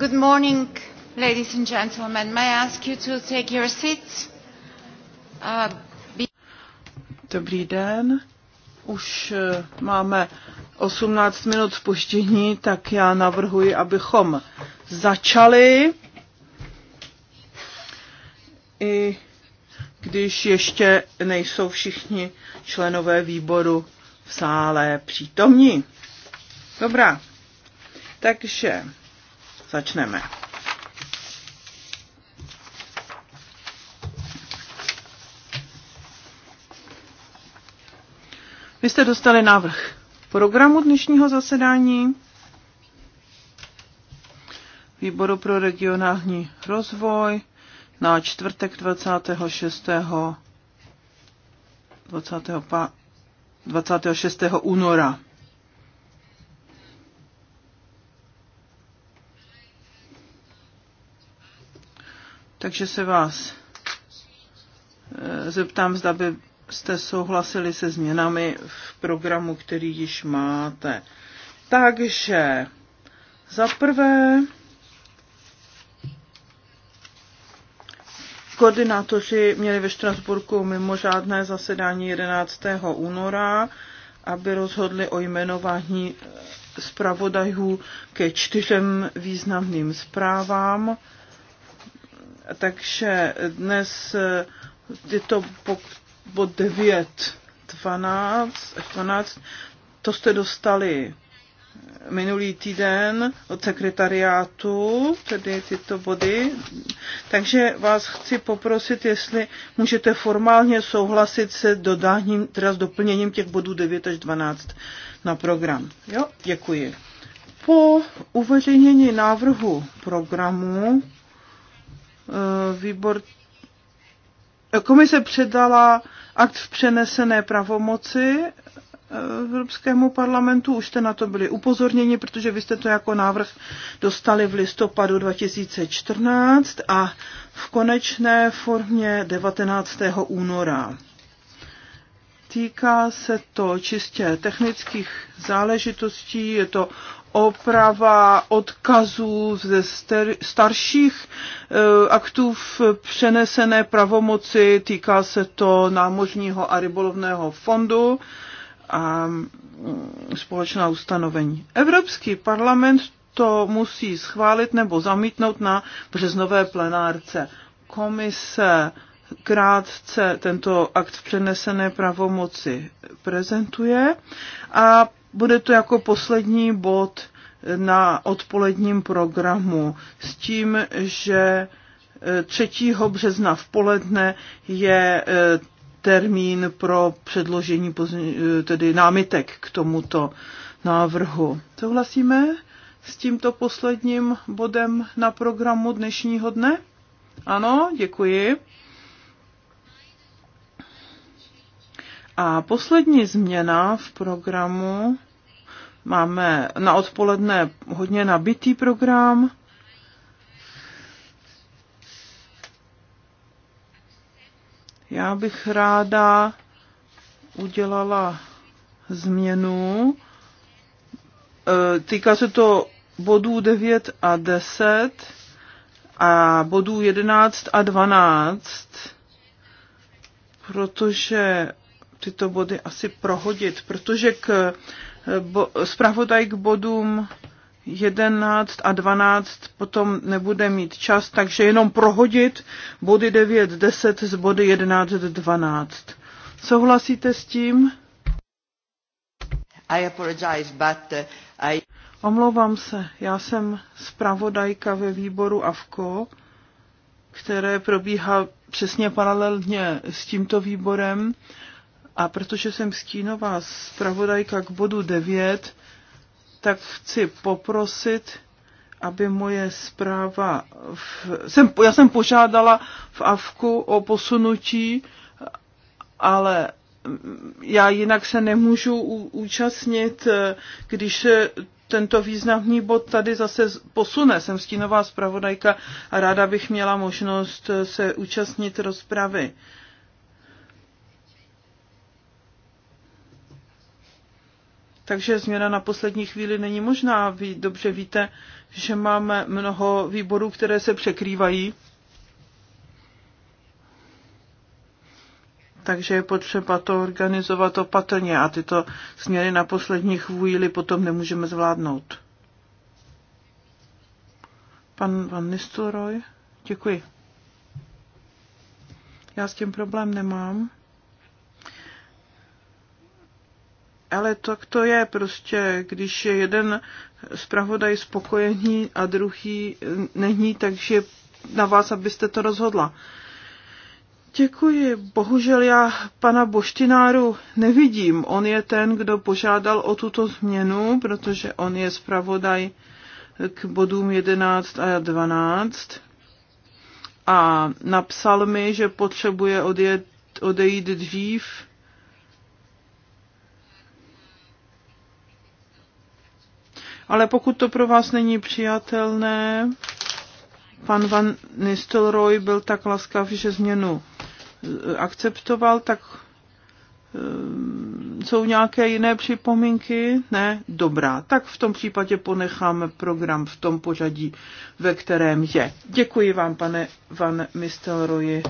Good morning, ladies and gentlemen. May I ask you to take your seats? Uh, Dobrý den. Už eh, máme 18 minut spuštění, tak já navrhuji, abychom začali. I když ještě nejsou všichni členové výboru v sále přítomní. Dobrá, takže Začneme. Vy jste dostali návrh programu dnešního zasedání Výboru pro regionální rozvoj na čtvrtek 26. 25, 26. února. takže se vás eh, zeptám, zda byste souhlasili se změnami v programu, který již máte. Takže za prvé koordinátoři měli ve Štrasburku mimořádné zasedání 11. února, aby rozhodli o jmenování eh, zpravodajů ke čtyřem významným zprávám takže dnes je eh, to bod 9, 12, 12, to jste dostali minulý týden od sekretariátu, tedy tyto body. Takže vás chci poprosit, jestli můžete formálně souhlasit se dodáním, teda s doplněním těch bodů 9 až 12 na program. Jo, děkuji. Po uveřejnění návrhu programu Eh, výbor Komise předala akt v přenesené pravomoci eh, Evropskému parlamentu, už jste na to byli upozorněni, protože vy jste to jako návrh dostali v listopadu 2014 a v konečné formě 19. února. Týká se to čistě technických záležitostí, je to oprava odkazů ze starších eh, aktů v přenesené pravomoci, týká se to námořního a rybolovného fondu a mm, společná ustanovení. Evropský parlament to musí schválit nebo zamítnout na březnové plenárce. Komise krátce tento akt v přenesené pravomoci prezentuje a bude to jako poslední bod na odpoledním programu s tím, že 3. E, března v poledne je e, termín pro předložení e, tedy námitek k tomuto návrhu. Souhlasíme s tímto posledním bodem na programu dnešního dne? Ano, děkuji. A poslední změna v programu, máme na odpoledne hodně nabitý program, Já bych ráda udělala změnu. E, týká se to bodů 9 a 10 a bodů 11 a 12, protože tyto body asi prohodit, protože k bo, zpravodaj k bodům 11 a 12 potom nebude mít čas, takže jenom prohodit body 9, 10 z body 11, 12. Souhlasíte s tím? I apologize, but uh, I... Omlouvám se, já jsem zpravodajka ve výboru AVKO, které probíhá přesně paralelně s tímto výborem a protože jsem stínová zpravodajka k bodu 9, tak chci poprosit, aby moje zpráva... V, jsem, já jsem požádala v AVKu o posunutí, ale já jinak se nemůžu účastnit, když tento významný bod tady zase posune. Jsem stínová zpravodajka a ráda bych měla možnost se účastnit rozpravy. takže změna na poslední chvíli není možná. Vy dobře víte, že máme mnoho výborů, které se překrývají. takže je potřeba to organizovat opatrně a tyto směry na poslední chvíli potom nemůžeme zvládnout. Pan Van Nistelrooy, děkuji. Já s tím problém nemám. ale tak to je prostě, když je jeden zpravodaj spokojený a druhý eh, není, takže na vás, abyste to rozhodla. Děkuji. Bohužel já pana Boštináru nevidím. On je ten, kdo požádal o tuto změnu, protože on je zpravodaj k bodům 11 a 12 a napsal mi, že potřebuje odjet, odejít dřív ale pokud to pro vás není přijatelné, pan Van Nistelrooy byl tak laskav, že změnu eh, akceptoval, tak eh, jsou nějaké jiné připomínky? Ne? Dobrá. Tak v tom případě ponecháme program v tom pořadí, ve kterém je. Děkuji vám, pane Van Mistelroji,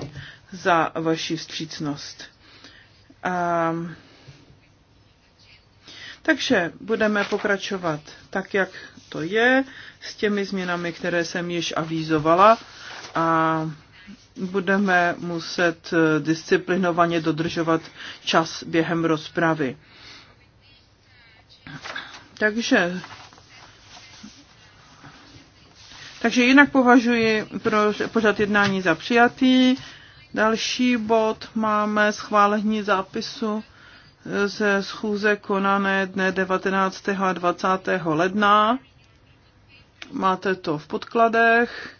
za vaši vstřícnost. Um, takže budeme pokračovat tak, jak to je, s těmi změnami, které jsem již avízovala a budeme muset disciplinovaně dodržovat čas během rozpravy. Takže takže jinak považuji pro pořad jednání za přijatý. Další bod máme schválení zápisu ze schůze konané dne 19. a 20. ledna. Máte to v podkladech.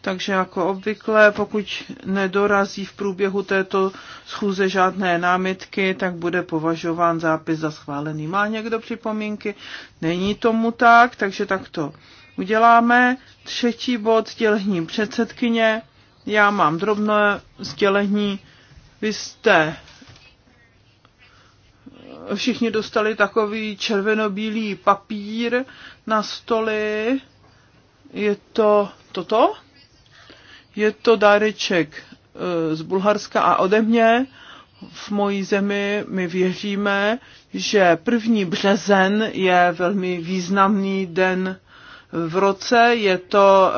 Takže jako obvykle, pokud nedorazí v průběhu této schůze žádné námitky, tak bude považován zápis za schválený. Má někdo připomínky? Není tomu tak, takže tak to uděláme. Třetí bod, sdělení předsedkyně. Já mám drobné sdělení. Vy jste všichni dostali takový červenobílý papír na stoly. Je to toto? Je to dáreček e, z Bulharska a ode mě. V mojí zemi my věříme, že první březen je velmi významný den v roce. Je to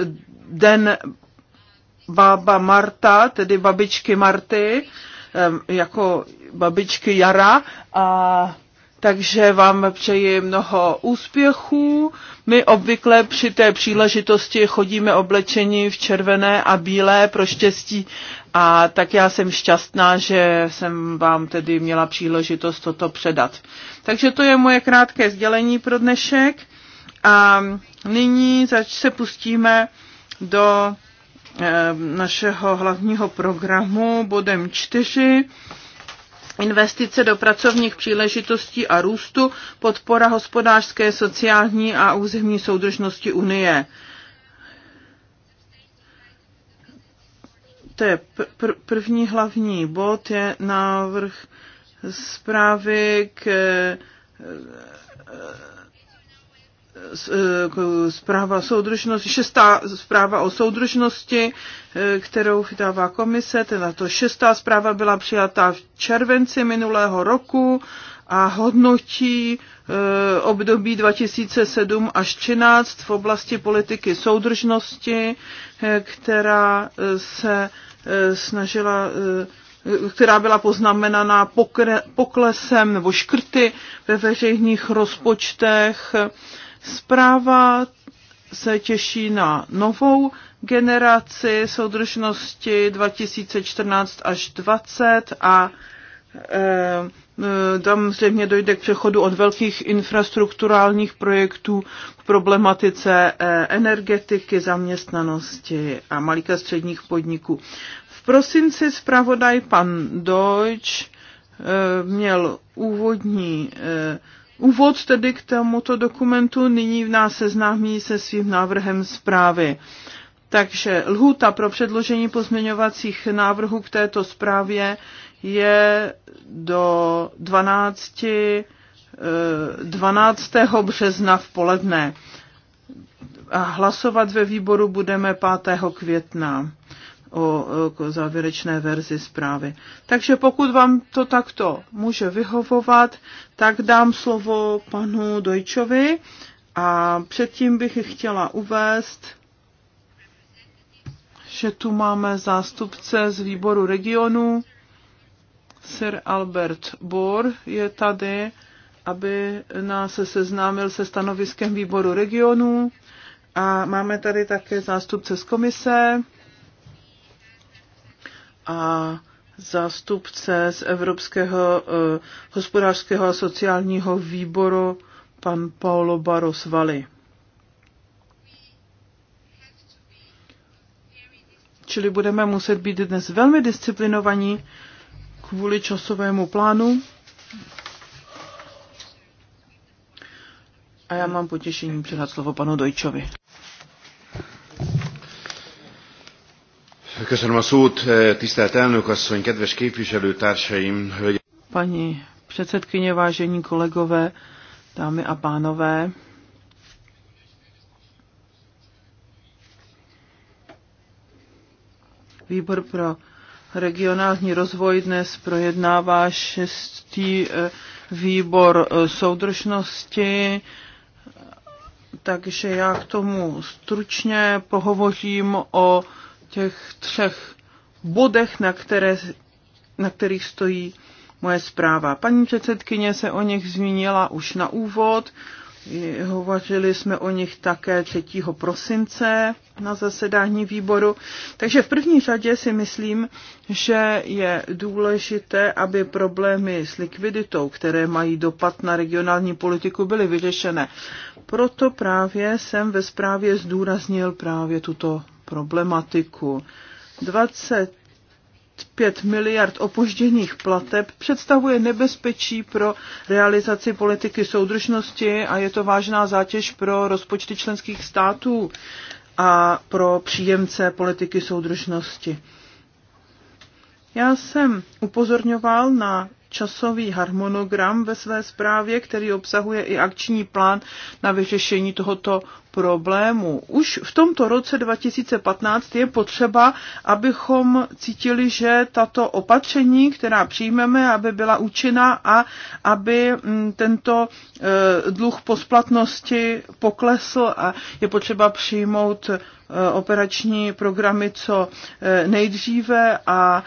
e, den bába Marta, tedy babičky Marty, e, jako babičky Jara a takže vám přeji mnoho úspěchů. My obvykle při té příležitosti chodíme oblečení v červené a bílé pro štěstí a tak já jsem šťastná, že jsem vám tedy měla příležitost toto předat. Takže to je moje krátké sdělení pro dnešek a nyní zač se pustíme do eh, našeho hlavního programu bodem 4 investice do pracovních příležitostí a růstu, podpora hospodářské, sociální a územní soudržnosti Unie. To je pr- první hlavní bod, je návrh zprávy k Eh, zpráva soudržnosti, šestá zpráva o soudržnosti, eh, kterou vydává komise, teda to šestá zpráva byla přijata v červenci minulého roku a hodnotí eh, období 2007 až 2013 v oblasti politiky soudržnosti, která se snažila která byla poznamenaná poklesem nebo škrty ve veřejných rozpočtech Zpráva se těší na novou generaci soudržnosti 2014 až 20 a e, tam zřejmě dojde k přechodu od velkých infrastrukturálních projektů k problematice eh, energetiky, zaměstnanosti a malých a středních podniků. V prosinci zpravodaj pan Deutsch měl úvodní úvod tedy k tomuto dokumentu. Nyní v nás seznámí se svým návrhem zprávy. Takže lhůta pro předložení pozměňovacích návrhů k této zprávě je do 12. 12. Eh, března v poledne. A hlasovat ve výboru budeme 5. května o závěrečné verzi zprávy. Takže pokud vám to takto může vyhovovat, tak dám slovo panu Dojčovi a předtím bych chtěla uvést, že tu máme zástupce z výboru regionu. Sir Albert Bohr je tady, aby nás seznámil se stanoviskem výboru regionu. A máme tady také zástupce z komise a zástupce z Evropského uh, hospodářského a sociálního výboru pan Paolo Baros Vali. Čili budeme muset být dnes velmi disciplinovaní kvůli časovému plánu. A já mám potěšení předat slovo panu Dojčovi. Köszönöm a szót, eh, tisztelt elnök asszony, kedves képviselőtársaim, hölgyeim. Paní předsedkyně, vážení kolegové, dámy a pánové, Výbor pro regionální rozvoj dnes projednává šestý eh, výbor eh, soudržnosti, takže já k tomu stručně pohovořím o těch třech bodech, na, které, na kterých stojí moje zpráva. Paní předsedkyně se o nich zmínila už na úvod. Hovořili jsme o nich také 3. prosince na zasedání výboru. Takže v první řadě si myslím, že je důležité, aby problémy s likviditou, které mají dopad na regionální politiku, byly vyřešené. Proto právě jsem ve zprávě zdůraznil právě tuto problematiku. 25 miliard opožděných plateb představuje nebezpečí pro realizaci politiky soudržnosti a je to vážná zátěž pro rozpočty členských států a pro příjemce politiky soudržnosti. Já jsem upozorňoval na časový harmonogram ve své zprávě, který obsahuje i akční plán na vyřešení tohoto problémů. Už v tomto roce 2015 je potřeba, abychom cítili, že tato opatření, která přijmeme, aby byla účinná a aby mm, tento eh, dluh po splatnosti poklesl a je potřeba přijmout eh, operační programy co eh, nejdříve a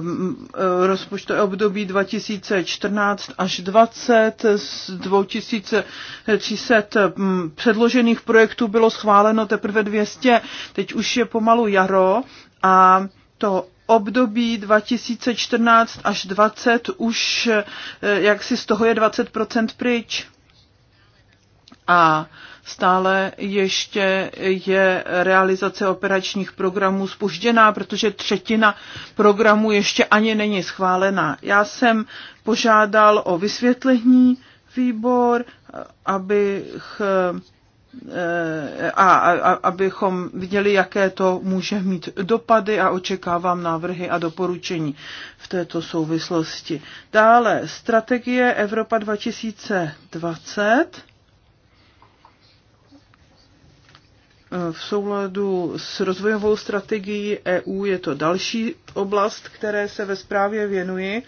mm, rozpočtové období 2014 až 2020 z 2300 mm, předložených projektů projektů bylo schváleno teprve 200. Teď už je pomalu jaro a to období 2014 až 20 už eh, jak si z toho je 20% pryč. A stále ještě je realizace operačních programů spožděná, protože třetina programů ještě ani není schválená. Já jsem požádal o vysvětlení výbor, eh, abych eh, a, a abychom viděli, jaké to může mít dopady a očekávám návrhy a doporučení v této souvislosti. Dále strategie Evropa 2020 v souladu s rozvojovou strategií EU je to další oblast, které se ve zprávě věnuji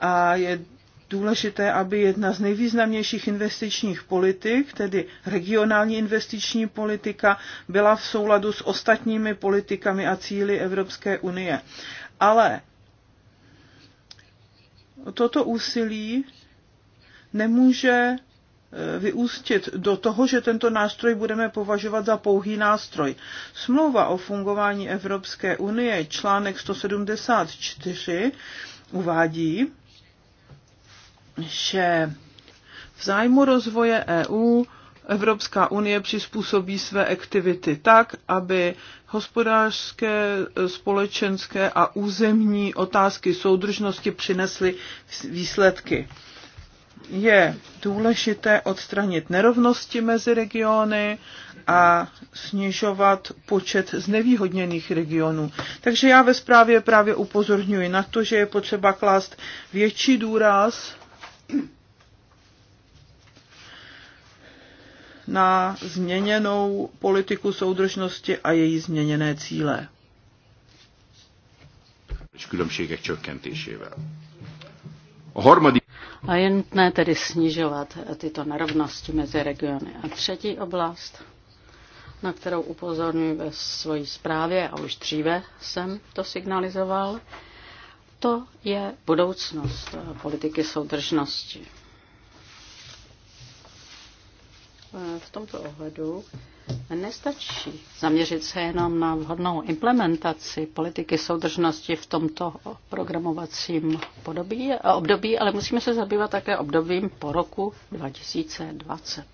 a je důležité, aby jedna z nejvýznamnějších investičních politik, tedy regionální investiční politika, byla v souladu s ostatními politikami a cíly Evropské unie. Ale toto úsilí nemůže eh, vyústit do toho, že tento nástroj budeme považovat za pouhý nástroj. Smlouva o fungování Evropské unie, článek 174, uvádí, že v zájmu rozvoje EU Evropská unie přizpůsobí své aktivity tak, aby hospodářské, společenské a územní otázky soudržnosti přinesly výsledky. Je důležité odstranit nerovnosti mezi regiony a snižovat počet znevýhodněných regionů. Takže já ve zprávě právě upozorňuji na to, že je potřeba klást větší důraz na změněnou politiku soudržnosti a její změněné cíle. A je nutné tedy snižovat tyto nerovnosti mezi regiony. A třetí oblast, na kterou upozorňuji ve své zprávě, a už dříve jsem to signalizoval, to je budoucnost politiky soudržnosti. V tomto ohledu nestačí zaměřit se jenom na vhodnou implementaci politiky soudržnosti v tomto programovacím podobí, období, ale musíme se zabývat také obdobím po roku 2020.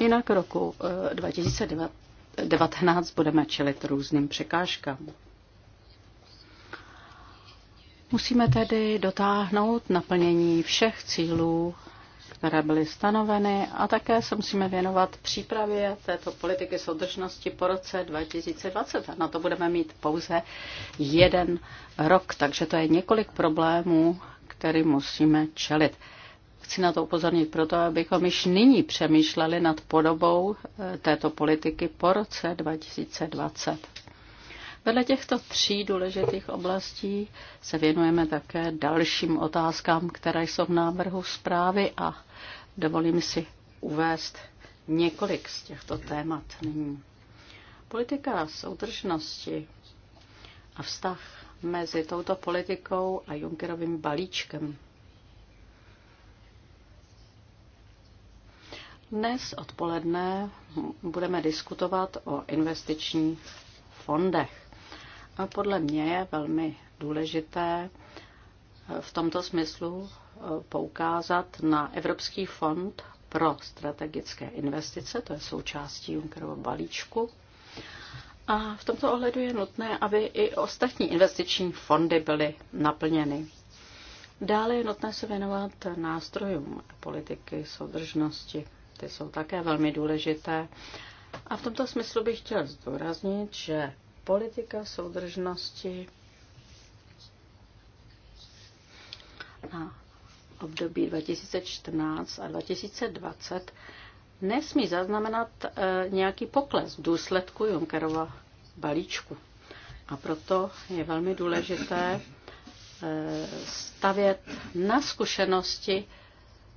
Jinak roku 2019 eh, budeme čelit různým překážkám. Musíme tedy dotáhnout naplnění všech cílů, které byly stanoveny a také se musíme věnovat přípravě této politiky soudržnosti po roce 2020. A na to budeme mít pouze jeden rok, takže to je několik problémů, který musíme čelit. Chci na to upozornit proto, abychom již nyní přemýšleli nad podobou eh, této politiky po roce 2020. Vedle těchto tří důležitých oblastí se věnujeme také dalším otázkám, které jsou v návrhu zprávy a dovolím si uvést několik z těchto témat nyní. Politika soudržnosti a vztah mezi touto politikou a Junckerovým balíčkem. Dnes odpoledne budeme diskutovat o investičních fondech. A podle mě je velmi důležité eh, v tomto smyslu eh, poukázat na Evropský fond pro strategické investice, to je součástí Junckerova balíčku. A v tomto ohledu je nutné, aby i ostatní investiční fondy byly naplněny. Dále je nutné se věnovat nástrojům politiky soudržnosti. Ty jsou také velmi důležité. A v tomto smyslu bych chtěl zdůraznit, že politika soudržnosti na období 2014 a 2020 nesmí zaznamenat e, nějaký pokles v důsledku Junckerova balíčku. A proto je velmi důležité e, stavět na zkušenosti,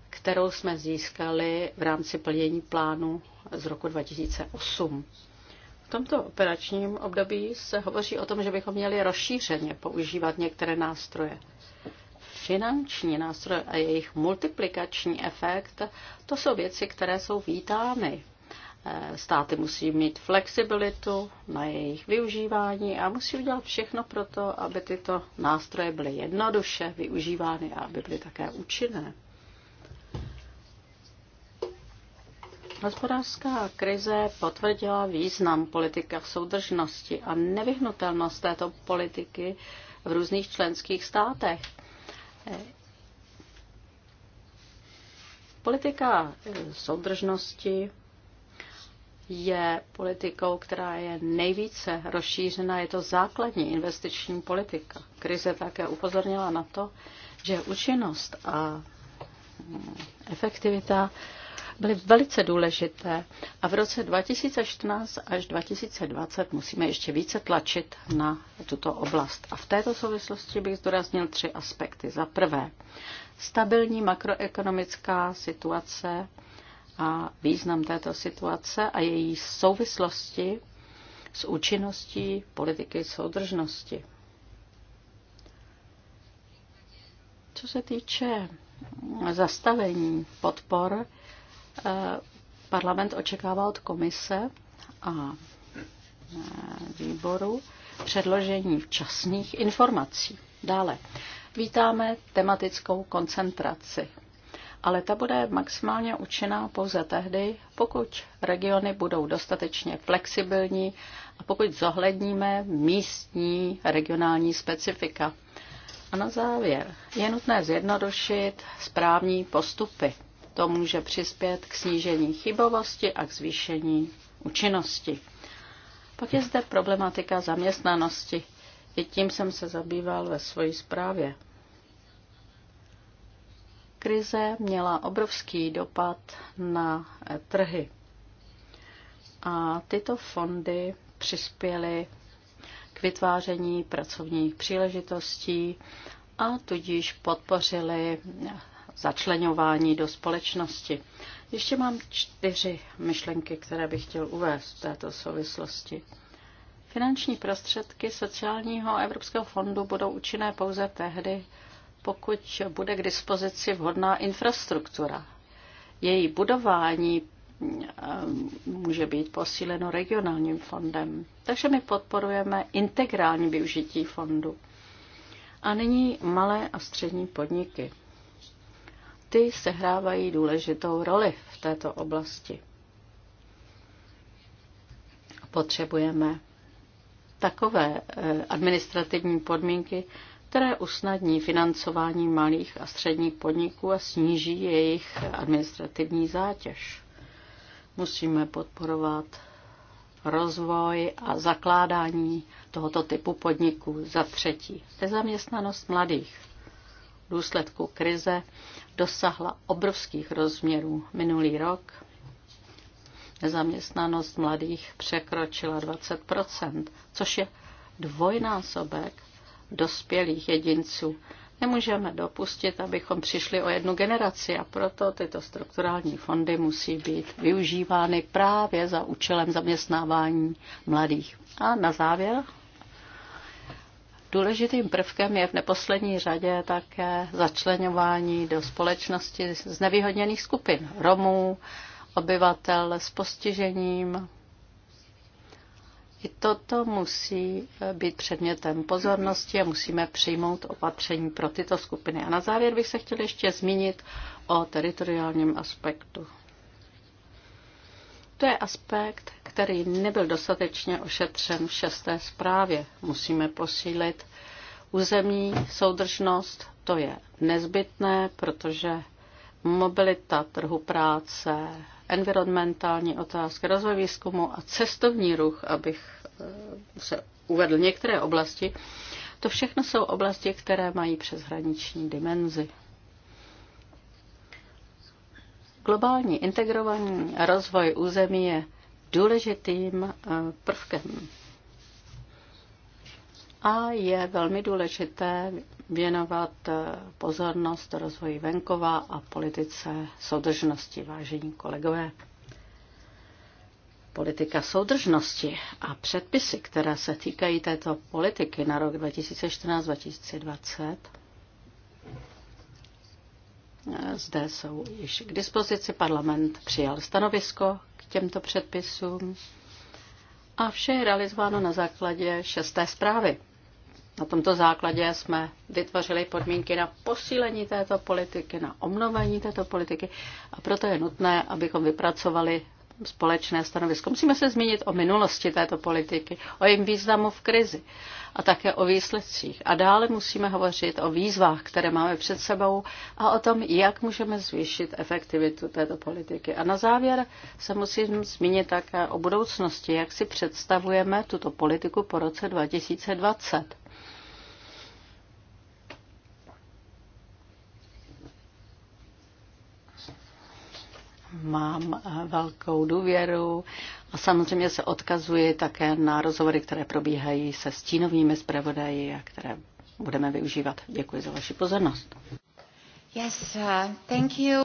kterou jsme získali v rámci plnění plánu z roku 2008 tomto operačním období se hovoří o tom, že bychom měli rozšířeně používat některé nástroje. Finanční nástroje a jejich multiplikační efekt, to jsou věci, které jsou vítány. Eh, státy musí mít flexibilitu na jejich využívání a musí udělat všechno pro to, aby tyto nástroje byly jednoduše využívány a aby byly také účinné. Hospodářská krize potvrdila význam politika v soudržnosti a nevyhnutelnost této politiky v různých členských státech. Politika eh, soudržnosti je politikou, která je nejvíce rozšířena, je to základní investiční politika. Krize také upozornila na to, že účinnost a mm, efektivita byly velice důležité a v roce 2014 až 2020 musíme ještě více tlačit na tuto oblast. A v této souvislosti bych zdůraznil tři aspekty. Za prvé, stabilní makroekonomická situace a význam této situace a její souvislosti s účinností politiky soudržnosti. Co se týče zastavení podpor, Eh, parlament očekává od komise a eh, výboru předložení včasných informací. Dále vítáme tematickou koncentraci, ale ta bude maximálně účinná pouze tehdy, pokud regiony budou dostatečně flexibilní a pokud zohledníme místní regionální specifika. A na závěr je nutné zjednodušit správní postupy to může přispět k snížení chybovosti a k zvýšení účinnosti. Pak je zde problematika zaměstnanosti. I tím jsem se zabýval ve své zprávě. Krize měla obrovský dopad na eh, trhy. A tyto fondy přispěly k vytváření pracovních příležitostí a tudíž podpořily začlenování do společnosti. Ještě mám čtyři myšlenky, které bych chtěl uvést v této souvislosti. Finanční prostředky sociálního Evropského fondu budou účinné pouze tehdy, pokud bude k dispozici vhodná infrastruktura. Její budování eh, může být posíleno regionálním fondem. Takže my podporujeme integrální využití fondu. A nyní malé a střední podniky ty sehrávají důležitou roli v této oblasti. Potřebujeme takové eh, administrativní podmínky, které usnadní financování malých a středních podniků a sníží jejich administrativní zátěž. Musíme podporovat rozvoj a zakládání tohoto typu podniků. Za třetí, nezaměstnanost mladých důsledku krize dosáhla obrovských rozměrů. Minulý rok nezaměstnanost mladých překročila 20 což je dvojnásobek dospělých jedinců. Nemůžeme dopustit, abychom přišli o jednu generaci a proto tyto strukturální fondy musí být využívány právě za účelem zaměstnávání mladých. A na závěr Důležitým prvkem je v neposlední řadě také začlenování do společnosti z nevýhodněných skupin Romů, obyvatel s postižením. I toto musí být předmětem pozornosti a musíme přijmout opatření pro tyto skupiny. A na závěr bych se chtěl ještě zmínit o teritoriálním aspektu. To je aspekt, který nebyl dostatečně ošetřen v šesté zprávě. Musíme posílit územní soudržnost, to je nezbytné, protože mobilita trhu práce, environmentální otázky, rozvoj výzkumu a cestovní ruch, abych eh, se uvedl některé oblasti, to všechno jsou oblasti, které mají přeshraniční dimenzi. Globální integrovaný rozvoj území je důležitým eh, prvkem. A je velmi důležité věnovat eh, pozornost rozvoji venkova a politice soudržnosti, vážení kolegové. Politika soudržnosti a předpisy, které se týkají této politiky na rok 2014-2020, eh, zde jsou již k dispozici. Parlament přijal stanovisko těmto předpisům. A vše je realizováno na základě šesté zprávy. Na tomto základě jsme vytvořili podmínky na posílení této politiky, na omnovení této politiky a proto je nutné, abychom vypracovali společné stanovisko. Musíme se zmínit o minulosti této politiky, o jejím významu v krizi a také o výsledcích. A dále musíme hovořit o výzvách, které máme před sebou a o tom, jak můžeme zvýšit efektivitu této politiky. A na závěr se musím zmínit také o budoucnosti, jak si představujeme tuto politiku po roce 2020. mám eh, velkou důvěru a samozřejmě se odkazuji také na rozhovory, které probíhají se stínovými zpravodaji a které budeme využívat. Děkuji za vaši pozornost. Yes, uh, thank you.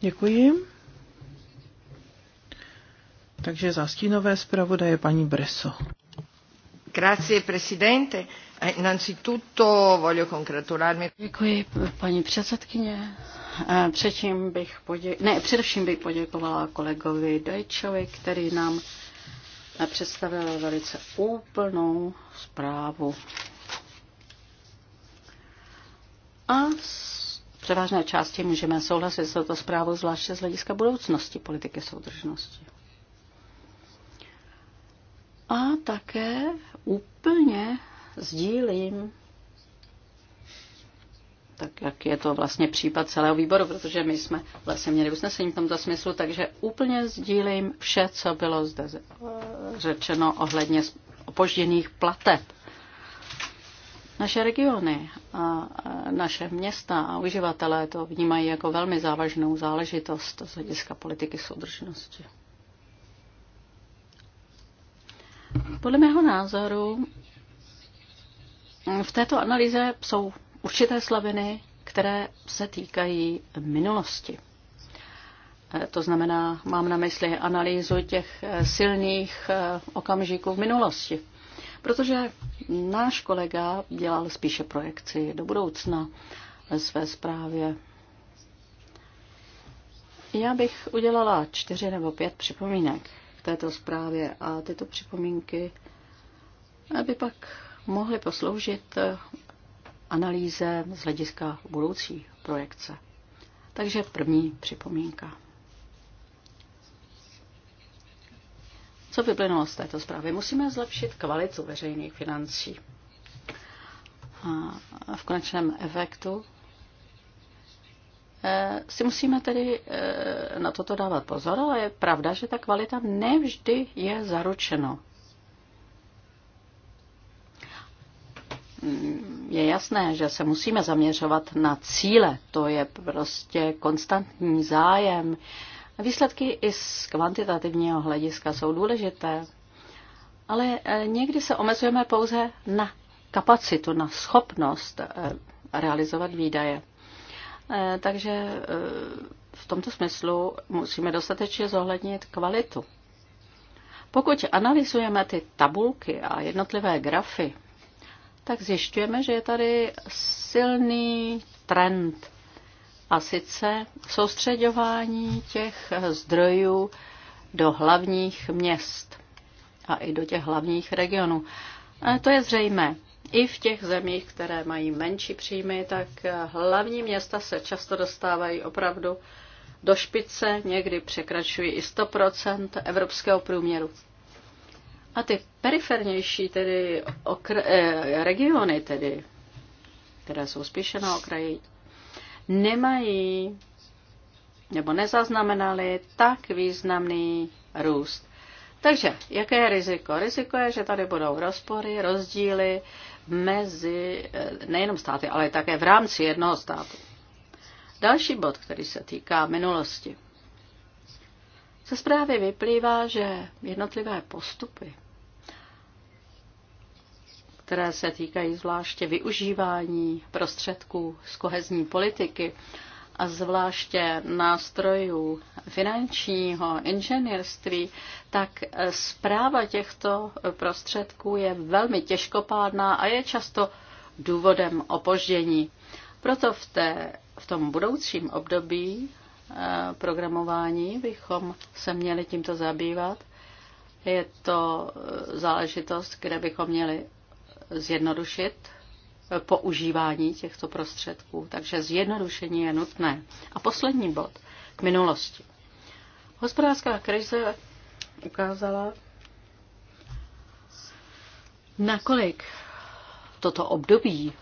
Děkuji. Takže za stínové zpravodaje paní Breso. Grazie, presidente. Eh, innanzitutto voglio congratularmi. Děkuji, paní předsedkyně. Předtím bych podě... ne, především bych poděkovala kolegovi Dojčovi, který nám představil velice úplnou zprávu. A z převážné části můžeme souhlasit s touto zprávou, zvláště z hlediska budoucnosti politiky soudržnosti. A také úplně sdílím tak jak je to vlastně případ celého výboru, protože my jsme vlastně měli usnesení v tomto smyslu, takže úplně sdílím vše, co bylo zde řečeno ohledně opožděných plateb. Naše regiony a naše města a uživatelé to vnímají jako velmi závažnou záležitost z hlediska politiky soudržnosti. Podle mého názoru v této analýze jsou určité slaviny, které se týkají minulosti. E, to znamená, mám na mysli analýzu těch e, silných e, okamžiků v minulosti. Protože náš kolega dělal spíše projekci do budoucna ve své zprávě. Já bych udělala čtyři nebo pět připomínek k této zprávě a tyto připomínky by pak mohly posloužit analýze z hlediska budoucí projekce. Takže první připomínka. Co vyplynulo z této zprávy? Musíme zlepšit kvalitu veřejných financí. A v konečném efektu eh, si musíme tedy eh, na toto dávat pozor, ale je pravda, že ta kvalita nevždy je zaručena hmm, je jasné, že se musíme zaměřovat na cíle. To je prostě konstantní zájem. Výsledky i z kvantitativního hlediska jsou důležité, ale eh, někdy se omezujeme pouze na kapacitu, na schopnost eh, realizovat výdaje. Eh, takže v tomto smyslu musíme dostatečně zohlednit kvalitu. Pokud analyzujeme ty tabulky a jednotlivé grafy, tak zjišťujeme, že je tady silný trend a sice soustředování těch zdrojů do hlavních měst a i do těch hlavních regionů. To je zřejmé. I v těch zemích, které mají menší příjmy, tak hlavní města se často dostávají opravdu do špice, někdy překračují i 100 evropského průměru. A ty perifernější tedy okr- eh, regiony, tedy, které jsou spíše na okraji, nemají nebo nezaznamenali tak významný růst. Takže jaké je riziko? Riziko je, že tady budou rozpory, rozdíly mezi eh, nejenom státy, ale také v rámci jednoho státu. Další bod, který se týká minulosti. Ze zprávy vyplývá, že jednotlivé postupy které se týkají zvláště využívání prostředků z kohezní politiky a zvláště nástrojů finančního inženýrství, tak zpráva těchto prostředků je velmi těžkopádná a je často důvodem opoždění. Proto v, té, v tom budoucím období eh, programování bychom se měli tímto zabývat. Je to eh, záležitost, kde bychom měli zjednodušit používání těchto prostředků. Takže zjednodušení je nutné. A poslední bod k minulosti. Hospodářská krize ukázala, nakolik toto období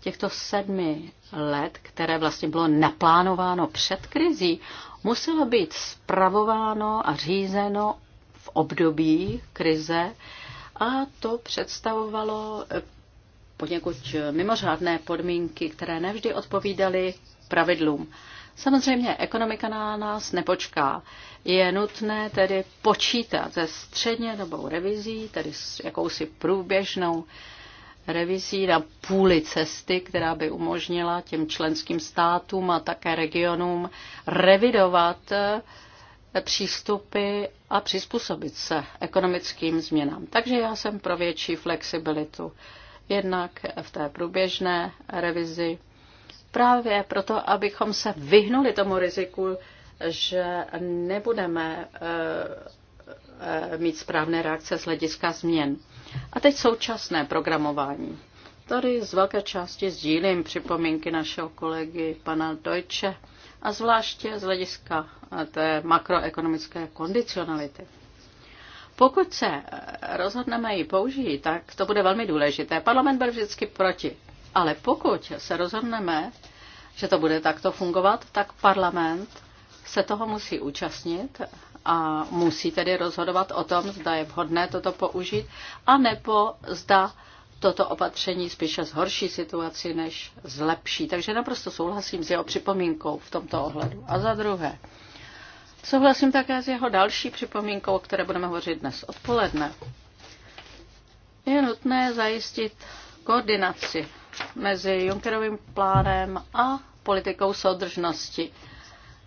těchto sedmi let, které vlastně bylo naplánováno před krizí, muselo být spravováno a řízeno v období krize, a to představovalo eh, poněkud eh, mimořádné podmínky, které nevždy odpovídaly pravidlům. Samozřejmě ekonomika na nás nepočká. Je nutné tedy počítat ze středně dobou revizí, tedy s jakousi průběžnou revizí na půli cesty, která by umožnila těm členským státům a také regionům revidovat eh, přístupy a přizpůsobit se ekonomickým změnám. Takže já jsem pro větší flexibilitu. Jednak v té průběžné revizi právě proto, abychom se vyhnuli tomu riziku, že nebudeme eh, mít správné reakce z hlediska změn. A teď současné programování. Tady z velké části sdílím připomínky našeho kolegy pana Deutsche a zvláště z hlediska eh, té makroekonomické kondicionality. Pokud se eh, rozhodneme ji použít, tak to bude velmi důležité. Parlament byl vždycky proti. Ale pokud se rozhodneme, že to bude takto fungovat, tak parlament se toho musí účastnit a musí tedy rozhodovat o tom, zda je vhodné toto použít, anebo zda toto opatření spíše zhorší situaci, než zlepší. Takže naprosto souhlasím s jeho připomínkou v tomto ohledu. A za druhé, souhlasím také s jeho další připomínkou, o které budeme hovořit dnes odpoledne. Je nutné zajistit koordinaci mezi Junckerovým plánem a politikou soudržnosti.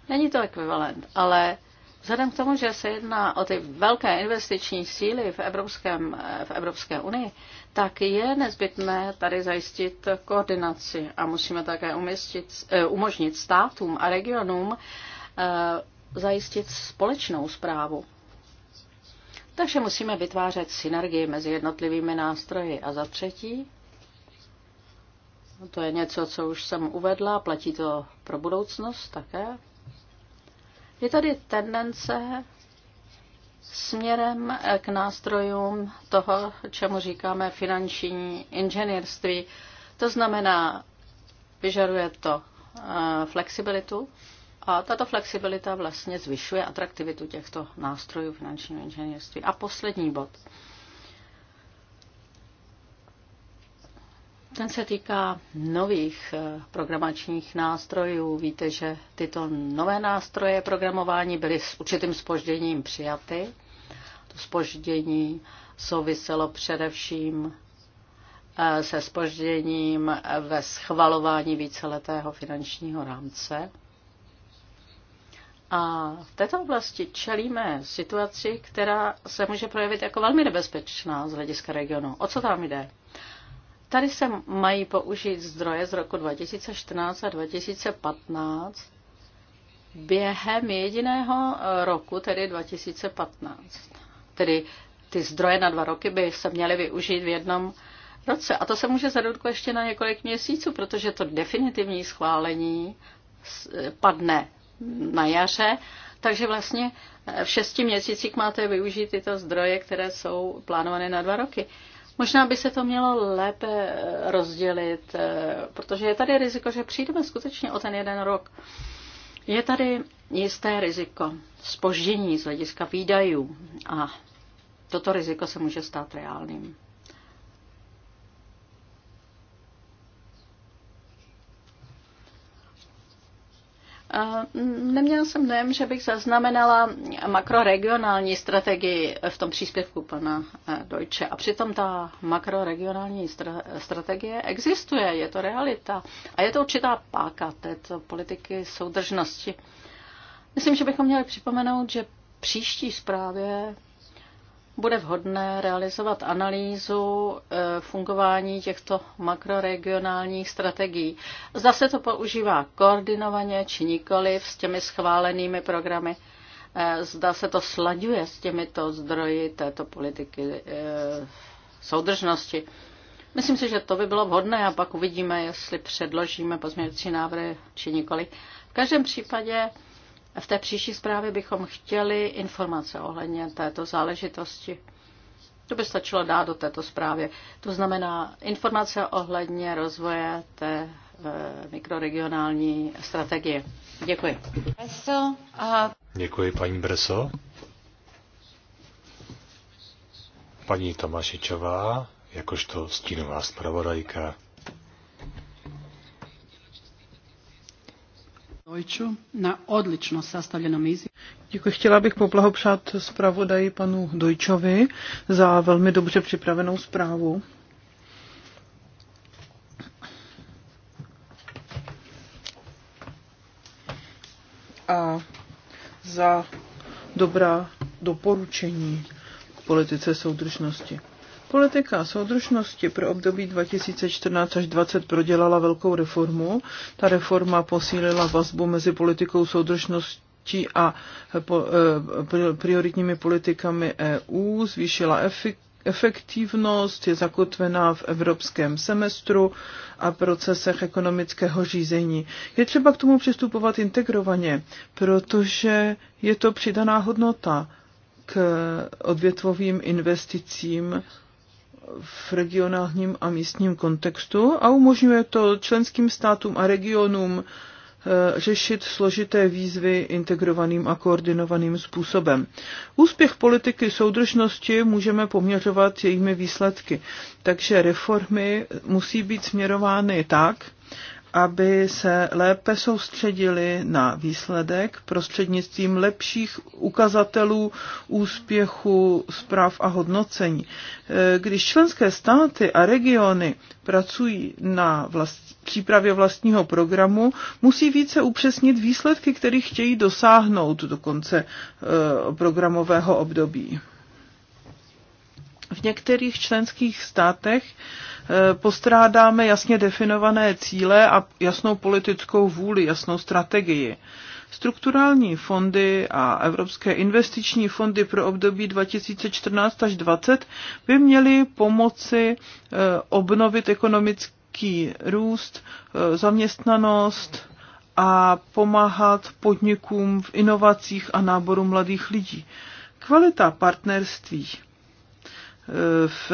Není to ekvivalent, ale Vzhledem k tomu, že se jedná o ty velké investiční síly v, Evropském, v Evropské unii, tak je nezbytné tady zajistit koordinaci a musíme také umístit, eh, umožnit státům a regionům eh, zajistit společnou zprávu. Takže musíme vytvářet synergii mezi jednotlivými nástroji. A za třetí, to je něco, co už jsem uvedla, platí to pro budoucnost také, je tady tendence směrem k nástrojům toho, čemu říkáme finanční inženýrství. To znamená, vyžaduje to eh, flexibilitu a tato flexibilita vlastně zvyšuje atraktivitu těchto nástrojů finančního inženýrství. A poslední bod. Ten se týká nových eh, programačních nástrojů. Víte, že tyto nové nástroje programování byly s určitým spožděním přijaty. To spoždění souviselo především eh, se spožděním eh, ve schvalování víceletého finančního rámce. A v této oblasti čelíme situaci, která se může projevit jako velmi nebezpečná z hlediska regionu. O co tam jde? Tady se mají použít zdroje z roku 2014 a 2015 během jediného roku, tedy 2015. Tedy ty zdroje na dva roky by se měly využít v jednom roce. A to se může zadat ještě na několik měsíců, protože to definitivní schválení padne na jaře, takže vlastně v šesti měsících máte využít tyto zdroje, které jsou plánované na dva roky. Možná by se to mělo lépe eh, rozdělit, eh, protože je tady riziko, že přijdeme skutečně o ten jeden rok. Je tady jisté riziko spoždění z hlediska výdajů a toto riziko se může stát reálným. Neměla jsem dojem, že bych zaznamenala makroregionální strategii v tom příspěvku pana eh, Deutsche. A přitom ta makroregionální strategie existuje, je to realita. A je to určitá páka této politiky soudržnosti. Myslím, že bychom měli připomenout, že příští zprávě bude vhodné realizovat analýzu e, fungování těchto makroregionálních strategií. Zda se to používá koordinovaně či nikoli s těmi schválenými programy. E, zda se to slaďuje s těmito zdroji této politiky e, soudržnosti. Myslím si, že to by bylo vhodné a pak uvidíme, jestli předložíme pozměňující návrhy či nikoli. V každém případě v té příští zprávě bychom chtěli informace ohledně této záležitosti. To by stačilo dát do této zprávy. To znamená informace ohledně rozvoje té eh, mikroregionální strategie. Děkuji. Breso. Děkuji, paní Breso. Paní Tomášičová, jakožto stínová zpravodajka. na odlično sastavljenom izvješću. Děkuji. Chtěla bych poblahopřát zpravodaji panu Dojčovi za velmi dobře připravenou zprávu. A za dobrá doporučení k politice soudržnosti. Politika soudržnosti pro období 2014 až 2020 prodělala velkou reformu. Ta reforma posílila vazbu mezi politikou soudržnosti a eh, eh, prioritními politikami EU, zvýšila efektivnost je zakotvená v evropském semestru a procesech ekonomického řízení. Je třeba k tomu přistupovat integrovaně, protože je to přidaná hodnota k odvětvovým investicím v regionálním a místním kontextu a umožňuje to členským státům a regionům eh, řešit složité výzvy integrovaným a koordinovaným způsobem. Úspěch politiky soudržnosti můžeme poměřovat jejími výsledky, takže reformy musí být směrovány tak, aby se lépe soustředili na výsledek prostřednictvím lepších ukazatelů úspěchu zpráv a hodnocení. E, když členské státy a regiony pracují na vlast, přípravě vlastního programu, musí více upřesnit výsledky, kterých chtějí dosáhnout do konce e, programového období v některých členských státech eh, postrádáme jasně definované cíle a jasnou politickou vůli, jasnou strategii. Strukturální fondy a evropské investiční fondy pro období 2014 až 2020 by měly pomoci eh, obnovit ekonomický růst, eh, zaměstnanost a pomáhat podnikům v inovacích a náboru mladých lidí. Kvalita partnerství v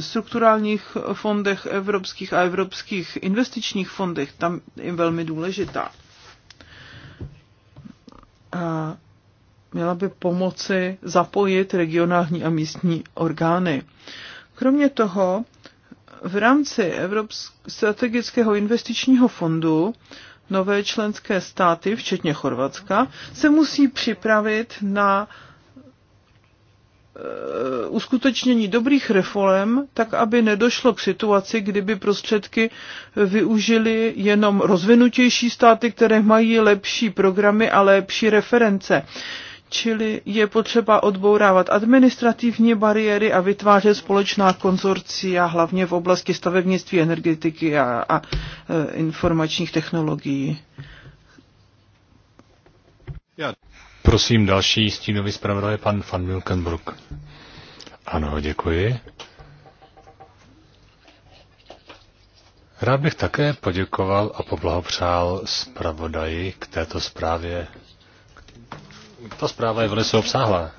strukturálních fondech evropských a evropských investičních fondech, tam je velmi důležitá. A měla by pomoci zapojit regionální a místní orgány. Kromě toho, v rámci evropského strategického investičního fondu nové členské státy, včetně Chorvatska, se musí připravit na Eh, uskutečnění dobrých reform, tak aby nedošlo k situaci, kdyby prostředky využili jenom rozvinutější státy, které mají lepší programy a lepší reference. Čili je potřeba odbourávat administrativní bariéry a vytvářet společná konzorcia, hlavně v oblasti stavebnictví, energetiky a, a eh, informačních technologií. Prosím další stínový zpravodaj, pan van Milkenburg. Ano, děkuji. Rád bych také poděkoval a poblahopřál zpravodaji k této zprávě. Ta zpráva je velice obsáhlá.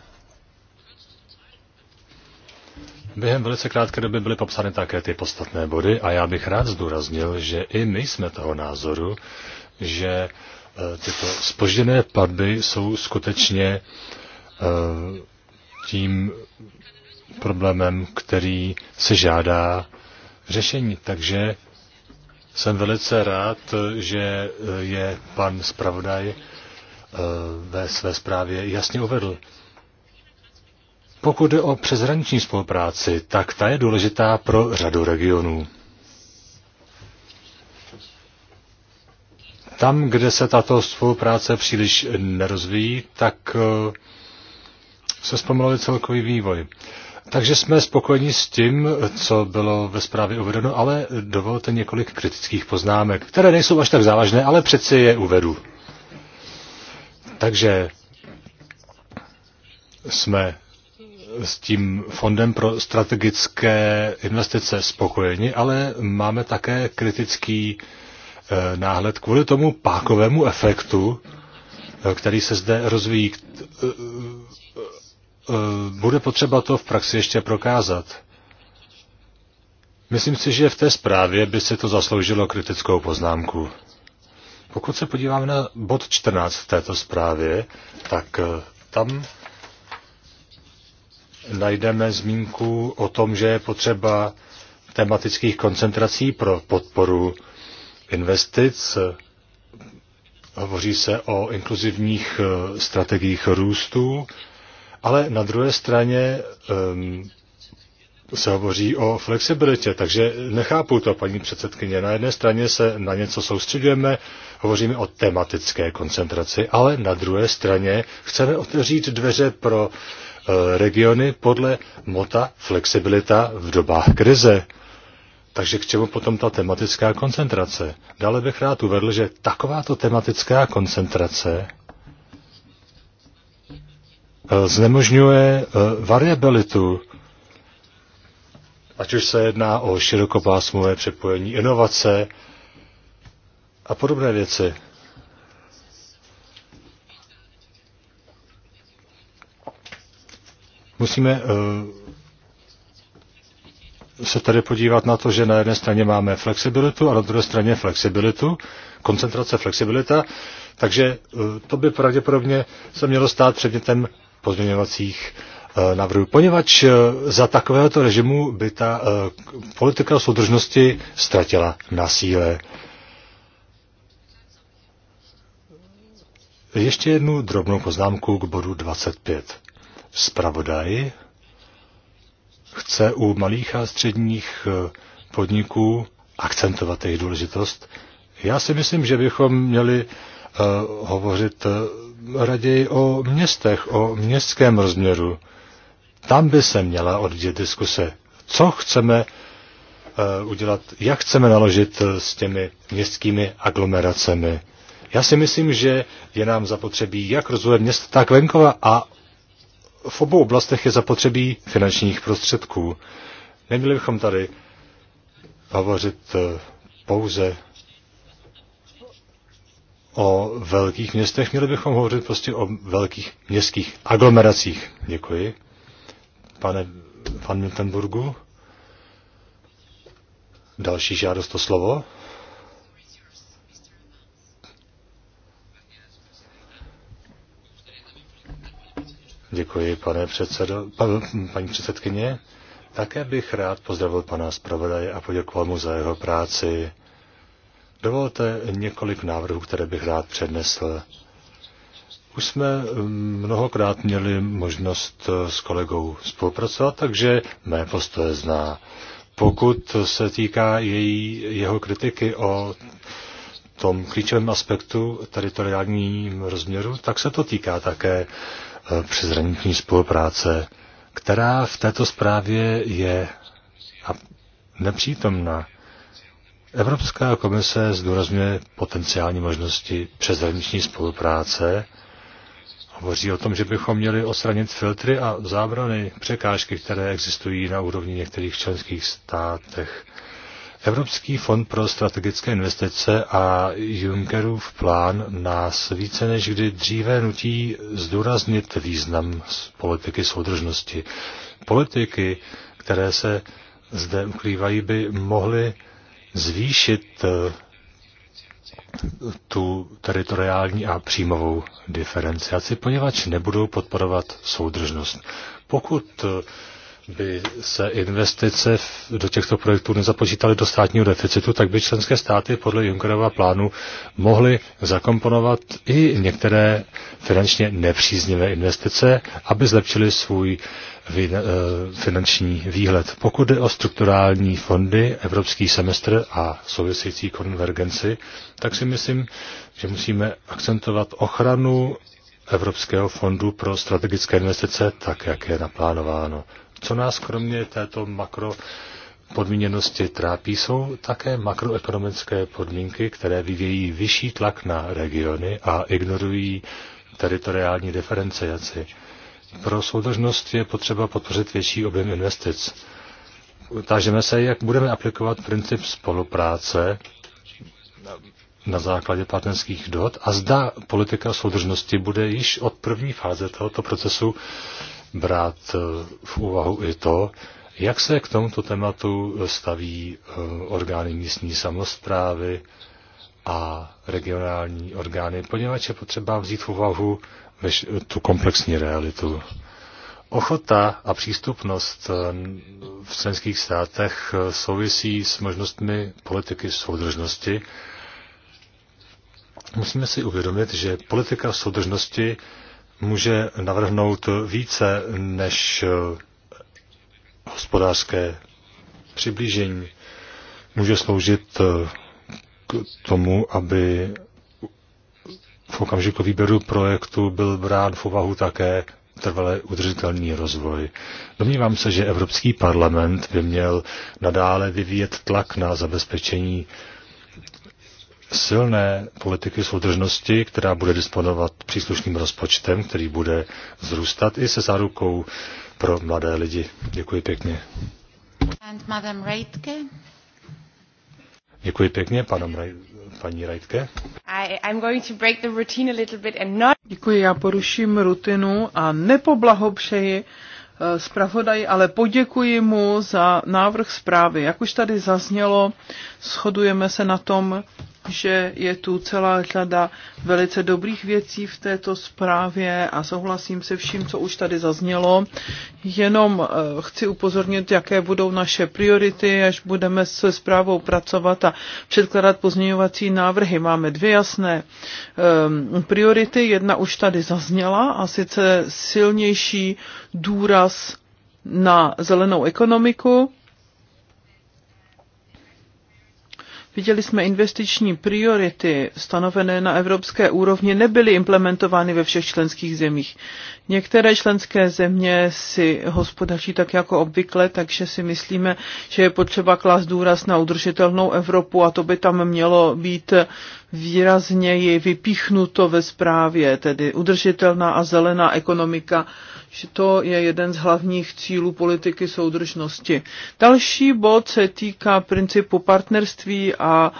Během velice krátké doby byly popsány také ty podstatné body a já bych rád zdůraznil, že i my jsme toho názoru, že Eh, tyto spožděné platby jsou skutečně eh, tím problémem, který se žádá řešení. Takže jsem velice rád, že eh, je pan zpravodaj ve své zprávě jasně uvedl. Pokud jde o přeshraniční spolupráci, tak ta je důležitá pro řadu regionů. Tam, kde se tato spolupráce příliš nerozvíjí, tak eh, se zpomaluje celkový vývoj. Takže jsme spokojeni s tím, co bylo ve zprávě uvedeno, ale dovolte několik kritických poznámek, které nejsou až tak závažné, ale přeci je uvedu. Takže jsme s tím Fondem pro strategické investice spokojeni, ale máme také kritický Eh, náhled kvůli tomu pákovému efektu, eh, který se zde rozvíjí. Eh, bude potřeba to v praxi ještě prokázat. Myslím si, že v té zprávě by se to zasloužilo kritickou poznámku. Pokud se podíváme na bod 14 v této zprávě, tak tam najdeme zmínku o tom, že je potřeba tematických koncentrací pro podporu investic, hovoří se o inkluzivních eh, strategiích růstu, ale na druhé straně um, se hovoří o flexibilitě, takže nechápu to, paní předsedkyně. Na jedné straně se na něco soustředujeme, hovoříme o tematické koncentraci, ale na druhé straně chceme otevřít dveře pro eh, regiony podle mota flexibilita v dobách krize. Takže k čemu potom ta tematická koncentrace? Dále bych rád uvedl, že takováto tematická koncentrace eh, znemožňuje eh, variabilitu, ať už se jedná o širokopásmové přepojení inovace a podobné věci. Musíme eh, se tady podívat na to, že na jedné straně máme flexibilitu a na druhé straně flexibilitu, koncentrace flexibilita, takže eh, to by pravděpodobně se mělo stát předmětem pozměňovacích eh, návrhů, poněvadž eh, za takovéhoto režimu by ta politika soudržnosti ztratila na síle. Ještě jednu drobnou poznámku k bodu 25. Spravodaj chce u malých a středních eh, podniků akcentovat jejich důležitost. Já si myslím, že bychom měli uh, hovořit uh, raději o městech, o městském rozměru. Tam by se měla oddělit diskuse. Co chceme uh, udělat, jak chceme naložit s těmi městskými aglomeracemi. Já si myslím, že je nám zapotřebí jak rozvoje měst, tak venkova a v obou oblastech je zapotřebí finančních prostředků. Neměli bychom tady hovořit eh, pouze o velkých městech, měli bychom hovořit prostě o velkých městských aglomeracích. Děkuji. Pane Van Miltenburgu, další žádost o slovo. Děkuji, pane předsedo, pan, paní předsedkyně. Také bych rád pozdravil pana zpravodaje a poděkoval mu za jeho práci. Dovolte několik návrhů, které bych rád přednesl. Už jsme mm, mnohokrát měli možnost eh, s kolegou spolupracovat, takže mé postoje zná. Pokud se týká její, jeho kritiky o tom klíčovém aspektu teritoriálním rozměru, tak se to týká také přezraniční spolupráce, která v této zprávě je nepřítomná. Evropská komise zdůrazňuje potenciální možnosti přezraniční spolupráce. Hovoří o tom, že bychom měli odstranit filtry a zábrany, překážky, které existují na úrovni některých členských státech. Evropský fond pro strategické investice a Junckerův plán nás více než kdy dříve nutí zdůraznit význam politiky soudržnosti. Politiky, které se zde ukrývají, by mohly zvýšit eh, tu teritoriální a příjmovou diferenciaci, poněvadž nebudou podporovat soudržnost. Pokud eh, by se investice do těchto projektů nezapočítaly do státního deficitu, tak by členské státy podle Junckerova plánu mohly zakomponovat i některé finančně nepříznivé investice, aby zlepšili svůj eh, finanční výhled. Pokud jde o strukturální fondy, evropský semestr a související konvergenci, tak si myslím, že musíme akcentovat ochranu Evropského fondu pro strategické investice, tak jak je naplánováno. Co nás kromě této makro podmíněnosti trápí, jsou také makroekonomické podmínky, které vyvějí vyšší tlak na regiony a ignorují teritoriální diferenciaci. Pro soudržnost je potřeba podpořit větší objem investic. Tážeme se, jak budeme aplikovat princip spolupráce na základě partnerských dohod a zda politika soudržnosti bude již od první fáze tohoto procesu brát eh, v úvahu i to, jak se k tomuto tématu staví eh, orgány místní samozprávy a regionální orgány, poněvadž je potřeba vzít v úvahu tu komplexní realitu. Ochota a přístupnost eh, v členských státech souvisí s možnostmi politiky soudržnosti. Musíme si uvědomit, že politika soudržnosti může navrhnout více než eh, hospodářské přiblížení. Může sloužit eh, k tomu, aby v okamžiku výběru projektu byl brán v úvahu také trvalé udržitelný rozvoj. Domnívám se, že Evropský parlament by měl nadále vyvíjet tlak na zabezpečení silné politiky soudržnosti, která bude disponovat příslušným rozpočtem, který bude zrůstat i se zárukou pro mladé lidi. Děkuji pěkně. And Reitke. Děkuji pěkně, panom Raj, paní Rajtke. I, going to break the routine a little bit and not... Děkuji, já poruším rutinu a nepoblahopřeji eh, zpravodaj, ale poděkuji mu za návrh zprávy. Jak už tady zaznělo, shodujeme se na tom, že je tu celá řada velice dobrých věcí v této zprávě a souhlasím se vším, co už tady zaznělo. Jenom eh, chci upozornit, jaké budou naše priority, až budeme se zprávou pracovat a předkladat pozměňovací návrhy. Máme dvě jasné ehm, priority. Jedna už tady zazněla a sice silnější důraz na zelenou ekonomiku Viděli jsme investiční priority stanovené na evropské úrovni nebyly implementovány ve všech členských zemích. Některé členské země si hospodaří tak jako obvykle, takže si myslíme, že je potřeba klást důraz na udržitelnou Evropu a to by tam mělo být výrazněji vypíchnuto ve zprávě, tedy udržitelná a zelená ekonomika, že to je jeden z hlavních cílů politiky soudržnosti. Další bod se týká principu partnerství a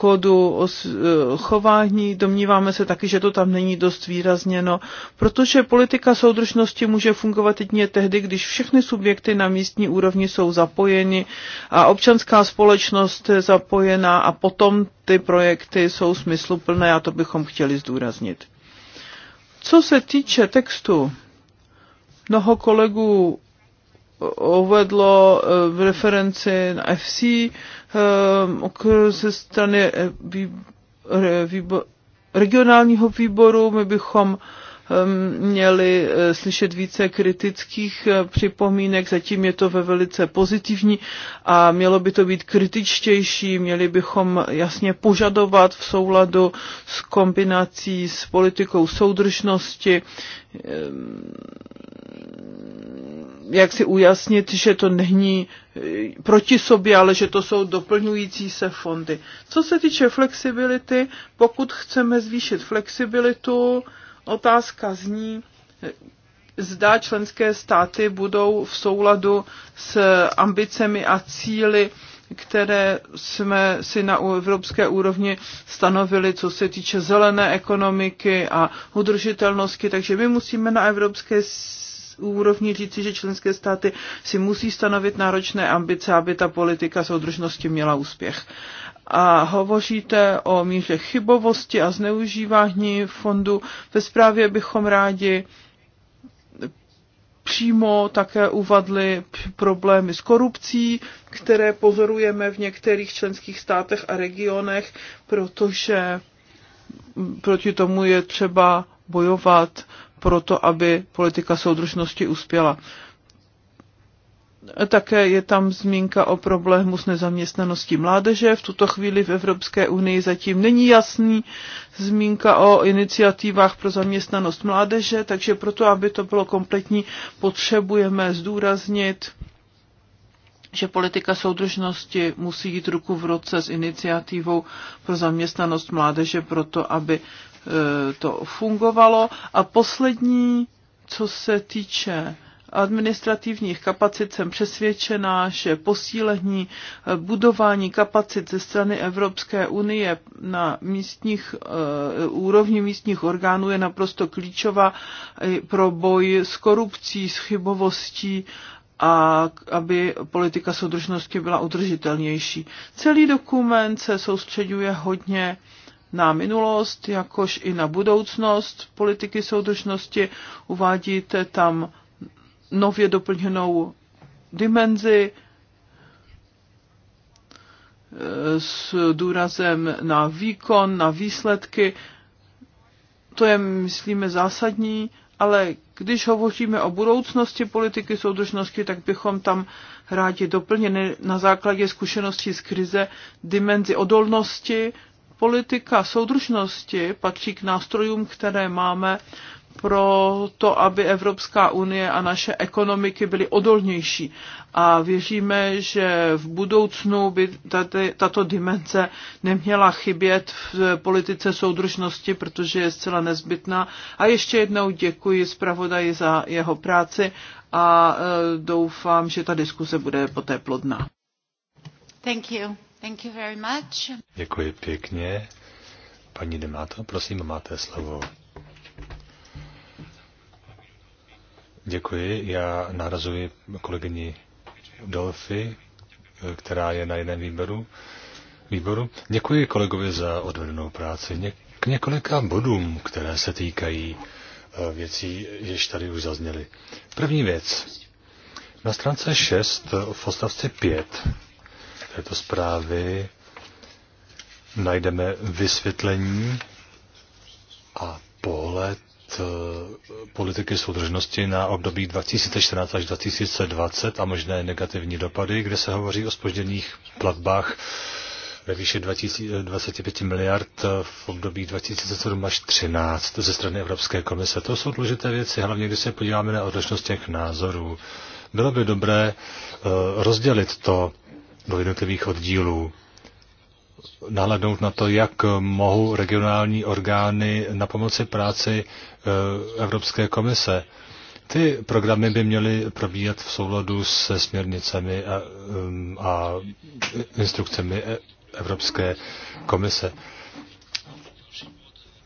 kodu e, chování. Domníváme se taky, že to tam není dost výrazněno, protože politika soudržnosti může fungovat jedině tehdy, když všechny subjekty na místní úrovni jsou zapojeny a občanská společnost je zapojená a potom ty projekty jsou smysluplné a to bychom chtěli zdůraznit. Co se týče textu, mnoho kolegů uvedlo eh, v referenci na FC eh, ze strany eh, regionálního výboru. My bychom ehm, měli slyšet více kritických připomínek, zatím je to ve velice pozitivní a mělo by to být kritičtější, měli bychom jasně požadovat v souladu s kombinací s politikou soudržnosti ehm, jak si ujasnit, že to není eh, proti sobě, ale že to jsou doplňující se fondy. Co se týče flexibility, pokud chceme zvýšit flexibilitu, otázka zní, eh, zda členské státy budou v souladu s ambicemi a cíly, které jsme si na evropské úrovni stanovili, co se týče zelené ekonomiky a udržitelnosti. Takže my musíme na evropské úrovni říci, že členské státy si musí stanovit náročné ambice, aby ta politika soudržnosti měla úspěch. A hovoříte o míře chybovosti a zneužívání fondu. Ve zprávě bychom rádi přímo také uvadly problémy s korupcí, které pozorujeme v některých členských státech a regionech, protože proti tomu je třeba bojovat pro to, aby politika soudržnosti uspěla. Také je tam zmínka o problému s nezaměstnaností mládeže. V tuto chvíli v Evropské unii zatím není jasný zmínka o iniciativách pro zaměstnanost mládeže, takže proto, aby to bylo kompletní, potřebujeme zdůraznit, že politika soudržnosti musí jít ruku v roce s iniciativou pro zaměstnanost mládeže proto, aby Eh, to fungovalo. A poslední, co se týče administrativních kapacit jsem přesvědčená, že posílení eh, budování kapacit ze strany Evropské unie na místních eh, úrovni místních orgánů je naprosto klíčová pro boj s korupcí, s chybovostí a aby politika soudržnosti byla udržitelnější. Celý dokument se soustředuje hodně na minulost, jakož i na budoucnost politiky soudržnosti. Uvádíte tam nově doplněnou dimenzi eh, s důrazem na výkon, na výsledky. To je, myslíme, zásadní, ale když hovoříme o budoucnosti politiky soudržnosti, tak bychom tam rádi doplněli na základě zkušeností z krize dimenzi odolnosti, politika soudržnosti patří k nástrojům, které máme pro to, aby Evropská unie a naše ekonomiky byly odolnější. A věříme, že v budoucnu by tady, tato dimenze neměla chybět v politice soudržnosti, protože je zcela nezbytná. A ještě jednou děkuji zpravodaji za jeho práci a e, doufám, že ta diskuse bude poté plodná. Thank you. Thank you very much. Děkuji pěkně. Paní Demáto, prosím, máte slovo. Děkuji. Já nahrazuji kolegyni Dolfy, která je na jiném výboru. výboru. Děkuji kolegovi za odvedenou práci. Ně- k několika bodům, které se týkají eh, věcí, jež tady už zazněly. První věc. Na stránce 6 v odstavci 5 této zprávy najdeme vysvětlení a pohled eh, politiky soudržnosti na období 2014 až 2020 a možné negativní dopady, kde se hovoří o spožděných platbách ve výši 25 miliard eh, v období 2007 až 2013 ze strany Evropské komise. To jsou důležité věci, hlavně když se podíváme na odlišnost těch názorů. Bylo by dobré eh, rozdělit to do jednotlivých oddílů. Nahlednout na to, jak mohou regionální orgány na pomoci práci eh, Evropské komise. Ty programy by měly probíhat v souladu se směrnicemi a, mm, a instrukcemi e- Evropské komise.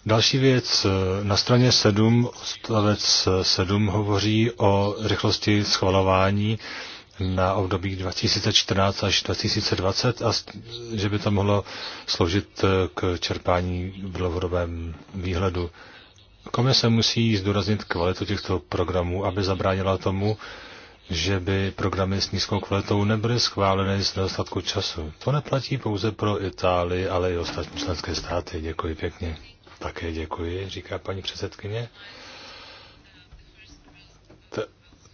Další věc. Na straně 7, odstavec 7 hovoří o rychlosti schvalování na období 2014 až 2020 a že by to mohlo sloužit eh, k čerpání v dlouhodobém výhledu. Komise musí zdůraznit kvalitu těchto programů, aby zabránila tomu, že by programy s nízkou kvalitou nebyly schváleny z nedostatku času. To neplatí pouze pro Itálii, ale i ostatní členské státy. Děkuji pěkně. Také děkuji, říká paní předsedkyně. T-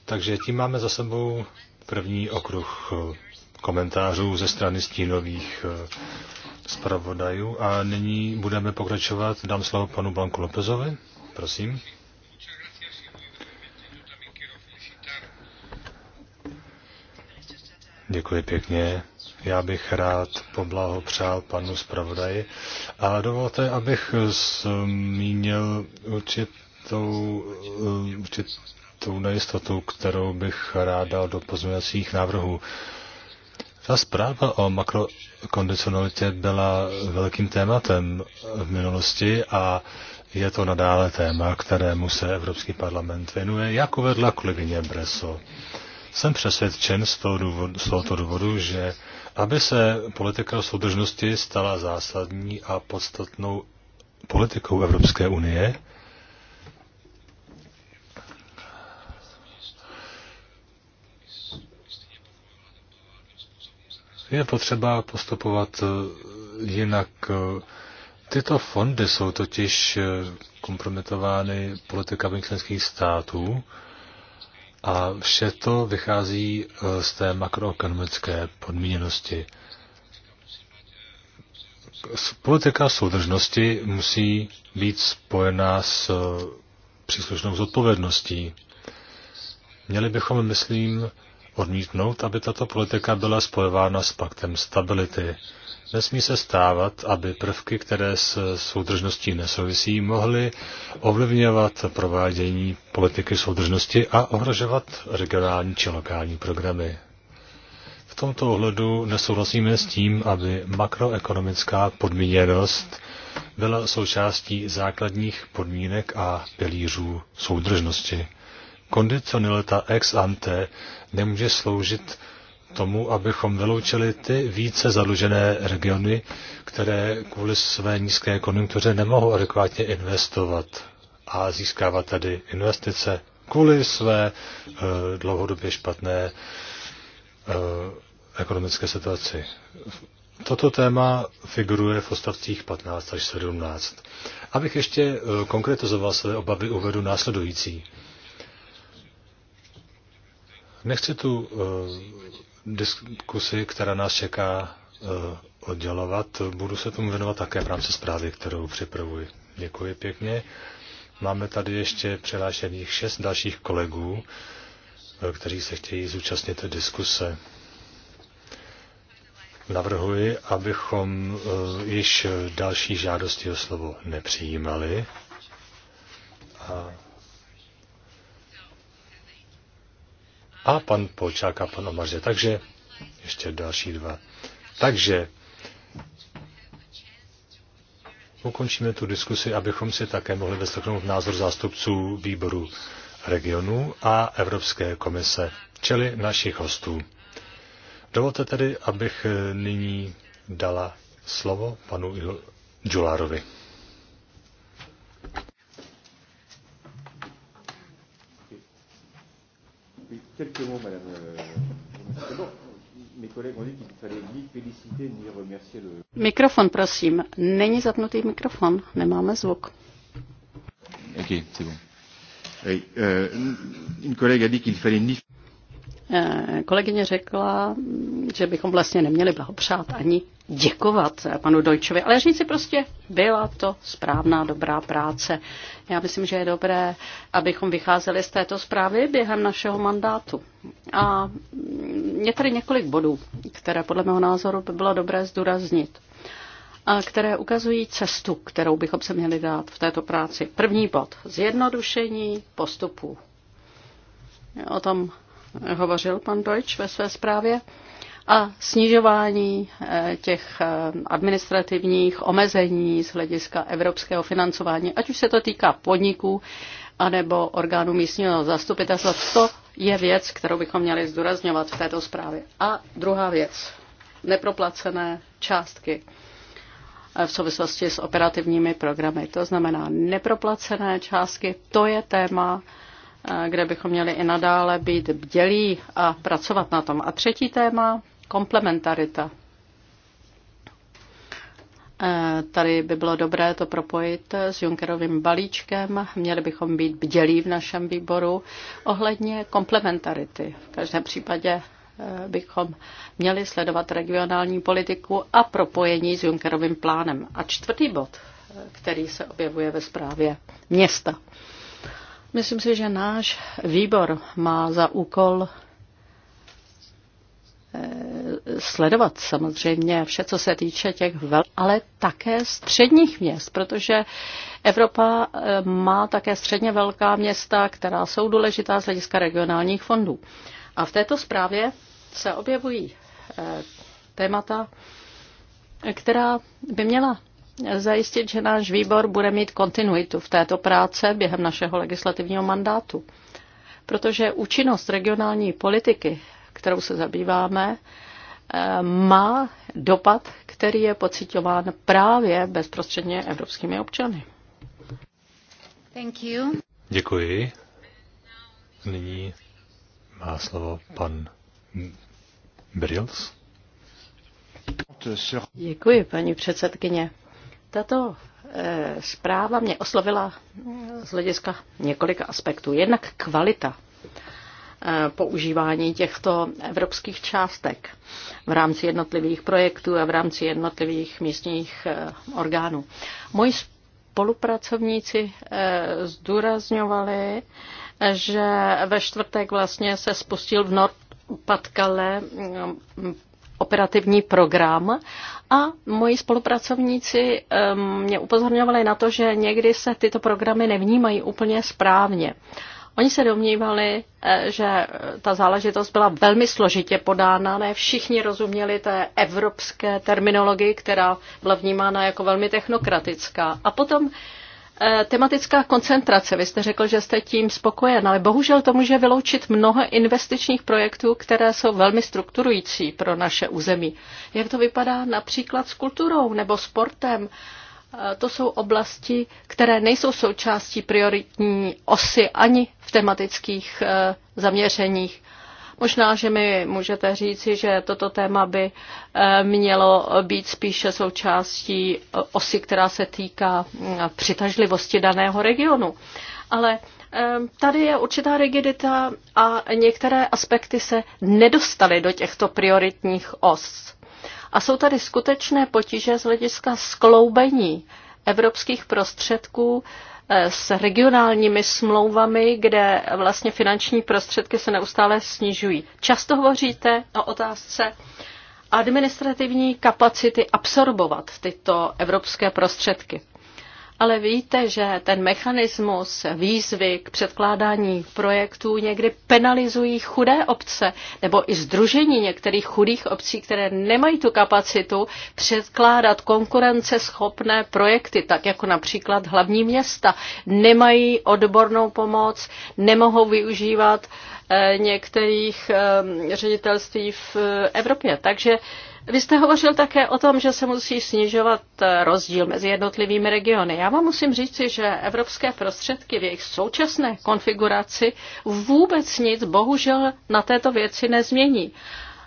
takže tím máme za sebou První okruh eh, komentářů ze strany stínových eh, zpravodajů a nyní budeme pokračovat. Dám slovo panu Blanku Lopezovi. Prosím. Děkuji pěkně. Já bych rád poblahopřál panu zpravodaji a dovolte, abych zmínil určitou, eh, určitou tou nejistotu, kterou bych rád dal do pozměňovacích návrhů. Ta zpráva o makrokondicionalitě byla velkým tématem v minulosti a je to nadále téma, kterému se Evropský parlament věnuje, jak uvedla kolegyně Breso. Jsem přesvědčen z, toho důvodu, z tohoto důvodu, že aby se politika soudržnosti stala zásadní a podstatnou politikou Evropské unie, je potřeba postupovat eh, jinak. Eh, tyto fondy jsou totiž eh, kompromitovány politikami členských států a vše to vychází z té makroekonomické podmíněnosti. Politika soudržnosti musí být spojená s příslušnou zodpovědností. Měli bychom, myslím, odmítnout, aby tato politika byla spojována s paktem stability. Nesmí se stávat, aby prvky, které s soudržností nesouvisí, mohly ovlivňovat provádění politiky soudržnosti a ohrožovat regionální či lokální programy. V tomto ohledu nesouhlasíme s tím, aby makroekonomická podmíněnost byla součástí základních podmínek a pilířů soudržnosti kondicionalita ex ante nemůže sloužit tomu, abychom vyloučili ty více zadlužené regiony, které kvůli své nízké konjunktuře nemohou adekvátně investovat a získávat tedy investice kvůli své e, dlouhodobě špatné e, ekonomické situaci. Toto téma figuruje v ostavcích 15 až 17. Abych ještě eh, konkretizoval své obavy, uvedu následující. Nechci tu uh, diskusi, která nás čeká, uh, oddělovat. Budu se tomu věnovat také v rámci zprávy, kterou připravuji. Děkuji pěkně. Máme tady ještě přihlášených šest dalších kolegů, eh, kteří se chtějí zúčastnit diskuse. Navrhuji, abychom již další žádosti o slovo nepřijímali. A a pan Polčák a pan Omaře. Takže ještě další dva. Takže ukončíme tu diskusi, abychom si také mohli vyslechnout názor zástupců výboru regionů a Evropské komise, čili našich hostů. Dovolte tedy, abych nyní dala slovo panu Džulárovi. Quelques mots, Madame. Euh, bon, mes collègues ont dit qu'il fallait ni féliciter ni remercier le. Mikrofon, prosím. Není zapnutý mikrofon, nemáme zvuk. Ok, c'est bon. Oui, euh, une collègue a dit qu'il fallait ni Eh, kolegyně řekla, že bychom vlastně neměli blahopřát ani děkovat eh, panu Dojčovi, ale říci prostě, byla to správná, dobrá práce. Já myslím, že je dobré, abychom vycházeli z této zprávy během našeho mandátu. A je tady několik bodů, které podle mého názoru by bylo dobré zdůraznit a které ukazují cestu, kterou bychom se měli dát v této práci. První bod, zjednodušení postupů. O tom hovořil pan Deutsch ve své zprávě, a snižování eh, těch eh, administrativních omezení z hlediska evropského financování, ať už se to týká podniků, anebo orgánů místního zastupitelstva. To je věc, kterou bychom měli zdůrazňovat v této zprávě. A druhá věc, neproplacené částky eh, v souvislosti s operativními programy. To znamená neproplacené částky, to je téma, kde bychom měli i nadále být bdělí a pracovat na tom. A třetí téma, komplementarita. E, tady by bylo dobré to propojit s Junckerovým balíčkem. Měli bychom být bdělí v našem výboru ohledně komplementarity. V každém případě e, bychom měli sledovat regionální politiku a propojení s Junckerovým plánem. A čtvrtý bod, e, který se objevuje ve zprávě města. Myslím si, že náš výbor má za úkol eh, sledovat samozřejmě vše, co se týče těch vel, ale také středních měst, protože Evropa eh, má také středně velká města, která jsou důležitá z hlediska regionálních fondů. A v této zprávě se objevují eh, témata, která by měla zajistit, že náš výbor bude mít kontinuitu v této práce během našeho legislativního mandátu. Protože účinnost regionální politiky, kterou se zabýváme, eh, má dopad, který je pocitován právě bezprostředně evropskými občany. Thank you. Děkuji. Nyní má slovo pan Brils. Děkuji, paní předsedkyně. Tato eh, zpráva mě oslovila eh, z hlediska několika aspektů. Jednak kvalita eh, používání těchto evropských částek v rámci jednotlivých projektů a v rámci jednotlivých místních orgánů. Moji spolupracovníci zdůrazňovali, že ve čtvrtek vlastně se spustil v Nord Patkale mm, operativní program a moji spolupracovníci mě upozorňovali na to, že někdy se tyto programy nevnímají úplně správně. Oni se domnívali, eh, že ta záležitost byla velmi složitě podána, ne všichni rozuměli té evropské terminologii, která byla vnímána jako velmi technokratická. A potom Eh, tematická koncentrace. Vy jste řekl, že jste tím spokojen, ale bohužel to může vyloučit mnoho investičních projektů, které jsou velmi strukturující pro naše území. Jak to vypadá například s kulturou nebo sportem? Eh, to jsou oblasti, které nejsou součástí prioritní osy ani v tematických eh, zaměřeních. Možná, že mi můžete říci, že toto téma by eh, mělo být spíše součástí eh, osy, která se týká mm, přitažlivosti daného regionu. Ale eh, Tady je určitá rigidita a některé aspekty se nedostaly do těchto prioritních os. A jsou tady skutečné potíže z hlediska skloubení evropských prostředků Eh, s regionálními smlouvami, kde vlastně finanční prostředky se neustále snižují. Často hovoříte o otázce administrativní kapacity absorbovat tyto evropské prostředky ale víte, že ten mechanismus výzvy k předkládání projektů někdy penalizují chudé obce nebo i združení některých chudých obcí, které nemají tu kapacitu předkládat konkurenceschopné projekty, tak jako například hlavní města. Nemají odbornou pomoc, nemohou využívat eh, některých eh, ředitelství v eh, Evropě. Takže vy jste hovořil také o tom, že se musí snižovat eh, rozdíl mezi jednotlivými regiony. Já vám musím říci, že evropské prostředky v jejich současné konfiguraci vůbec nic bohužel na této věci nezmění.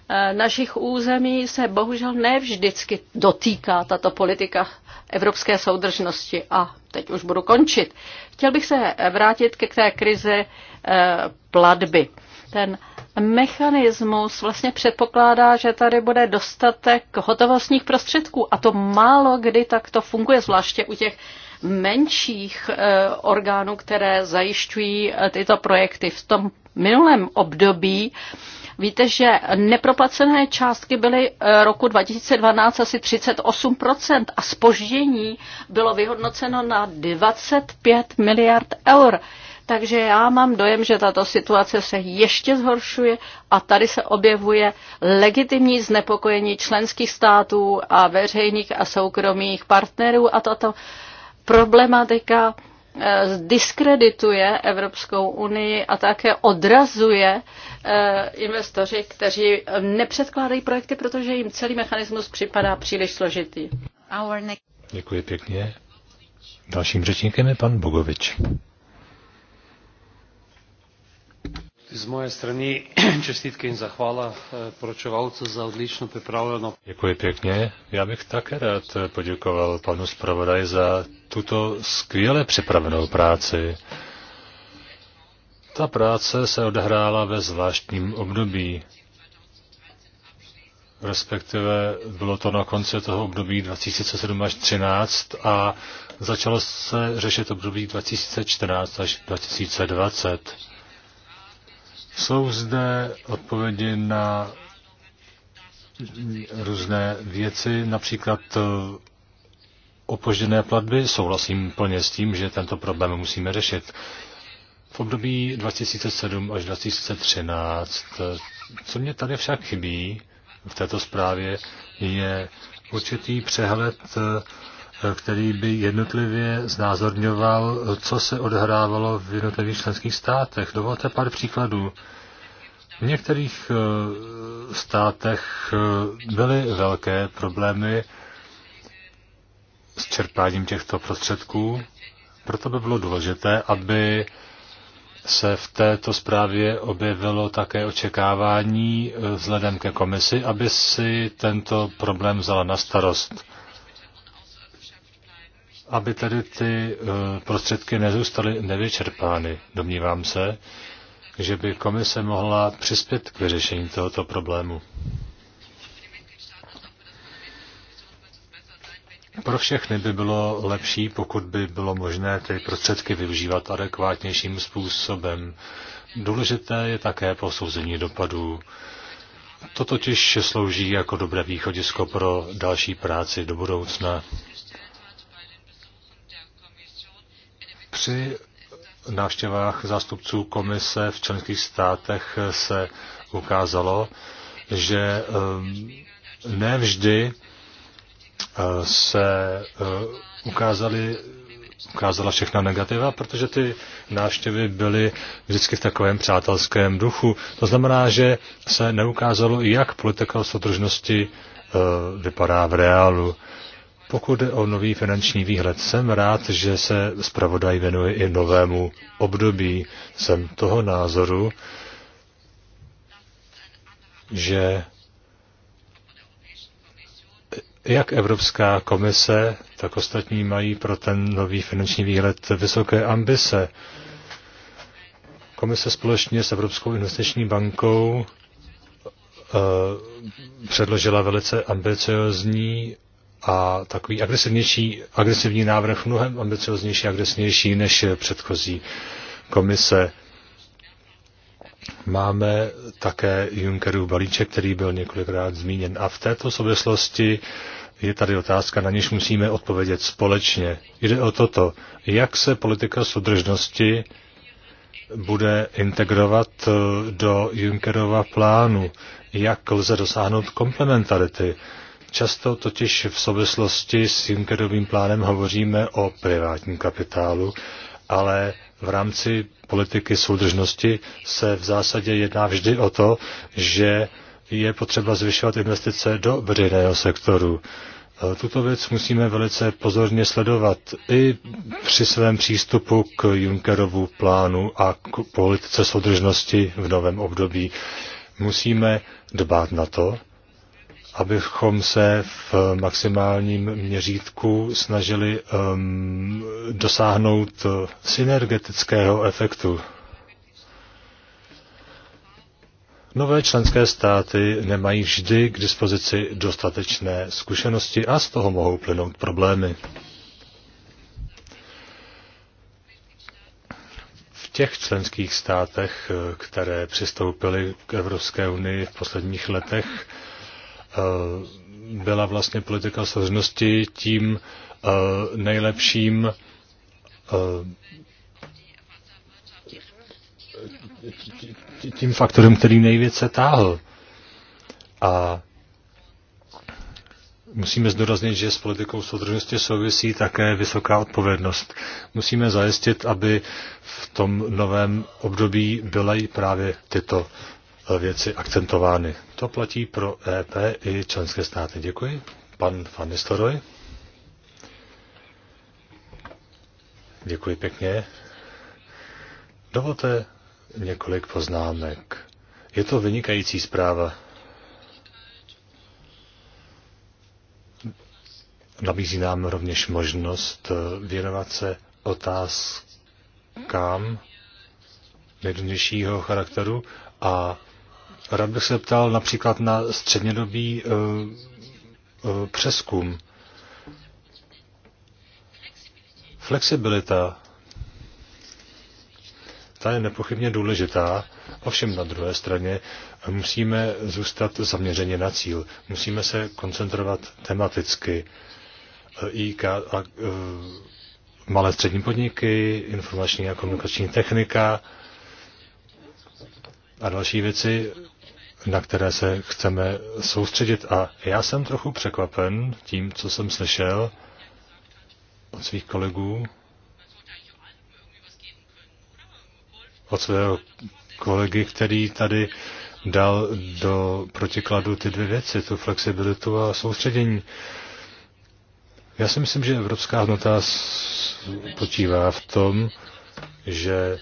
Eh, našich území se bohužel nevždycky dotýká tato politika evropské soudržnosti. A teď už budu končit. Chtěl bych se vrátit k té krize eh, platby. Ten mechanismus vlastně předpokládá, že tady bude dostatek hotovostních prostředků a to málo kdy tak to funguje, zvláště u těch menších eh, orgánů, které zajišťují eh, tyto projekty. V tom minulém období Víte, že neproplacené částky byly eh, roku 2012 asi 38% a spoždění bylo vyhodnoceno na 25 miliard eur. Takže já mám dojem, že tato situace se ještě zhoršuje a tady se objevuje legitimní znepokojení členských států a veřejných a soukromých partnerů a tato problematika eh, diskredituje Evropskou unii a také odrazuje eh, investoři, kteří nepředkládají projekty, protože jim celý mechanismus připadá příliš složitý. Děkuji pěkně. Dalším řečníkem je pan Bogovič. Z moje strany čestitky in zachvála pročovalcu za eh, odlično připravenou. Děkuji pěkně. Já bych také rád eh, poděkoval panu zpravodaj za tuto skvěle připravenou práci. Ta práce se odehrála ve zvláštním období, respektive bylo to na konci toho období 2007 až 2013 a začalo se řešit období 2014 až 2020. Jsou zde odpovědi na různé věci, například eh, opožděné platby. Souhlasím plně s tím, že tento problém musíme řešit. V období 2007 až 2013, eh, co mě tady však chybí v této zprávě, je určitý přehled eh, který by jednotlivě znázorňoval, co se odhrávalo v jednotlivých členských státech. Dovolte pár příkladů. V některých eh, státech eh, byly velké problémy s čerpáním těchto prostředků, proto by bylo důležité, aby se v této zprávě objevilo také očekávání eh, vzhledem ke komisi, aby si tento problém vzala na starost aby tedy ty eh, prostředky nezůstaly nevyčerpány. Domnívám se, že by komise mohla přispět k vyřešení tohoto problému. Pro všechny by bylo lepší, pokud by bylo možné ty prostředky využívat adekvátnějším způsobem. Důležité je také posouzení dopadů. To totiž slouží jako dobré východisko pro další práci do budoucna. Při návštěvách zástupců komise v členských státech se ukázalo, že ehm, nevždy eh, se eh, ukázali, ukázala všechna negativa, protože ty návštěvy byly vždycky v takovém přátelském duchu. To znamená, že se neukázalo, jak politika soudržnosti eh, vypadá v reálu. Pokud jde o nový finanční výhled, jsem rád, že se zpravodaj věnuje i novému období. Jsem toho názoru, že jak Evropská komise, tak ostatní mají pro ten nový finanční výhled vysoké ambice. Komise společně s Evropskou investiční bankou eh, předložila velice ambiciozní a takový agresivnější, agresivní návrh, mnohem ambicioznější, agresivnější než předchozí komise. Máme také Junckerův balíček, který byl několikrát zmíněn. A v této souvislosti je tady otázka, na něž musíme odpovědět společně. Jde o toto, jak se politika soudržnosti bude integrovat eh, do Junckerova plánu, jak lze dosáhnout komplementarity Často totiž v souvislosti s Junckerovým plánem hovoříme o privátním kapitálu, ale v rámci politiky soudržnosti se v zásadě jedná vždy o to, že je potřeba zvyšovat investice do veřejného sektoru. E, tuto věc musíme velice pozorně sledovat i při svém přístupu k Junckerovu plánu a k politice soudržnosti v novém období. Musíme dbát na to, abychom se v maximálním měřítku snažili um, dosáhnout uh, synergetického efektu. Nové členské státy nemají vždy k dispozici dostatečné zkušenosti a z toho mohou plynout problémy. V těch členských státech, uh, které přistoupily k Evropské unii v posledních letech, Eh, byla vlastně politika soudnosti tím eh, nejlepším eh, tím faktorem, který nejvíce táhl. A musíme zdůraznit, že s politikou soudržnosti souvisí také vysoká odpovědnost. Musíme zajistit, aby v tom novém období byly právě tyto věci akcentovány. To platí pro EP i členské státy. Děkuji. Pan Van Nistelrooy. Děkuji pěkně. Dovolte několik poznámek. Je to vynikající zpráva. Nabízí nám rovněž možnost eh, věnovat se otázkám nejdůležitějšího charakteru a Rád bych se ptal například na střednědobý eh, eh, přeskum. Flexibilita, ta je nepochybně důležitá, ovšem na druhé straně musíme zůstat zaměřeně na cíl. Musíme se koncentrovat tematicky. Eh, IK a malé střední podniky, informační a komunikační technika a další věci, na které se chceme soustředit. A já jsem trochu překvapen tím, co jsem slyšel od svých kolegů, od svého kolegy, který tady dal do protikladu ty dvě věci, tu flexibilitu a soustředění. Já si myslím, že evropská hodnota spočívá v tom, že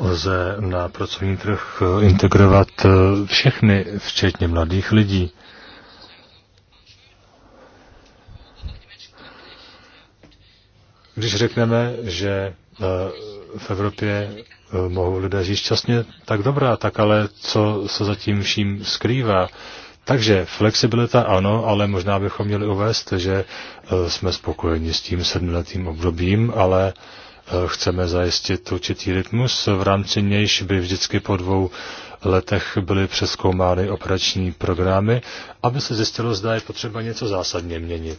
lze na pracovní trh eh, integrovat eh, všechny, včetně mladých lidí. Když řekneme, že eh, v Evropě mohou lidé žít šťastně, tak dobrá, tak ale co se zatím vším skrývá? Takže flexibilita ano, ale možná bychom měli uvést, že jsme spokojeni s tím sedmiletým obdobím, ale uh, Eh, chceme zajistit určitý rytmus, v rámci nějž by vždycky po dvou letech byly přeskoumány operační programy, aby se zjistilo, zda je potřeba něco zásadně měnit.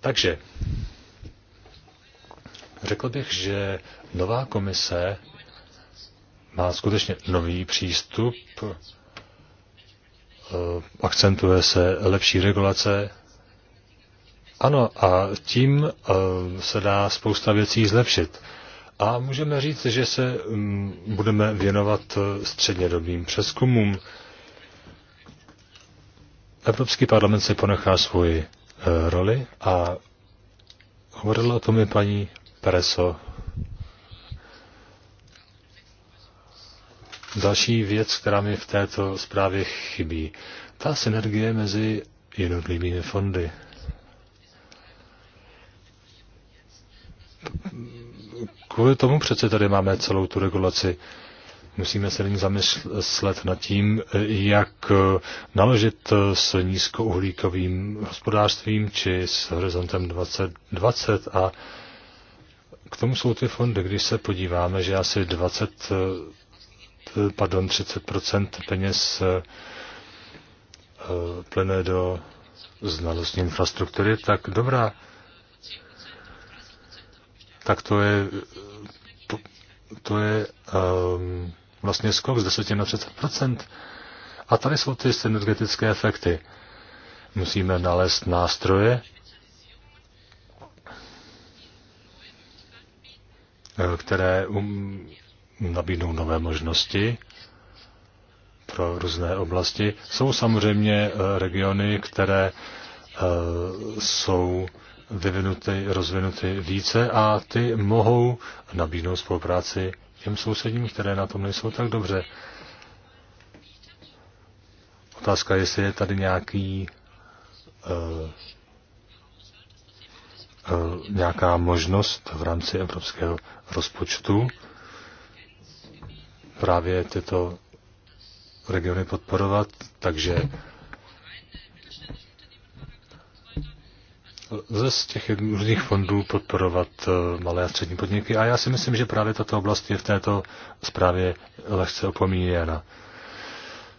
Takže řekl bych, že nová komise má skutečně nový přístup, eh, akcentuje se lepší regulace, ano, a tím eh, se dá spousta věcí zlepšit. A můžeme říct, že se mm, budeme věnovat eh, střednědobým přeskumům. Evropský parlament si ponechá svoji eh, roli a hovorila o tom i paní Preso. Další věc, která mi v této zprávě chybí, ta synergie mezi jednotlivými fondy. kvůli tomu přece tady máme celou tu regulaci. Musíme se nyní zamyslet nad tím, jak naložit s nízkouhlíkovým hospodářstvím či s horizontem 2020 a k tomu jsou ty fondy, když se podíváme, že asi 20, pardon, 30% peněz eh, plyne do znalostní infrastruktury, tak dobrá, tak to je, to, to je um, vlastně skok z 10 na 30 A tady jsou ty synergetické efekty. Musíme nalézt nástroje, eh, které um, nabídnou nové možnosti pro různé oblasti. Jsou samozřejmě eh, regiony, které eh, jsou vyvinuty, rozvinuty více a ty mohou nabídnout spolupráci těm sousedím, které na tom nejsou tak dobře. Otázka, jestli je tady nějaký uh, uh, nějaká možnost v rámci evropského rozpočtu právě tyto regiony podporovat, takže lze z těch různých fondů podporovat eh, malé a střední podniky a já si myslím, že právě tato oblast je v této zprávě lehce opomíjena.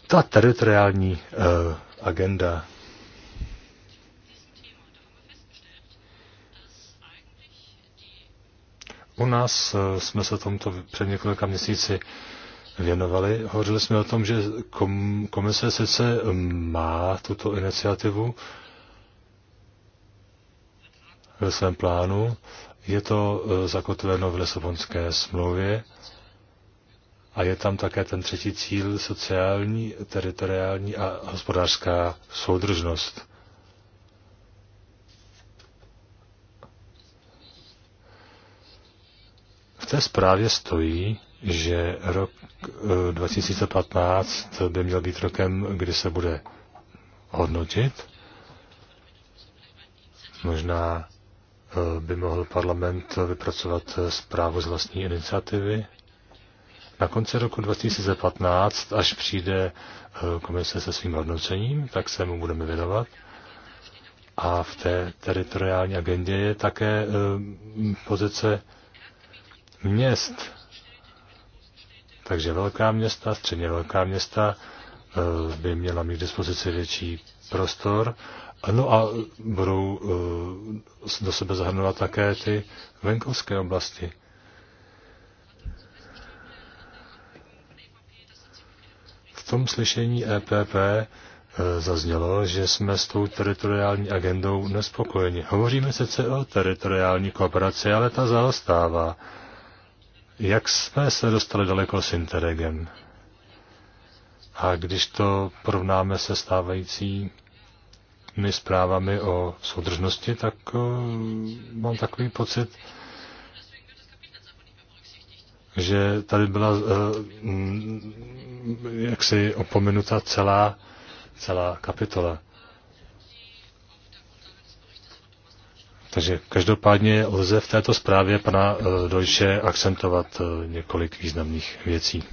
Ta teritoriální uh, agenda. U nás uh, jsme se tomto před několika měsíci věnovali. Hovořili jsme o tom, že kom, komise sice má tuto iniciativu, uh, ve svém plánu. Je to eh, zakotveno v Lesobonské smlouvě a je tam také ten třetí cíl sociální, teritoriální a hospodářská soudržnost. V té zprávě stojí, že rok 2015 eh, by měl být rokem, kdy se bude hodnotit. Možná by mohl parlament vypracovat zprávu z vlastní iniciativy. Na konci roku 2015, až přijde eh, komise se svým hodnocením, tak se mu budeme věnovat. A v té teritoriální agendě je také eh, pozice měst. Takže velká města, středně velká města eh, by měla mít k dispozici větší prostor No a budou eh, do sebe zahrnovat také ty venkovské oblasti. V tom slyšení EPP eh, zaznělo, že jsme s tou teritoriální agendou nespokojeni. Hovoříme sice o teritoriální kooperaci, ale ta zaostává. Jak jsme se dostali daleko s Interregem? A když to porovnáme se stávající ostatními zprávami o soudržnosti, tak eh, mám takový pocit, že tady byla eh, mm, jaksi opomenuta celá, celá kapitola. Takže každopádně lze v této zprávě pana eh, Dojše akcentovat několik významných věcí.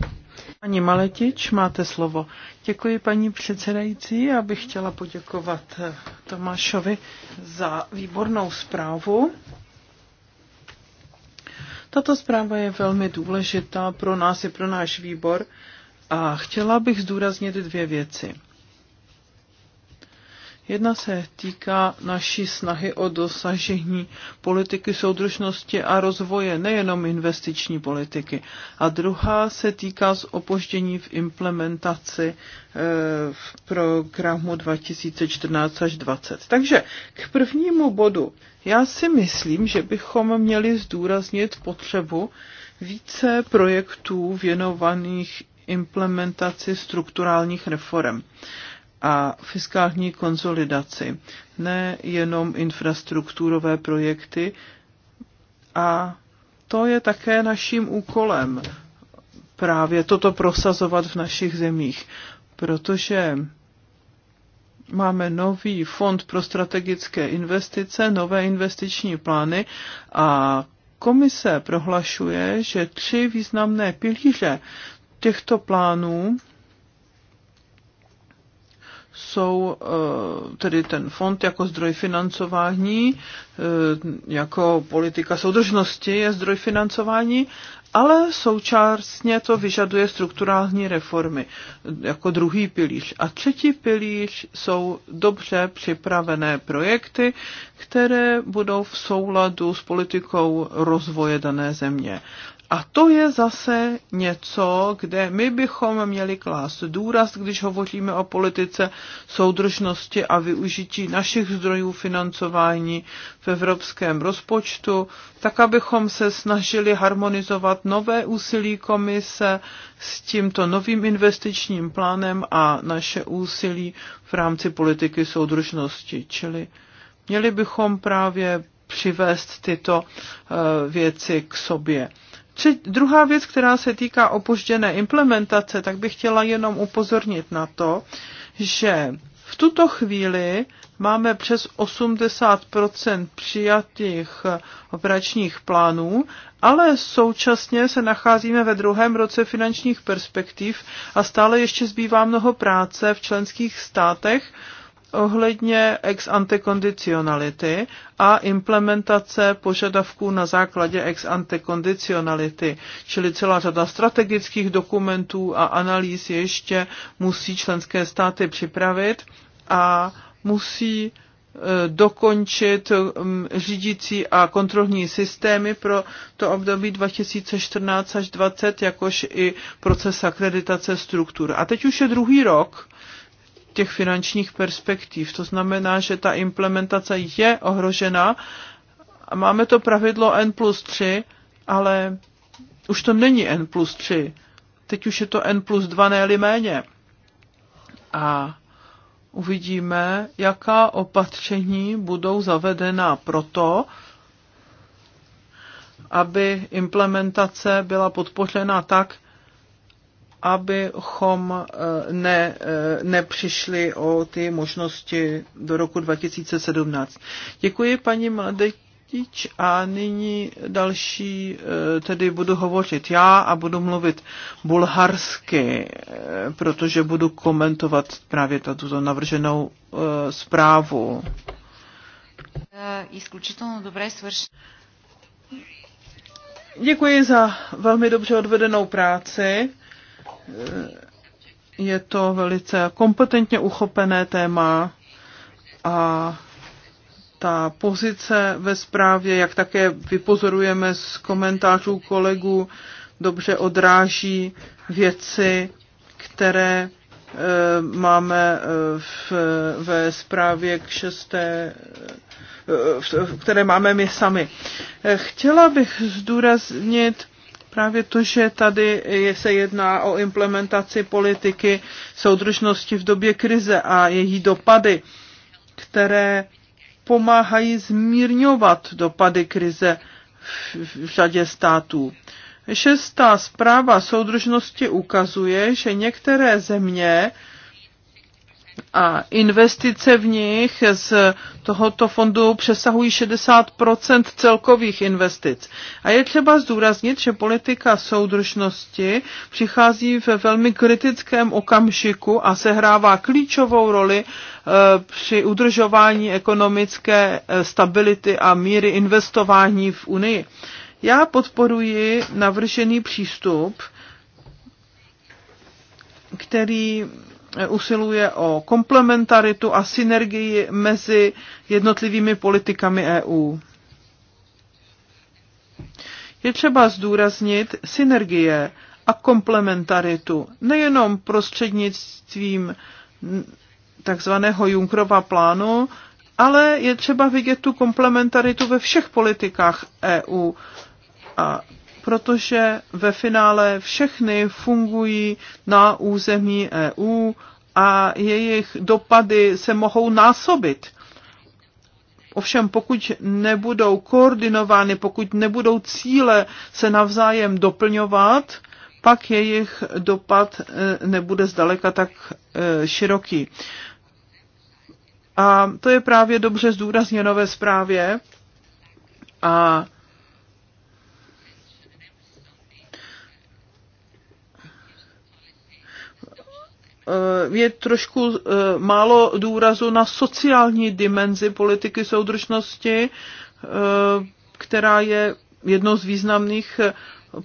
Paní Maletič, máte slovo. Děkuji paní předsedající. Já bych chtěla poděkovat eh, Tomášovi za výbornou zprávu. Tato zpráva je velmi důležitá pro nás i pro náš výbor a chtěla bych zdůraznit dvě věci. Jedna se týká naší snahy o dosažení politiky soudržnosti a rozvoje, nejenom investiční politiky. A druhá se týká z opoždění v implementaci eh, v programu 2014 až 2020. Takže k prvnímu bodu. Já si myslím, že bychom měli zdůraznit potřebu více projektů věnovaných implementaci strukturálních reform a fiskální konsolidaci, ne jenom infrastrukturové projekty. A to je také naším úkolem právě toto prosazovat v našich zemích, protože máme nový fond pro strategické investice, nové investiční plány a komise prohlašuje, že tři významné pilíře těchto plánů jsou eh, tedy ten fond jako zdroj financování, eh, jako politika soudržnosti je zdroj financování, ale současně to vyžaduje strukturální reformy eh, jako druhý pilíř. A třetí pilíř jsou dobře připravené projekty, které budou v souladu s politikou rozvoje dané země. A to je zase něco, kde my bychom měli klást důraz, když hovoříme o politice soudržnosti a využití našich zdrojů financování v evropském rozpočtu, tak abychom se snažili harmonizovat nové úsilí komise s tímto novým investičním plánem a naše úsilí v rámci politiky soudržnosti. Čili měli bychom právě přivést tyto eh, věci k sobě. Třet, druhá věc, která se týká opožděné implementace, tak bych chtěla jenom upozornit na to, že v tuto chvíli máme přes 80 přijatých operačních plánů, ale současně se nacházíme ve druhém roce finančních perspektiv a stále ještě zbývá mnoho práce v členských státech, ohledně ex ante kondicionality a implementace požadavků na základě ex ante kondicionality, čili celá řada strategických dokumentů a analýz ještě musí členské státy připravit a musí e, dokončit řídící a kontrolní systémy pro to období 2014 až 2020, jakož i proces akreditace struktur. A teď už je druhý rok, těch finančních perspektiv. To znamená, že ta implementace je ohrožena. Máme to pravidlo N plus 3, ale už to není N plus 3. Teď už je to N plus 2, ne méně. A uvidíme, jaká opatření budou zavedena proto, aby implementace byla podpořena tak, abychom eh, ne, eh, nepřišli o ty možnosti do roku 2017. Děkuji paní Mladetič a nyní další, eh, tedy budu hovořit já a budu mluvit bulharsky, protože budu komentovat právě tuto navrženou zprávu. Děkuji za velmi dobře odvedenou práci. Eh, je to velice kompetentně uchopené téma a ta pozice ve zprávě, jak také vypozorujeme z komentářů kolegů, dobře odráží věci, které eh, máme eh, v, ve zprávě k šesté, které máme my sami. Chtěla bych zdůraznit Právě to, že tady je se jedná o implementaci politiky soudržnosti v době krize a její dopady, které pomáhají zmírňovat dopady krize v řadě států. Šestá zpráva soudržnosti ukazuje, že některé země a investice v nich z tohoto fondu přesahují 60 celkových investic. A je třeba zdůraznit, že politika soudržnosti přichází ve velmi kritickém okamžiku a sehrává klíčovou roli eh, při udržování ekonomické eh, stability a míry investování v Unii. Já podporuji navržený přístup, který usiluje o komplementaritu a synergii mezi jednotlivými politikami EU. Je třeba zdůraznit synergie a komplementaritu nejenom prostřednictvím takzvaného Junkrova plánu, ale je třeba vidět tu komplementaritu ve všech politikách EU. A protože ve finále všechny fungují na území EU a jejich dopady se mohou násobit. Ovšem, pokud nebudou koordinovány, pokud nebudou cíle se navzájem doplňovat, pak jejich dopad e, nebude zdaleka tak e, široký. A to je právě dobře zdůrazněno ve zprávě. A Eh, je trošku eh, málo důrazu na sociální dimenzi politiky soudržnosti, eh, která je jednou z významných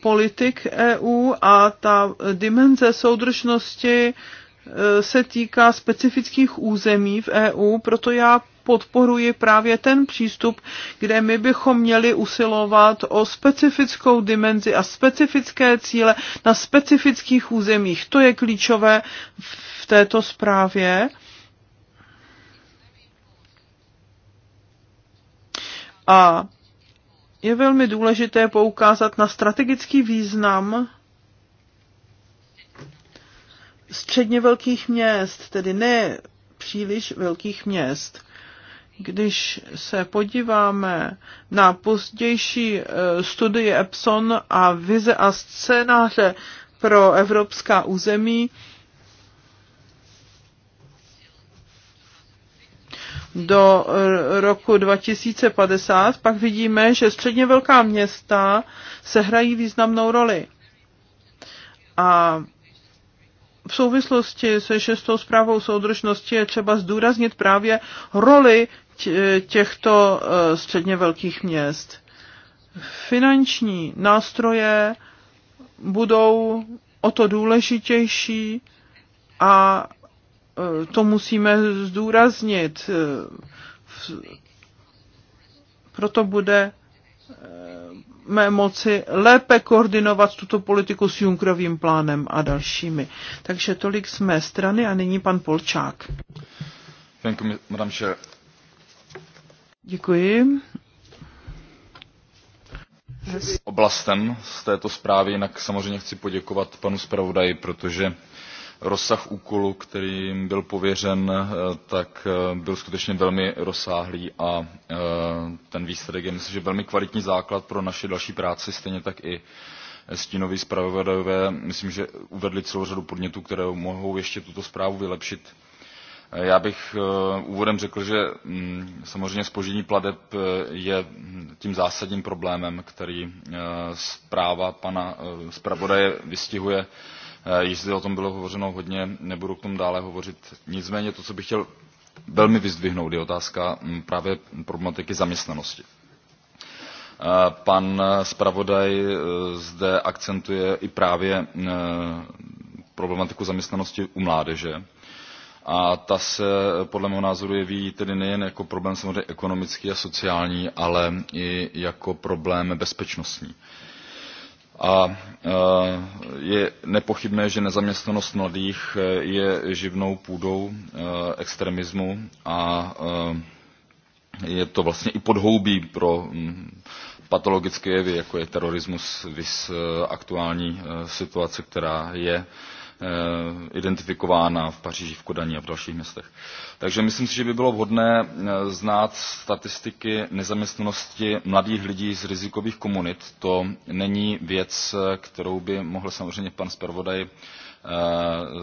politik EU a ta dimenze soudržnosti se týká specifických území v EU, proto já podporuji právě ten přístup, kde my bychom měli usilovat o specifickou dimenzi a specifické cíle na specifických územích. To je klíčové v této zprávě. A je velmi důležité poukázat na strategický význam středně velkých měst, tedy ne příliš velkých měst. Když se podíváme na pozdější e, studii Epson a vize a scénáře pro evropská území, do e, roku 2050, pak vidíme, že středně velká města se hrají významnou roli. A v souvislosti se šestou zprávou soudržnosti je třeba zdůraznit právě roli těchto eh, středně velkých měst. Finanční nástroje budou o to důležitější a eh, to musíme zdůraznit. Eh, proto bude mé moci lépe koordinovat tuto politiku s Junkrovým plánem a dalšími. Takže tolik z mé strany a nyní pan Polčák. Thank you, Oblastem z této zprávy, jinak samozřejmě chci poděkovat panu zpravodaji, protože rozsah úkolu, kterým byl pověřen, eh, tak eh, byl skutečně velmi rozsáhlý a eh, ten výsledek je, myslím, že velmi kvalitní základ pro naši další práci, stejně tak i stínoví zpravodajové, myslím, že uvedli celou řadu podnětů, které mohou ještě tuto zprávu vylepšit Eh, já bych eh, úvodem řekl že mm, samozřejmě zpoždění plateb eh, je hm, tím zásadním problémem který zpráva pana zpravodaje vystihuje již zde o tom bylo hovořeno hodně nebudu k tomu dále hovořit nicméně to co bych chtěl velmi vyzdvihnout je otázka hm, právě problematiky zaměstnanosti. pan zpravodaj zde akcentuje i právě problematiku zaměstnanosti u mládeže a ta se podle mého názoru jeví tedy nejen jako problém samozřejmě ekonomický a sociální ale i jako problém bezpečnostní. A e, je nepochybné že nezaměstnanost mladých e, je živnou půdou e, extremismu a je to vlastně i podhoubí pro patologické jevy jako je terorismus vys aktuální situace která je Eh, identifikována v paříži v kodani a v dalších městech. takže myslím si že by bylo vhodné eh, znát statistiky nezaměstnanosti mladých lidí z rizikových komunit. to není věc kterou by mohl samozřejmě pan zpravodaj eh,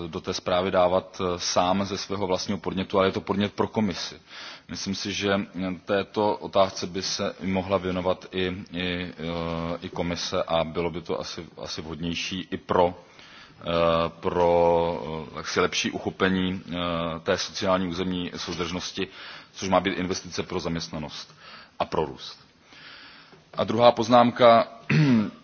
do té zprávy dávat sám ze svého vlastního podnětu ale je to podnět pro komisi. myslím si že této otázce by se mohla věnovat i, i, i komise a bylo by to asi, asi vhodnější i pro Eh, pro eh, jaksi lepší uchopení eh, té sociální územní soudržnosti což má být investice pro zaměstnanost a pro růst. A druhá poznámka.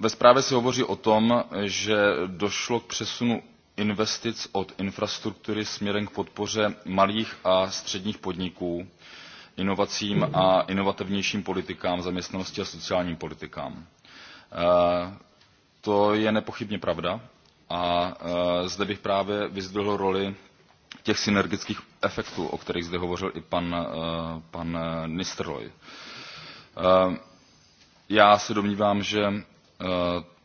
Ve zprávě se hovoří o tom, že došlo k přesunu investic od infrastruktury směrem k podpoře malých a středních podniků, inovacím a inovativnějším politikám, zaměstnanosti a sociálním politikám to je nepochybně pravda a e, zde bych právě vyzdvihl roli těch synergických efektů o kterých zde hovořil i pan, e, pan nistelrooij. E, já se domnívám že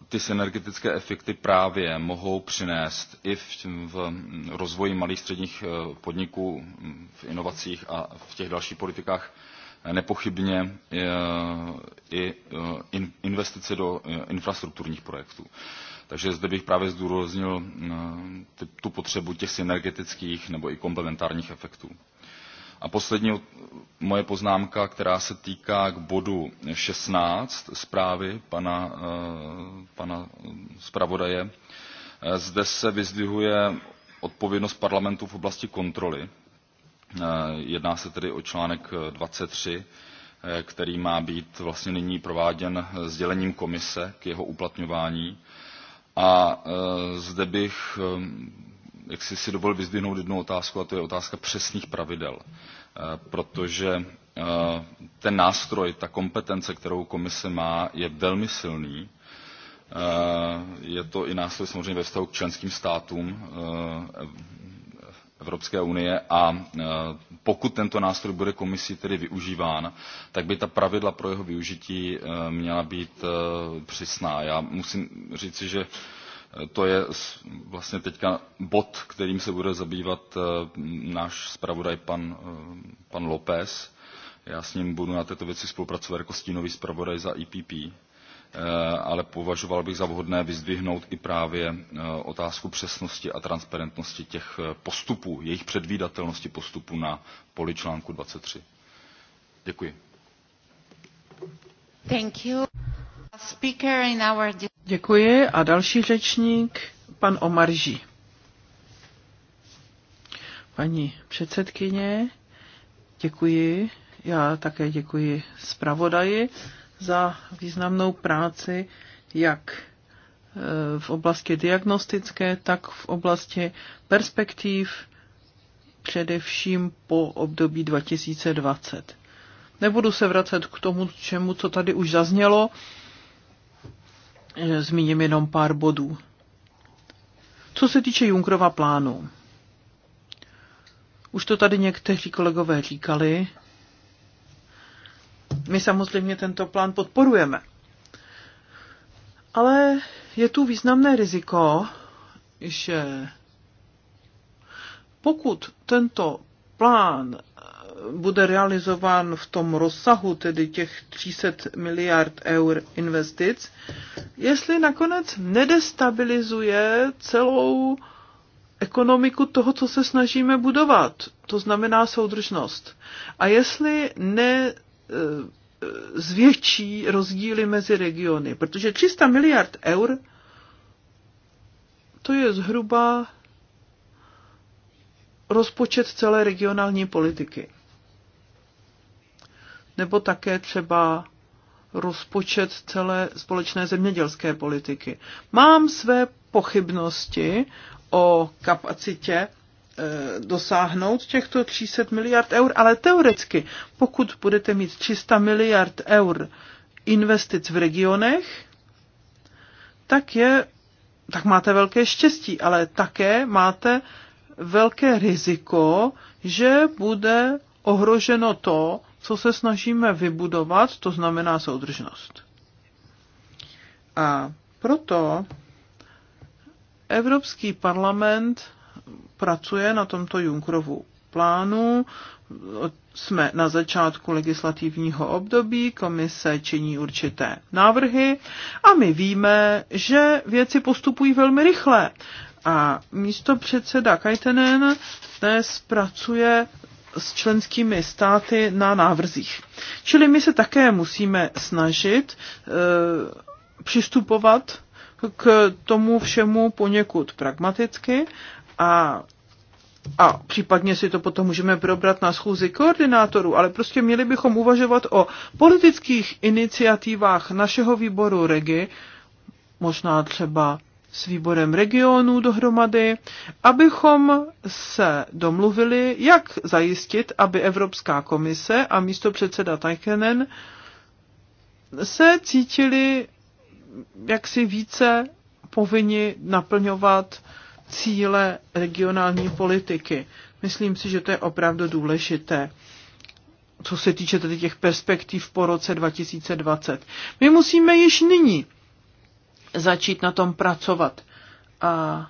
ty synergetické efekty právě mohou přinést i v, v rozvoji malých a středních podniků v inovacích a v těch dalších politikách nepochybně eh, i eh, investice do eh, infrastrukturních projektů. Takže zde bych právě zdůraznil tu potřebu těch synergetických nebo i komplementárních efektů. A poslední moje poznámka, která se týká k bodu 16 zprávy pana, pana zpravodaje. Zde se vyzdvihuje odpovědnost parlamentu v oblasti kontroly Eh, jedná se tedy o článek 23, eh, eh, který má být vlastně nyní prováděn sdělením komise k jeho uplatňování. A zde bych jak si, si dovolil vyzdvihnout jednu otázku, a to je otázka přesných pravidel. Protože ten nástroj, ta kompetence, kterou komise má, je velmi silný. Je to i nástroj samozřejmě ve vztahu k členským státům Evropské unie a e, pokud tento nástroj bude komisí tedy využíván, tak by ta pravidla pro jeho využití e, měla být e, přísná. Já musím říci, že to je vlastně teď bod, kterým se bude zabývat náš zpravodaj pan, pan López. Já s ním budu na této věci spolupracovat jako stínový zpravodaj za ppe Eh, ale považoval bych za vhodné vyzdvihnout i právě eh, otázku přesnosti a transparentnosti těch eh, postupů jejich předvídatelnosti postupů na poli článku. 23. děkuji. Thank you. Speaker in our... Děkuji a další řečník, pan Omarží. Paní předsedkyně, děkuji. Já také děkuji zpravodaji za významnou práci, jak e, v oblasti diagnostické, tak v oblasti perspektiv, především po období 2020. Nebudu se vracet k tomu, čemu, co tady už zaznělo, e, zmíním jenom pár bodů. Co se týče Junkrova plánu, už to tady někteří kolegové říkali, my samozřejmě tento plán podporujeme. Ale je tu významné riziko, že pokud tento plán bude realizován v tom rozsahu, tedy těch 300 miliard eur investic, jestli nakonec nedestabilizuje celou ekonomiku toho, co se snažíme budovat, to znamená soudržnost. A jestli ne Eh, zvětší rozdíly mezi regiony, protože 300 miliard eur to je zhruba rozpočet celé regionální politiky. Nebo také třeba rozpočet celé společné zemědělské politiky. Mám své pochybnosti o kapacitě Eh, dosáhnout těchto 300 miliard eur, ale teoreticky, pokud budete mít 300 miliard eur investic v regionech, tak je, tak máte velké štěstí, ale také máte velké riziko, že bude ohroženo to, co se snažíme vybudovat, to znamená soudržnost. A proto Evropský parlament pracuje na tomto Junkrovu plánu. Jsme na začátku legislativního období, komise činí určité návrhy a my víme, že věci postupují velmi rychle. A místo předseda Kajtenen dnes pracuje s členskými státy na návrzích. Čili my se také musíme snažit e, přistupovat k tomu všemu poněkud pragmaticky a a případně si to potom můžeme probrat na schůzi koordinátorů, ale prostě měli bychom uvažovat o politických iniciativách našeho výboru REGI, možná třeba s výborem regionů dohromady, abychom se domluvili, jak zajistit, aby Evropská komise a místo předseda Tajkenen se cítili jaksi více povinni naplňovat cíle regionální politiky. Myslím si, že to je opravdu důležité co se týče tedy těch perspektiv po roce 2020. My musíme již nyní začít na tom pracovat. A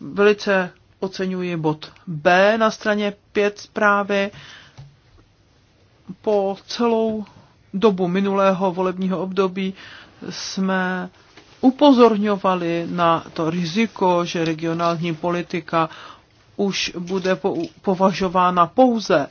velice oceňuji bod B na straně 5 zprávy. Po celou dobu minulého volebního období jsme upozorňovali na to riziko, že regionální politika už bude považována pouze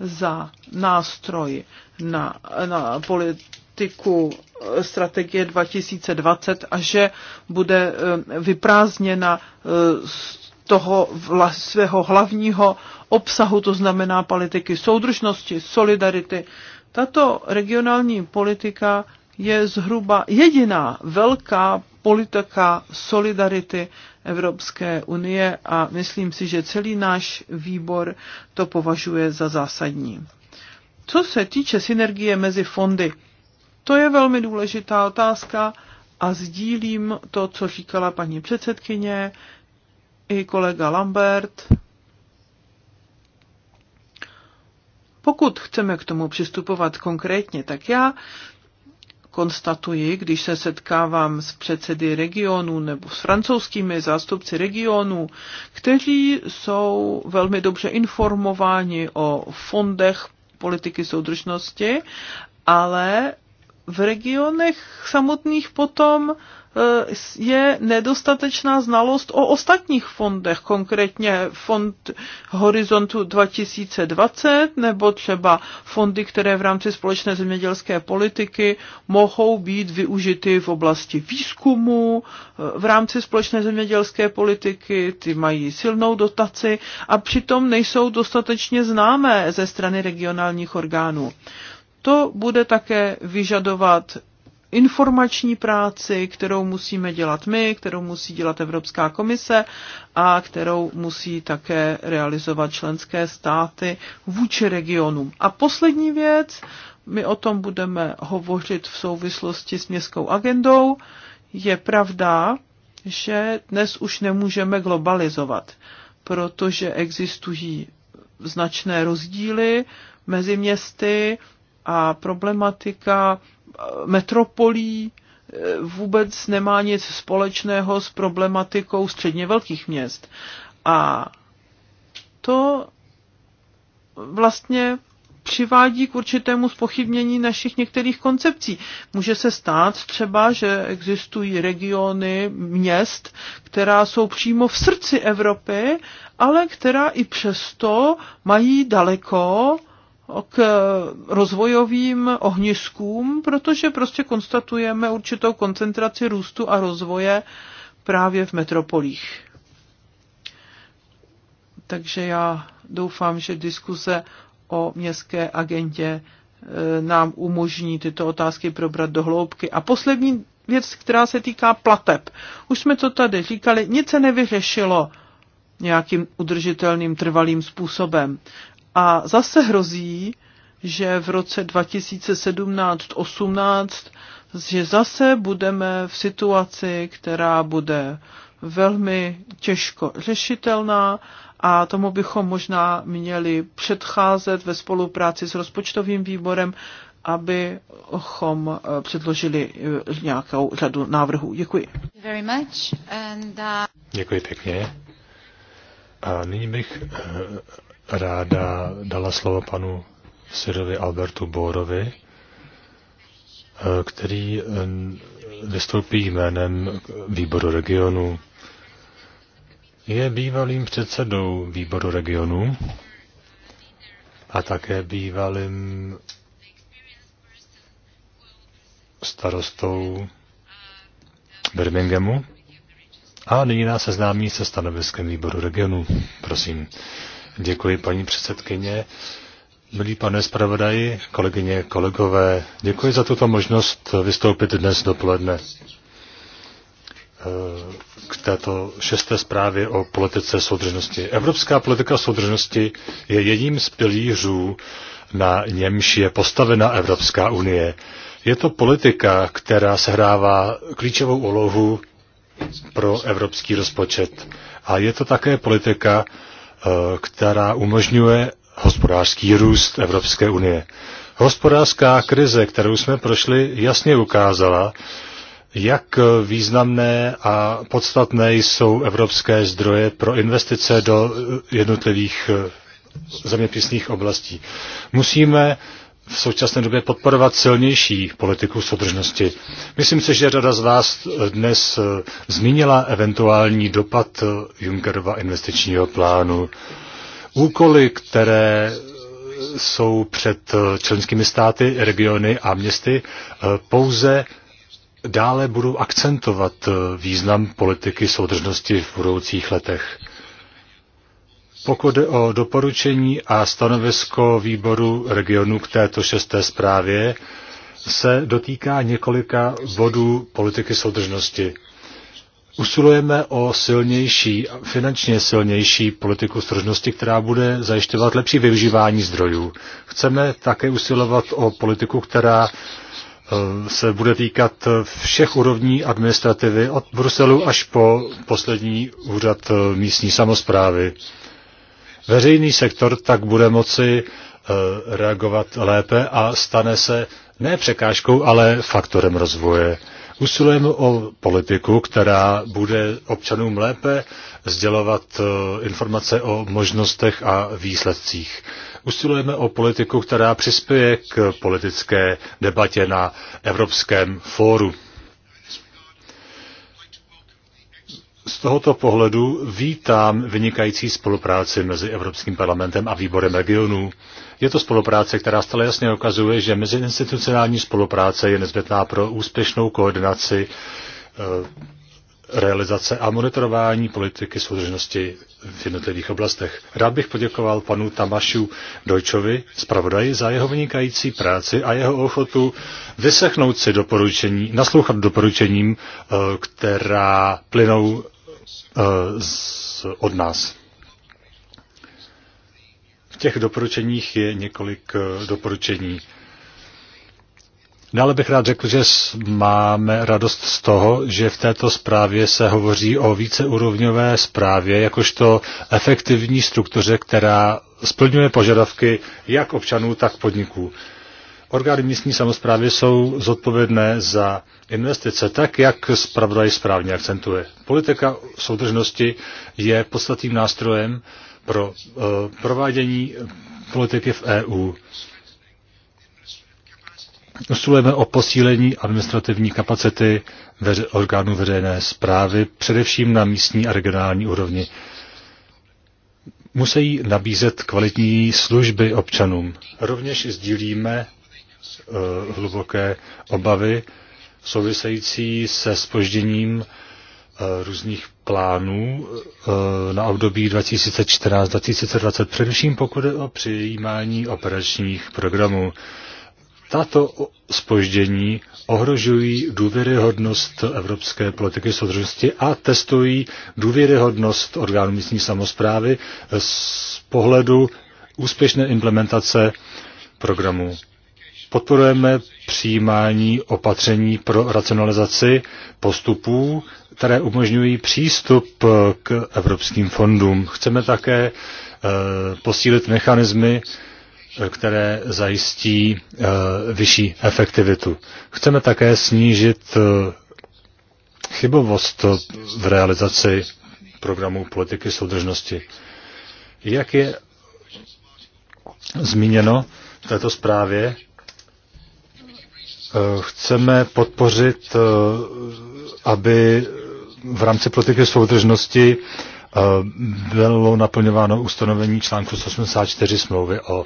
za nástroj na, na politiku eh, strategie 2020 a že bude eh, vyprázdněna eh, z toho vla, svého hlavního obsahu, to znamená politiky soudržnosti, solidarity. Tato regionální politika je zhruba jediná velká politika solidarity Evropské unie a myslím si, že celý náš výbor to považuje za zásadní. Co se týče synergie mezi fondy, to je velmi důležitá otázka a sdílím to, co říkala paní předsedkyně i kolega Lambert. Pokud chceme k tomu přistupovat konkrétně, tak já konstatuji, když se setkávám s předsedy regionů nebo s francouzskými zástupci regionů, kteří jsou velmi dobře informováni o fondech politiky soudržnosti, ale v regionech samotných potom eh, je nedostatečná znalost o ostatních fondech, konkrétně fond Horizontu 2020 nebo třeba fondy, které v rámci společné zemědělské politiky mohou být využity v oblasti výzkumu, eh, v rámci společné zemědělské politiky, ty mají silnou dotaci a přitom nejsou dostatečně známé ze strany regionálních orgánů. To bude také vyžadovat informační práci, kterou musíme dělat my, kterou musí dělat Evropská komise a kterou musí také realizovat členské státy vůči regionům. A poslední věc, my o tom budeme hovořit v souvislosti s městskou agendou. Je pravda, že dnes už nemůžeme globalizovat, protože existují značné rozdíly mezi městy, a problematika eh, metropolí eh, vůbec nemá nic společného s problematikou středně velkých měst. A to vlastně přivádí k určitému spochybnění našich některých koncepcí. Může se stát třeba, že existují regiony měst, která jsou přímo v srdci Evropy, ale která i přesto mají daleko k eh, rozvojovým ohniskům, protože prostě konstatujeme určitou koncentraci růstu a rozvoje právě v metropolích. Takže já doufám, že diskuse o městské agentě eh, nám umožní tyto otázky probrat do hloubky. A poslední věc, která se týká plateb. Už jsme to tady říkali, nic se nevyřešilo nějakým udržitelným trvalým způsobem. A zase hrozí, že v roce 2017-18, že zase budeme v situaci, která bude velmi těžko řešitelná a tomu bychom možná měli předcházet ve spolupráci s rozpočtovým výborem, abychom eh, předložili eh, nějakou řadu návrhů. Děkuji. Very much and, uh... Děkuji pěkně. A nyní bych eh, ráda dala slovo panu Sirovi Albertu Bórovi, eh, který eh, vystoupí jménem výboru regionu. Je bývalým předsedou výboru regionu a také bývalým starostou Birminghamu. A nyní nás seznámí se stanoviskem výboru regionu. Prosím. Děkuji, paní předsedkyně. Milí pane zpravodaji, kolegyně, kolegové, děkuji za tuto možnost vystoupit dnes dopoledne eh, k této šesté zprávě o politice soudržnosti. Evropská politika soudržnosti je jedním z pilířů, na němž je postavena Evropská unie. Je to politika, která sehrává klíčovou úlohu pro evropský rozpočet. A je to také politika, Eh, která umožňuje hospodářský růst Evropské unie. Hospodářská krize, kterou jsme prošli, jasně ukázala, jak významné a podstatné jsou evropské zdroje pro investice do jednotlivých eh, zeměpisných oblastí. Musíme v současné době podporovat silnější politiku soudržnosti. Myslím si, že řada z vás dnes eh, zmínila eventuální dopad eh, Junckerova investičního plánu. Úkoly, které eh, jsou před členskými státy, regiony a městy, pouze dále budou akcentovat význam politiky soudržnosti v budoucích letech. Pokud o doporučení a stanovisko výboru regionu k této šesté zprávě, se dotýká několika bodů politiky soudržnosti. Usilujeme o silnější, finančně silnější politiku soudržnosti, která bude zajišťovat lepší využívání zdrojů. Chceme také usilovat o politiku, která eh, se bude týkat všech úrovní administrativy od Bruselu až po poslední úřad eh, místní samozprávy veřejný sektor tak bude moci eh, reagovat lépe a stane se ne překážkou, ale faktorem rozvoje. Usilujeme o politiku, která bude občanům lépe sdělovat eh, informace o možnostech a výsledcích. Usilujeme o politiku, která přispěje k politické debatě na Evropském fóru. Z tohoto pohledu vítám vynikající spolupráci mezi Evropským parlamentem a výborem regionů. Je to spolupráce, která stále jasně ukazuje, že meziinstitucionální spolupráce je nezbytná pro úspěšnou koordinaci eh, realizace a monitorování politiky soudržnosti v jednotlivých oblastech. Rád bych poděkoval panu Tamašu Dojčovi, zpravodaji, za jeho vynikající práci a jeho ochotu vysechnout si doporučení, naslouchat doporučením, eh, která plynou Eh, z, od nás. V těch doporučeních je několik eh, doporučení. Dále bych rád řekl, že máme radost z toho, že v této zprávě se hovoří o víceúrovňové zprávě, jakožto efektivní struktuře, která splňuje požadavky jak občanů, tak podniků. Orgány místní samozprávy jsou zodpovědné za investice, tak jak zpravodaj správně akcentuje. Politika soudržnosti je podstatným nástrojem pro uh, provádění politiky v EU. Usilujeme o posílení administrativní kapacity veře- orgánů veřejné zprávy, především na místní a regionální úrovni. Musí nabízet kvalitní služby občanům. Rovněž sdílíme Eh, hluboké obavy související se spožděním eh, různých plánů eh, na období 2014-2020, především pokud je o přijímání operačních programů. Tato spoždění ohrožují důvěryhodnost evropské politiky soudržnosti a testují důvěryhodnost orgánů místní samozprávy z pohledu úspěšné implementace programů. Podporujeme přijímání opatření pro racionalizaci postupů, které umožňují přístup eh, k evropským fondům. Chceme také eh, posílit mechanismy, eh, které zajistí vyšší efektivitu. Chceme také snížit chybovost v realizaci programů politiky soudržnosti. Jak je zmíněno v této zprávě, Eh, chceme podpořit, eh, aby v rámci politiky soudržnosti eh, bylo naplňováno ustanovení článku 184 smlouvy o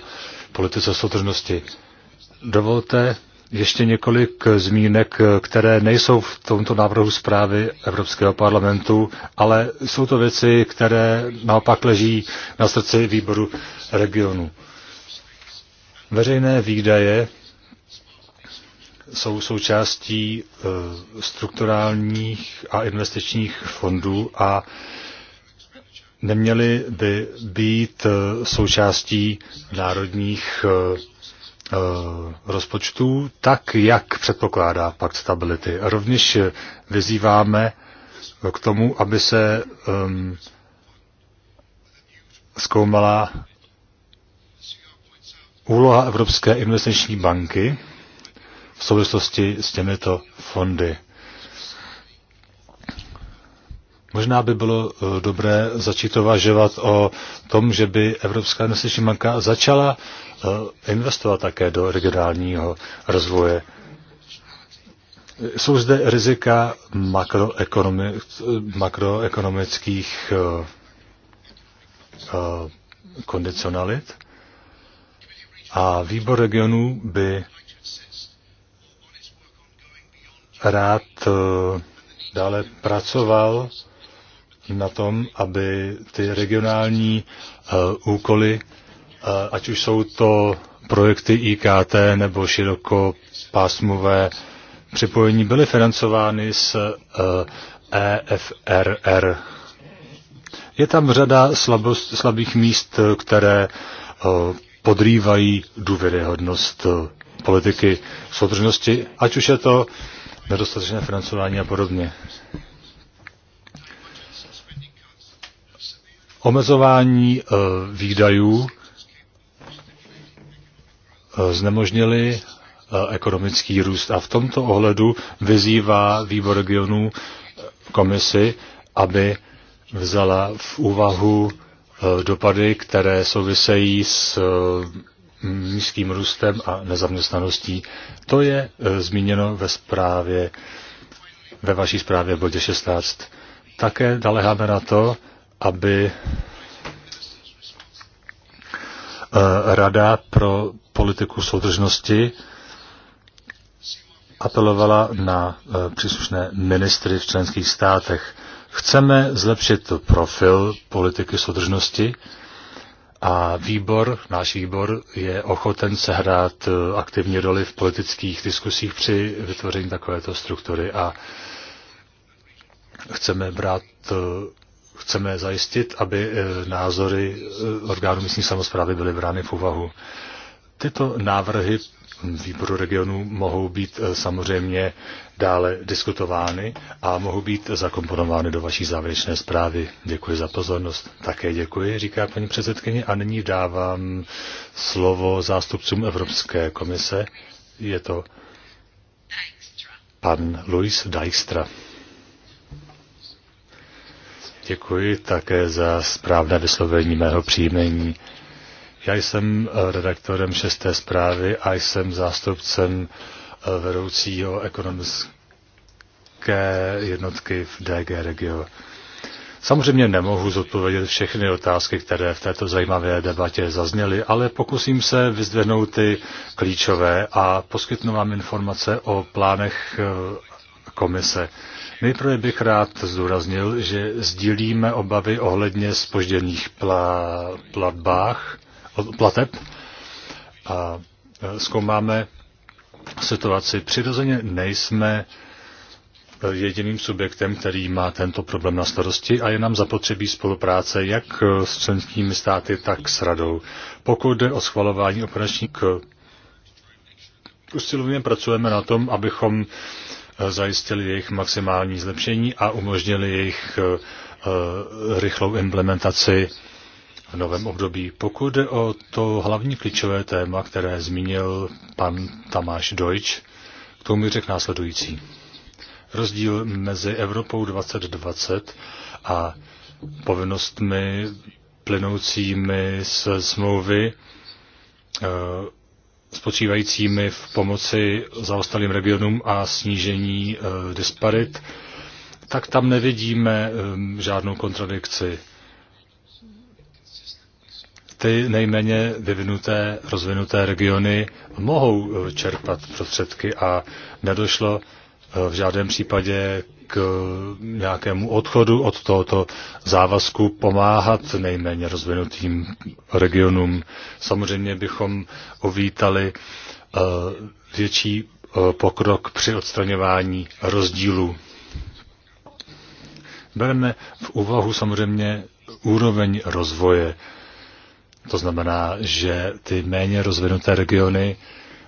politice soudržnosti. Dovolte ještě několik zmínek, které nejsou v tomto návrhu zprávy Evropského parlamentu, ale jsou to věci, které naopak leží na srdci výboru regionu. Veřejné výdaje jsou součástí eh, strukturálních a investičních fondů a neměly by být eh, součástí národních eh, rozpočtů, tak jak předpokládá pakt stability. rovněž vyzýváme k tomu, aby se ehm, zkoumala úloha Evropské investiční banky v souvislosti s těmito fondy. Možná by bylo eh, dobré začít uvažovat o tom, že by Evropská investiční banka začala eh, investovat také do regionálního rozvoje. Jsou zde rizika makroekonomických eh, kondicionalit a výbor regionů by rád eh, dále pracoval na tom, aby ty regionální eh, úkoly, eh, ať už jsou to projekty IKT nebo širokopásmové připojení, byly financovány s EFRR. E je tam řada slabost, slabých míst, které podrývají důvěryhodnost politiky soudržnosti, ať už je to nedostatečné financování a podobně. Omezování eh, výdajů eh, znemožnili eh, ekonomický růst a v tomto ohledu vyzývá výbor regionů komisi, aby vzala v úvahu dopady, které souvisejí s nízkým růstem a nezaměstnaností. To je e, zmíněno ve zprávě, ve vaší zprávě v bodě 16. Také naléháme na to, aby e, Rada pro politiku soudržnosti apelovala na e, příslušné ministry v členských státech. Chceme zlepšit profil politiky soudržnosti, a výbor, náš výbor, je ochoten sehrát eh, aktivní roli v politických diskusích při vytvoření takovéto struktury a chceme brát, eh, chceme zajistit, aby eh, názory orgánů místní samozprávy byly brány v úvahu. Tyto návrhy výboru regionu mohou být eh, samozřejmě dále diskutovány a mohou být zakomponovány do vaší závěrečné zprávy. Děkuji za pozornost. Také děkuji, říká paní předsedkyně. A nyní dávám slovo zástupcům Evropské komise. Je to pan Luis Dijkstra. Děkuji také za správné vyslovení mého příjmení. Já jsem eh, redaktorem šesté zprávy a jsem zástupcem eh, vedoucího ekonomické jednotky v DG Regio. Samozřejmě nemohu zodpovědět všechny otázky, které v této zajímavé debatě zazněly, ale pokusím se vyzdvihnout ty klíčové a poskytnu vám informace o plánech eh, komise. Nejprve bych rád zdůraznil, že sdílíme obavy ohledně spožděných pla- platbách plateb a e, zkoumáme situaci. Přirozeně nejsme e, jediným subjektem, který má tento problém na starosti a je nám zapotřebí spolupráce jak e, s členskými státy, tak s radou. Pokud jde o schvalování operačních usilovně pracujeme na tom, abychom zajistili jejich maximální zlepšení a umožnili jejich rychlou implementaci v novém období. Pokud jde o to hlavní klíčové téma, které zmínil pan Tamáš Deutsch, k tomu mi řekl následující. Rozdíl mezi Evropou 2020 a povinnostmi plynoucími z smlouvy eh, spočívajícími v pomoci zaostalým regionům a snížení eh, disparit, tak tam nevidíme eh, žádnou kontradikci ty nejméně vyvinuté, rozvinuté regiony mohou eh, čerpat prostředky a nedošlo eh, v žádném případě k eh, nějakému odchodu od tohoto závazku pomáhat nejméně rozvinutým regionům. Samozřejmě bychom uvítali větší pokrok při odstraňování rozdílů. Bereme v úvahu samozřejmě úroveň rozvoje to znamená, že ty méně rozvinuté regiony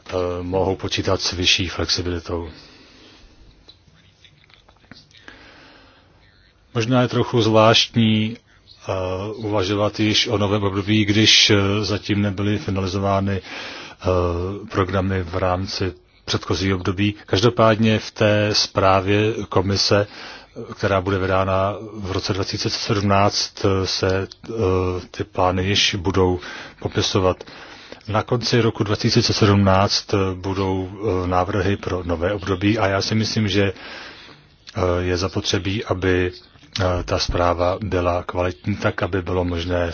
eh, mohou počítat s vyšší flexibilitou. Možná je trochu zvláštní uh, uvažovat již o novém období, když uh, zatím nebyly finalizovány uh, programy v rámci předchozí období. Každopádně v té zprávě komise která bude vydána v roce 2017, se eh, ty plány již budou popisovat. Na konci roku 2017 eh, budou eh, návrhy pro nové období a já si myslím, že je zapotřebí, aby ta zpráva byla kvalitní tak, aby bylo možné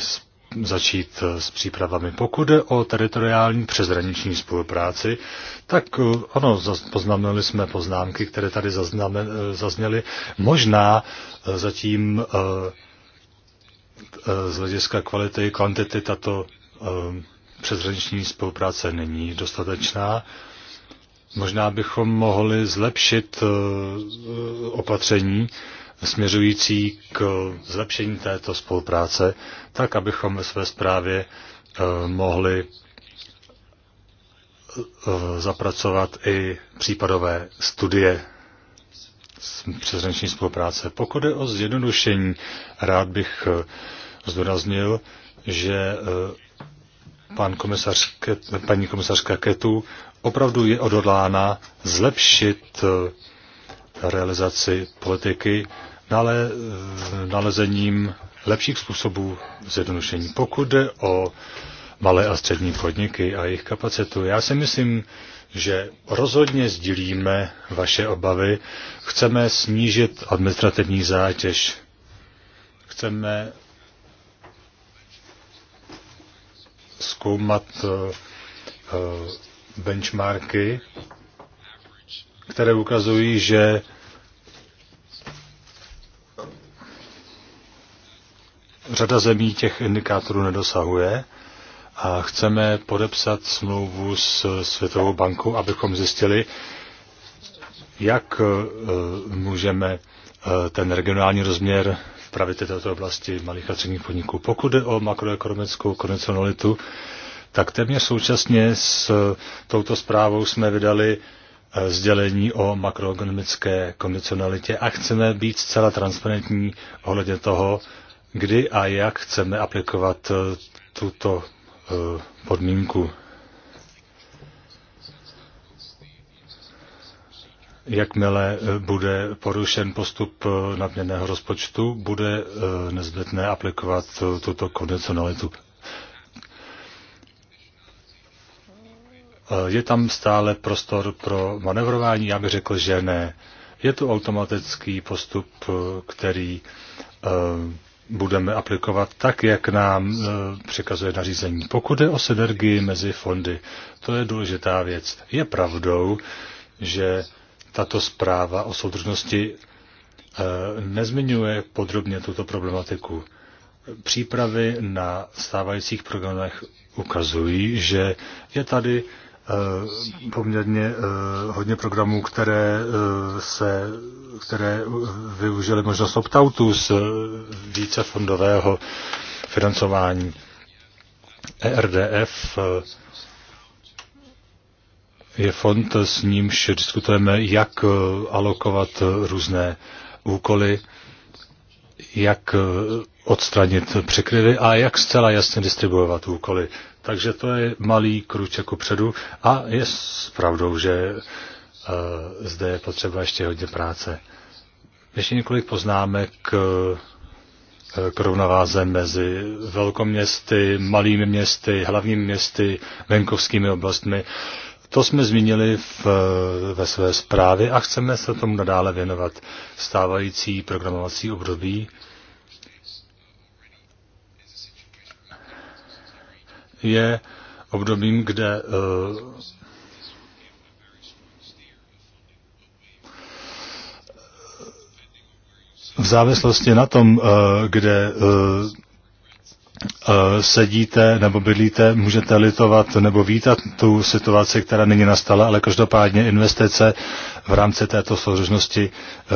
začít s přípravami. Pokud jde o teritoriální přezraniční spolupráci, tak eh, ano, poznamenali jsme poznámky, které tady eh, zazněly. Možná eh, zatím z hlediska kvality i kvantity tato přezraniční spolupráce není dostatečná. Možná bychom mohli zlepšit opatření, směřující k zlepšení této spolupráce, tak abychom ve své zprávě eh, mohli eh, zapracovat i případové studie přeshraniční spolupráce. Pokud je o zjednodušení, rád bych eh, zdůraznil, že pan komisař, paní komisařka Ketu opravdu je odhodlána zlepšit realizaci politiky dále eh, nalezením lepších způsobů zjednodušení. Pokud jde o malé a střední podniky a jejich kapacitu, já si myslím, že rozhodně sdílíme vaše obavy. Chceme snížit administrativní zátěž. Chceme zkoumat eh, eh, benchmarky, které ukazují, že řada zemí těch indikátorů nedosahuje a chceme podepsat smlouvu s Světovou bankou, abychom zjistili, jak eh, můžeme eh, ten regionální rozměr vpravit této oblasti malých a středních podniků. Pokud jde o makroekonomickou kondicionalitu, tak téměř současně s eh, touto zprávou jsme vydali sdělení o makroekonomické kondicionalitě a chceme být zcela transparentní ohledně toho, kdy a jak chceme aplikovat eh, tuto eh, podmínku. Jakmile eh, bude porušen postup nadměrného rozpočtu, bude nezbytné aplikovat tuto kondicionalitu. Je tam stále prostor pro manevrování? Já bych řekl, že ne. Je to automatický postup, který budeme aplikovat tak, jak nám e, přikazuje nařízení. Pokud je o synergii mezi fondy, to je důležitá věc. Je pravdou, že tato zpráva o soudržnosti e, nezmiňuje podrobně tuto problematiku. Přípravy na stávajících programech ukazují, že je tady Eh, poměrně eh, hodně programů, které eh, se které využili možnost opt-outu z více fondového financování. ERDF je fond, s nímž diskutujeme, jak alokovat různé úkoly, jak odstranit překryvy a jak zcela jasně distribuovat úkoly. Takže to je malý kruček předu a je s pravdou, že e, zde je potřeba ještě hodně práce. Ještě několik poznámek k, e, k rovnováze mezi velkoměsty, malými městy, hlavními městy, venkovskými oblastmi. To jsme zmínili v, e, ve své zprávě a chceme se tomu nadále věnovat. Stávající programovací období je obdobím, kde eh, v závislosti na tom, eh, kde eh, Eh, sedíte nebo bydlíte, můžete litovat nebo vítat tu situaci, která nyní nastala, ale každopádně investice v rámci této soudržnosti eh,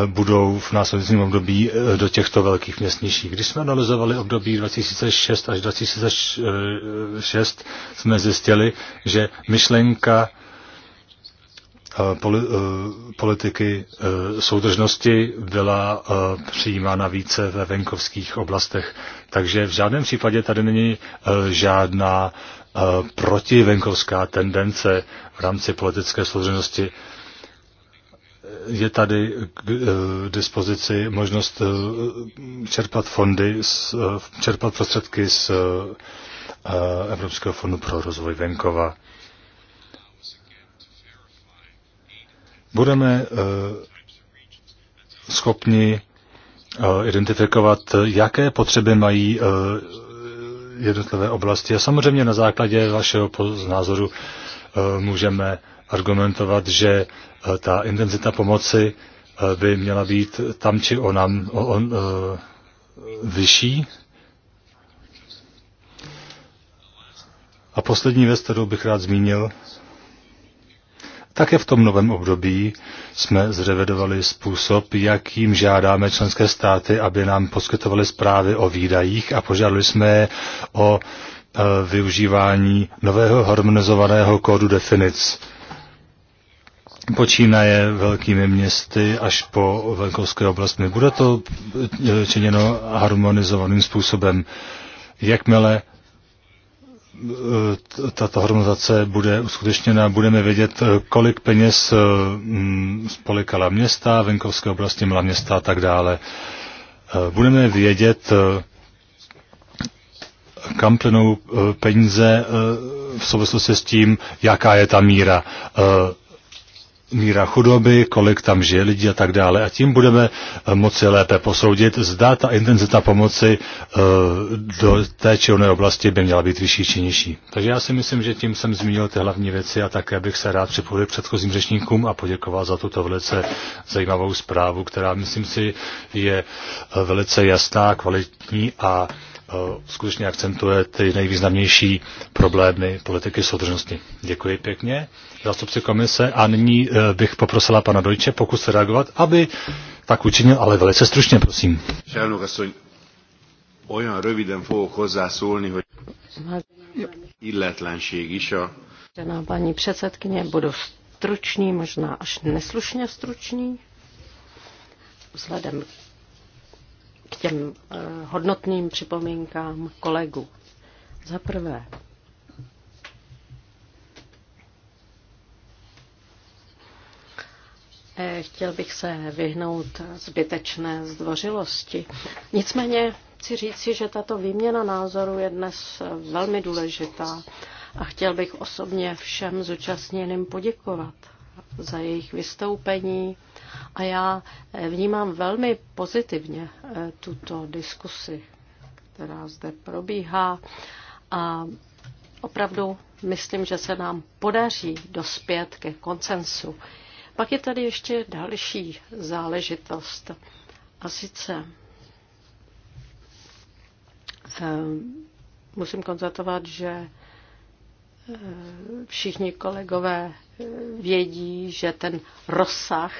budou v následujícím období eh, do těchto velkých měst nižší. Když jsme analyzovali období 2006 až 2006, jsme zjistili, že myšlenka Eh, eh, politiky eh, soudržnosti byla přijímána více ve venkovských oblastech. Takže v žádném případě tady není žádná protivenkovská tendence v rámci politické soudržnosti. Je tady k dispozici možnost čerpat fondy, čerpat prostředky z Evropského fondu pro rozvoj venkova. budeme eh, schopni eh, identifikovat, jaké potřeby mají eh, jednotlivé oblasti. A samozřejmě na základě vašeho názoru můžeme argumentovat, že ta intenzita pomoci by měla být tam či onam on, on, vyšší. A poslední věc, kterou bych rád zmínil, také v tom novém období jsme zrevedovali způsob, jakým žádáme členské státy, aby nám poskytovaly zprávy o výdajích a požádali jsme je o e, využívání nového harmonizovaného kódu definic. Počínaje velkými městy až po venkovské oblasti. Bude to e, činěno harmonizovaným způsobem. Jakmile tato harmonizace bude uskutečněna, budeme vědět, kolik peněz eh, mm, spolikala města, venkovské oblasti, malá města a tak dále. Eh, budeme vědět, eh, kam plynou peníze v souvislosti s tím, jaká je ta míra míra chudoby, kolik tam žije lidí a tak dále. A tím budeme eh, moci lépe posoudit, zda ta intenzita pomoci eh, do té či oné oblasti by měla být vyšší či nižší. Takže já si myslím, že tím jsem zmínil ty hlavní věci a také bych se rád připojil k předchozím řečníkům a poděkoval za tuto velice zajímavou zprávu, která myslím si je eh, velice jasná, kvalitní a skutečně akcentuje ty nejvýznamnější problémy politiky soudržnosti. Děkuji pěkně, zástupci komise. A nyní eh, bych poprosila pana Dojče, pokud se reagovat, aby tak učinil, ale velice stručně, prosím. Olyan röviden fogok hozzászólni, hogy illetlenség is a... Žena paní předsedkyně, budu stručný, možná až neslušně stručný, vzhledem k těm eh, hodnotným připomínkám kolegu. Za prvé, eh, chtěl bych se vyhnout zbytečné zdvořilosti. Nicméně chci říci, že tato výměna názoru je dnes velmi důležitá a chtěl bych osobně všem zúčastněným poděkovat za jejich vystoupení a já eh, vnímám velmi pozitivně eh, tuto diskusi, která zde probíhá. A opravdu myslím, že se nám podaří dospět ke koncensu. Pak je tady ještě další záležitost. A sice eh, musím konstatovat, že všichni kolegové vědí, že ten rozsah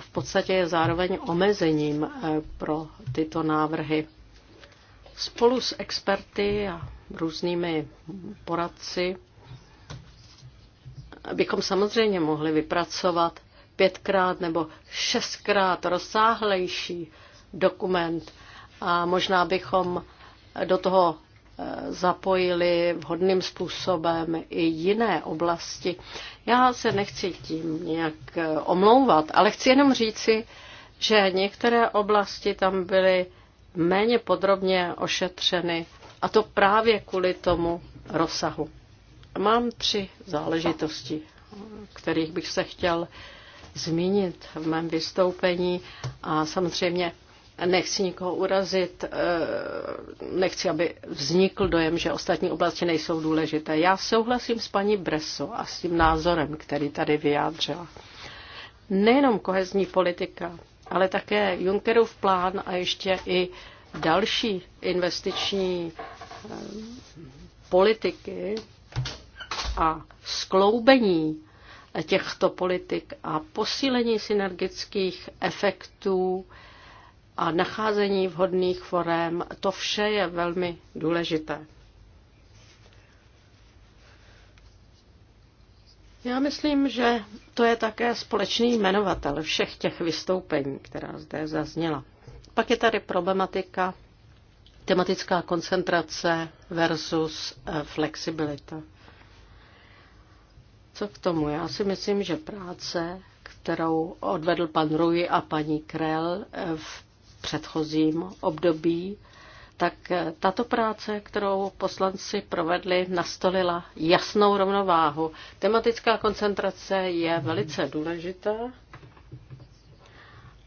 v podstatě je zároveň omezením eh, pro tyto návrhy. Spolu s experty a různými poradci bychom samozřejmě mohli vypracovat pětkrát nebo šestkrát rozsáhlejší dokument a možná bychom do toho zapojili vhodným způsobem i jiné oblasti. Já se nechci tím nějak eh, omlouvat, ale chci jenom říci, že některé oblasti tam byly méně podrobně ošetřeny a to právě kvůli tomu rozsahu. Mám tři záležitosti, kterých bych se chtěl zmínit v mém vystoupení a samozřejmě Nechci nikoho urazit, eh, nechci, aby vznikl dojem, že ostatní oblasti nejsou důležité. Já souhlasím s paní Breso a s tím názorem, který tady vyjádřila. Nejenom kohezní politika, ale také Junckerův plán a ještě i další investiční eh, politiky a skloubení těchto politik a posílení synergických efektů a nacházení vhodných forem, to vše je velmi důležité. Já myslím, že to je také společný jmenovatel všech těch vystoupení, která zde zazněla. Pak je tady problematika tematická koncentrace versus eh, flexibilita. Co k tomu? Já si myslím, že práce, kterou odvedl pan Rui a paní Krell eh, v předchozím období, tak eh, tato práce, kterou poslanci provedli, nastolila jasnou rovnováhu. Tematická koncentrace je velice důležitá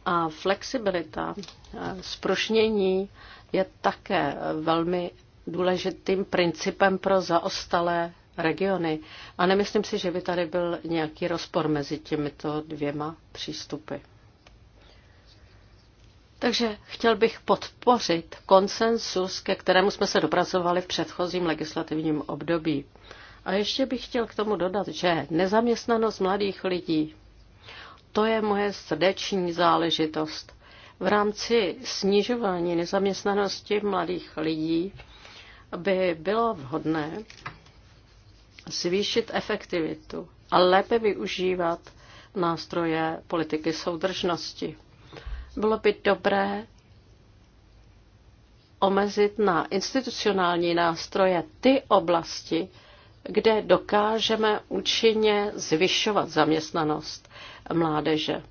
a flexibilita, eh, sprošnění je také velmi důležitým principem pro zaostalé regiony. A nemyslím si, že by tady byl nějaký rozpor mezi těmito dvěma přístupy. Takže chtěl bych podpořit konsensus, ke kterému jsme se dopracovali v předchozím legislativním období. A ještě bych chtěl k tomu dodat, že nezaměstnanost mladých lidí, to je moje srdeční záležitost. V rámci snižování nezaměstnanosti mladých lidí by bylo vhodné zvýšit efektivitu a lépe využívat nástroje politiky soudržnosti. Bylo by dobré omezit na institucionální nástroje ty oblasti, kde dokážeme účinně zvyšovat zaměstnanost mládeže.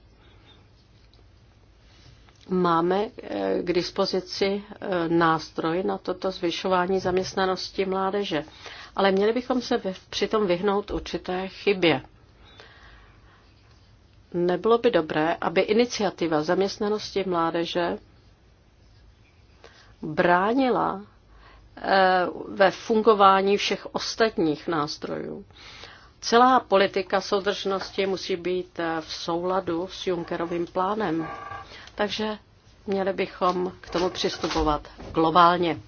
Máme eh, k dispozici eh, nástroj na toto zvyšování zaměstnanosti mládeže, ale měli bychom se přitom vyhnout určité chybě nebylo by dobré, aby iniciativa zaměstnanosti mládeže bránila eh, ve fungování všech ostatních nástrojů. Celá politika soudržnosti musí být eh, v souladu s Junckerovým plánem, takže měli bychom k tomu přistupovat globálně.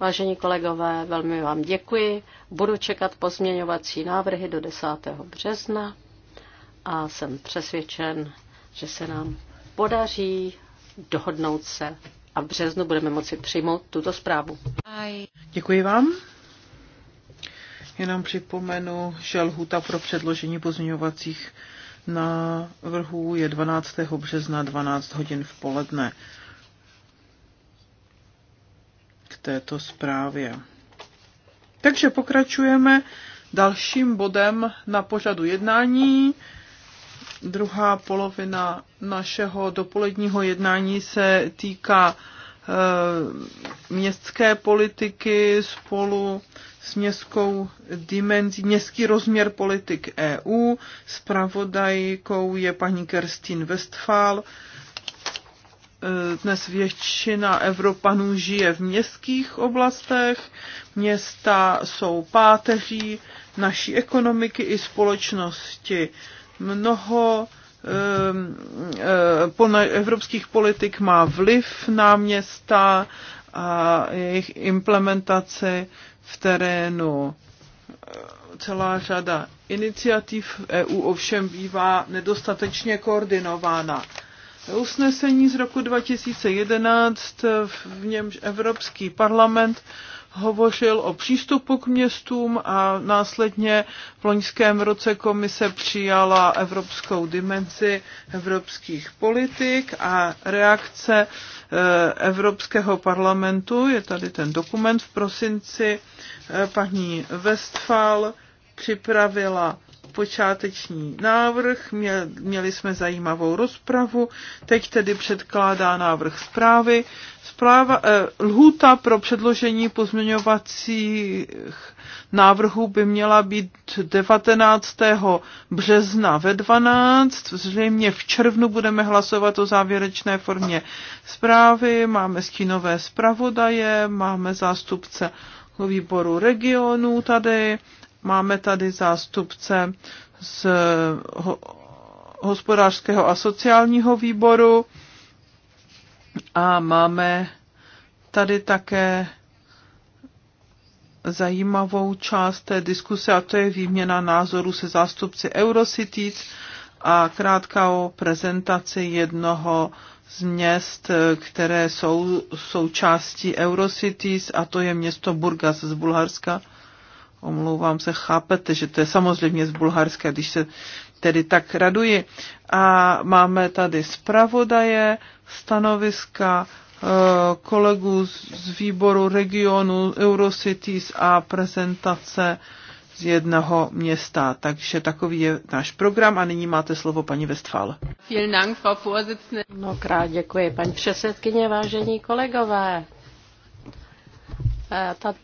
Vážení kolegové, velmi vám děkuji. Budu čekat pozměňovací návrhy do 10. března a jsem přesvědčen, že se nám podaří dohodnout se a v březnu budeme moci přijmout tuto zprávu. Děkuji vám. Jenom připomenu, že lhuta pro předložení pozměňovacích vrhu je 12. března 12 hodin v poledne k této zprávě. Takže pokračujeme dalším bodem na pořadu jednání. Druhá polovina našeho dopoledního jednání se týká eh, městské politiky spolu s městskou dimenzí, městský rozměr politik EU. Spravodajkou je paní Kerstin Westphal. Eh, dnes většina Evropanů žije v městských oblastech. Města jsou páteří naší ekonomiky i společnosti mnoho ehm, ehm, evropských politik má vliv na města a jejich implementaci v terénu. Celá řada iniciativ EU ovšem bývá nedostatečně koordinována. Usnesení z roku 2011, v němž Evropský parlament hovořil o přístupu k městům a následně v loňském roce komise přijala evropskou dimenzi evropských politik a reakce eh, Evropského parlamentu. Je tady ten dokument v prosinci. Eh, paní Westphal připravila počáteční návrh, měli jsme zajímavou rozpravu, teď tedy předkládá návrh zprávy. Zpráva, eh, lhůta pro předložení pozměňovacích návrhů by měla být 19. března ve 12. Zřejmě v červnu budeme hlasovat o závěrečné formě zprávy, máme stínové zpravodaje, máme zástupce výboru regionů tady Máme tady zástupce z hospodářského a sociálního výboru a máme tady také zajímavou část té diskuse a to je výměna názorů se zástupci Eurocities a krátká o prezentaci jednoho z měst, které jsou součástí Eurocities a to je město Burgas z Bulharska omlouvám se, chápete, že to je samozřejmě z Bulharska, když se tedy tak raduji. A máme tady zpravodaje, stanoviska eh, kolegů z výboru regionu Eurocities a prezentace z jednoho města. Takže takový je náš program a nyní máte slovo paní Westfál. Mnohokrát děkuji, paní předsedkyně, vážení kolegové. Eh, ta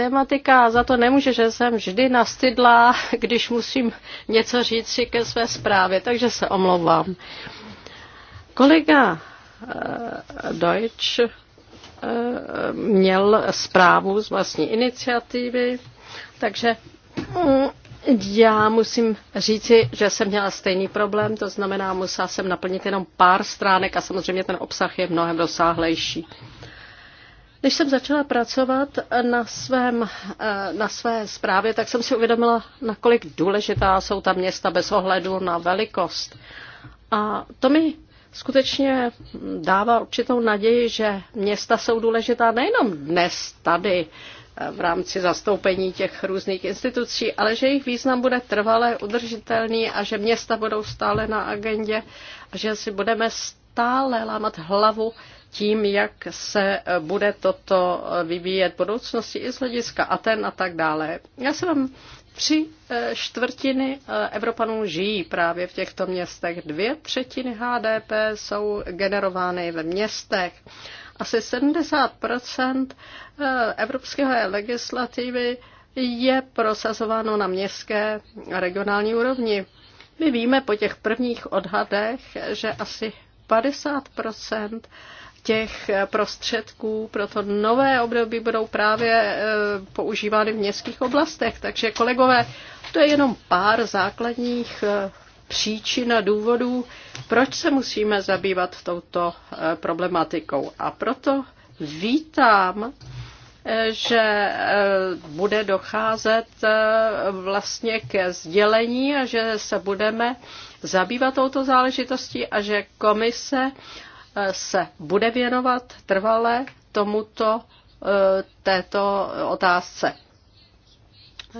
tématika a za to nemůže, že jsem vždy nastydlá, když musím něco říct si ke své zprávě, takže se omlouvám. Kolega eh, Deutsch eh, měl zprávu z vlastní iniciativy, takže mm, já musím říci, že jsem měla stejný problém, to znamená, musela jsem naplnit jenom pár stránek a samozřejmě ten obsah je mnohem rozsáhlejší. Když jsem začala pracovat na, svém, eh, na své zprávě, tak jsem si uvědomila, nakolik důležitá jsou ta města bez ohledu na velikost. A to mi skutečně dává určitou naději, že města jsou důležitá nejenom dnes tady eh, v rámci zastoupení těch různých institucí, ale že jejich význam bude trvalé, udržitelný a že města budou stále na agendě a že si budeme stále lámat hlavu tím, jak se eh, bude toto eh, vyvíjet v budoucnosti i z hlediska Aten a tak dále. Já se vám Tři eh, čtvrtiny Evropanů žijí právě v těchto městech. Dvě třetiny HDP jsou generovány ve městech. Asi 70 evropské legislativy je prosazováno na městské a regionální úrovni. My víme po těch prvních odhadech, že asi 50 těch prostředků pro to nové období budou právě e, používány v městských oblastech. Takže kolegové, to je jenom pár základních e, příčin a důvodů, proč se musíme zabývat touto e, problematikou. A proto vítám, že bude docházet vlastně ke sdělení a že se budeme zabývat touto záležitostí a že komise se bude věnovat trvale tomuto e, této otázce.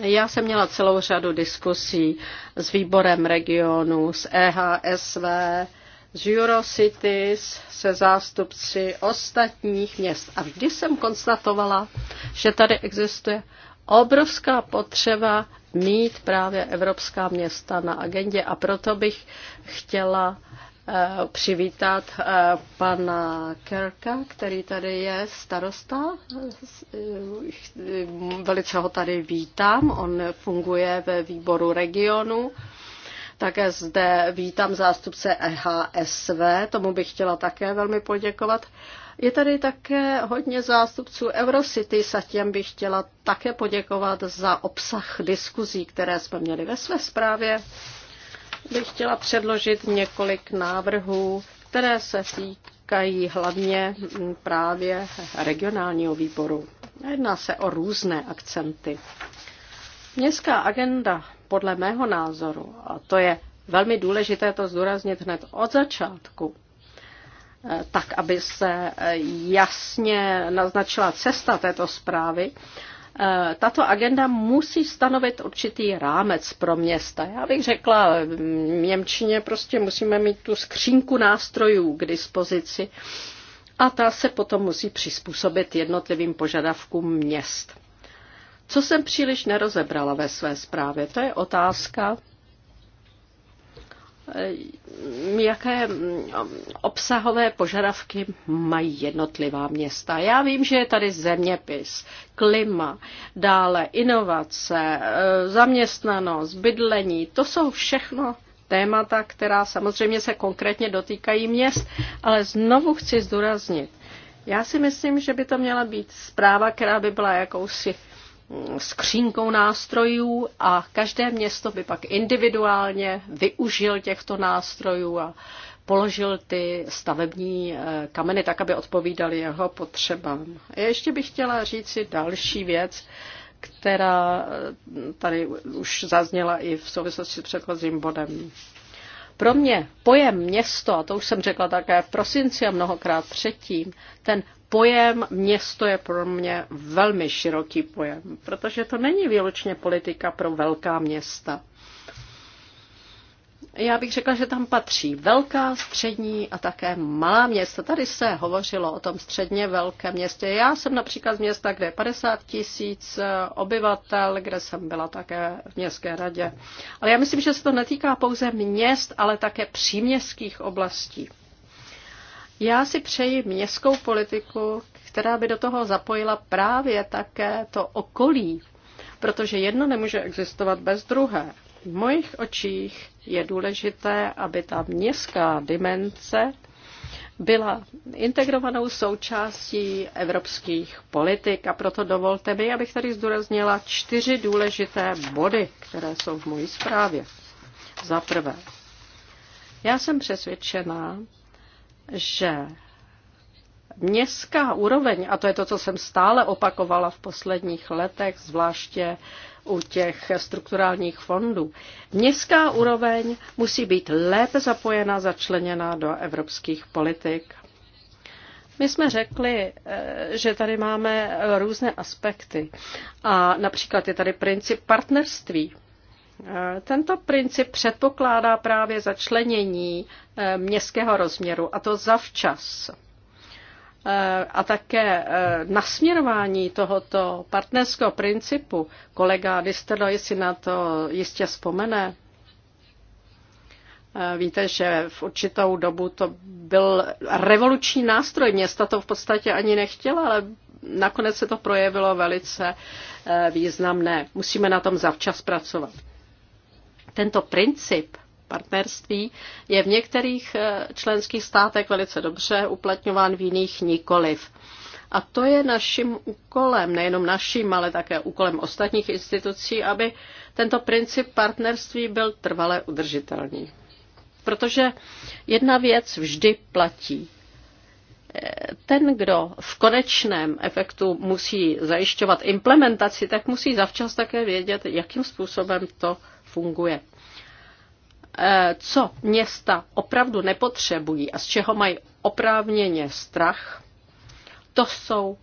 Já jsem měla celou řadu diskusí s výborem regionu, s EHSV, z Eurocities se zástupci ostatních měst. A vždy jsem konstatovala, že tady existuje obrovská potřeba mít právě evropská města na agendě a proto bych chtěla Eh, přivítat eh, pana Kerka, který tady je starosta. Eh, velice ho tady vítám. On funguje ve výboru regionu. Také zde vítám zástupce EHSV, tomu bych chtěla také velmi poděkovat. Je tady také hodně zástupců Eurocity, a těm bych chtěla také poděkovat za obsah diskuzí, které jsme měli ve své zprávě bych chtěla předložit několik návrhů, které se týkají hlavně právě regionálního výboru. Jedná se o různé akcenty. Městská agenda podle mého názoru, a to je velmi důležité to zdůraznit hned od začátku, eh, tak aby se eh, jasně naznačila cesta této zprávy, tato agenda musí stanovit určitý rámec pro města. Já bych řekla, v Němčině prostě musíme mít tu skřínku nástrojů k dispozici a ta se potom musí přizpůsobit jednotlivým požadavkům měst. Co jsem příliš nerozebrala ve své zprávě, to je otázka Eh, jaké mm, obsahové požadavky mají jednotlivá města. Já vím, že je tady zeměpis, klima, dále inovace, eh, zaměstnanost, bydlení. To jsou všechno témata, která samozřejmě se konkrétně dotýkají měst, ale znovu chci zdůraznit, já si myslím, že by to měla být zpráva, která by byla jakousi skřínkou nástrojů a každé město by pak individuálně využil těchto nástrojů a položil ty stavební eh, kameny tak, aby odpovídaly jeho potřebám. Ještě bych chtěla říct si další věc, která eh, tady už zazněla i v souvislosti s předchozím bodem. Pro mě pojem město, a to už jsem řekla také v prosinci a mnohokrát předtím, ten pojem město je pro mě velmi široký pojem, protože to není výlučně politika pro velká města já bych řekla, že tam patří velká, střední a také malá města. Tady se hovořilo o tom středně velkém městě. Já jsem například z města, kde je 50 tisíc eh, obyvatel, kde jsem byla také v městské radě. Ale já myslím, že se to netýká pouze měst, ale také příměstských oblastí. Já si přeji městskou politiku, která by do toho zapojila právě také to okolí, protože jedno nemůže existovat bez druhé. V mojich očích je důležité, aby ta městská dimenze byla integrovanou součástí evropských politik a proto dovolte mi, abych tady zdůraznila čtyři důležité body, které jsou v mojí zprávě. Za prvé, já jsem přesvědčená, že městská úroveň, a to je to, co jsem stále opakovala v posledních letech, zvláště u těch strukturálních fondů. Městská úroveň musí být lépe zapojena, začleněna do evropských politik. My jsme řekli, eh, že tady máme různé aspekty. A například je tady princip partnerství. Eh, tento princip předpokládá právě začlenění eh, městského rozměru, a to zavčas. Eh, a také eh, nasměrování tohoto partnerského principu, kolega Disterloy si na to jistě vzpomene, eh, Víte, že v určitou dobu to byl revoluční nástroj. Města to v podstatě ani nechtěla, ale nakonec se to projevilo velice významné. Musíme na tom zavčas pracovat. Tento princip partnerství je v některých eh, členských státech velice dobře uplatňován, v jiných nikoliv. A to je naším úkolem, nejenom naším, ale také úkolem ostatních institucí, aby tento princip partnerství byl trvale udržitelný. Protože jedna věc vždy platí. Eh, ten, kdo v konečném efektu musí zajišťovat implementaci, tak musí zavčas také vědět, jakým způsobem to funguje co města opravdu nepotřebují a z čeho mají oprávněně strach, to jsou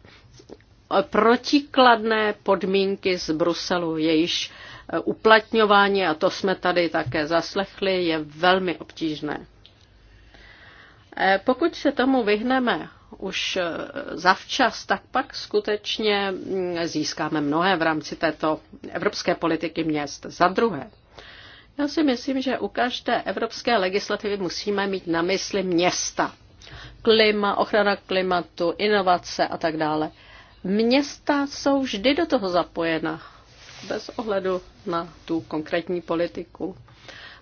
protikladné podmínky z Bruselu, jejíž eh, uplatňování, a to jsme tady také zaslechli, je velmi obtížné. Eh, pokud se tomu vyhneme už eh, zavčas, tak pak skutečně mm, získáme mnohé v rámci této evropské politiky měst. Za druhé, já si myslím, že u každé evropské legislativy musíme mít na mysli města. Klima, ochrana klimatu, inovace a tak dále. Města jsou vždy do toho zapojena, bez ohledu na tu konkrétní politiku.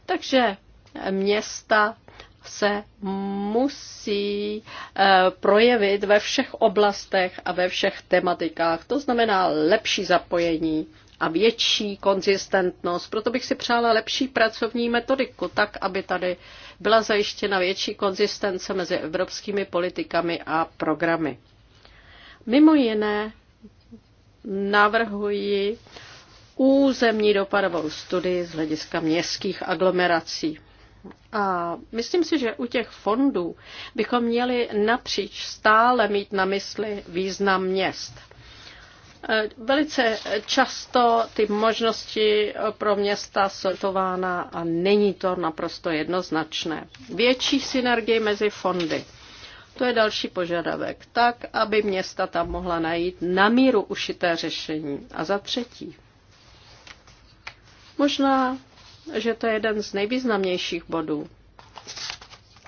Takže města se musí eh, projevit ve všech oblastech a ve všech tematikách. To znamená lepší zapojení a větší konzistentnost. Proto bych si přála lepší pracovní metodiku, tak aby tady byla zajištěna větší konzistence mezi evropskými politikami a programy. Mimo jiné navrhuji územní dopadovou studii z hlediska městských aglomerací. A myslím si, že u těch fondů bychom měli napříč stále mít na mysli význam měst. Eh, velice často ty možnosti pro města sortována a není to naprosto jednoznačné. Větší synergie mezi fondy. To je další požadavek, tak, aby města tam mohla najít na míru ušité řešení. A za třetí, možná, že to je jeden z nejvýznamnějších bodů.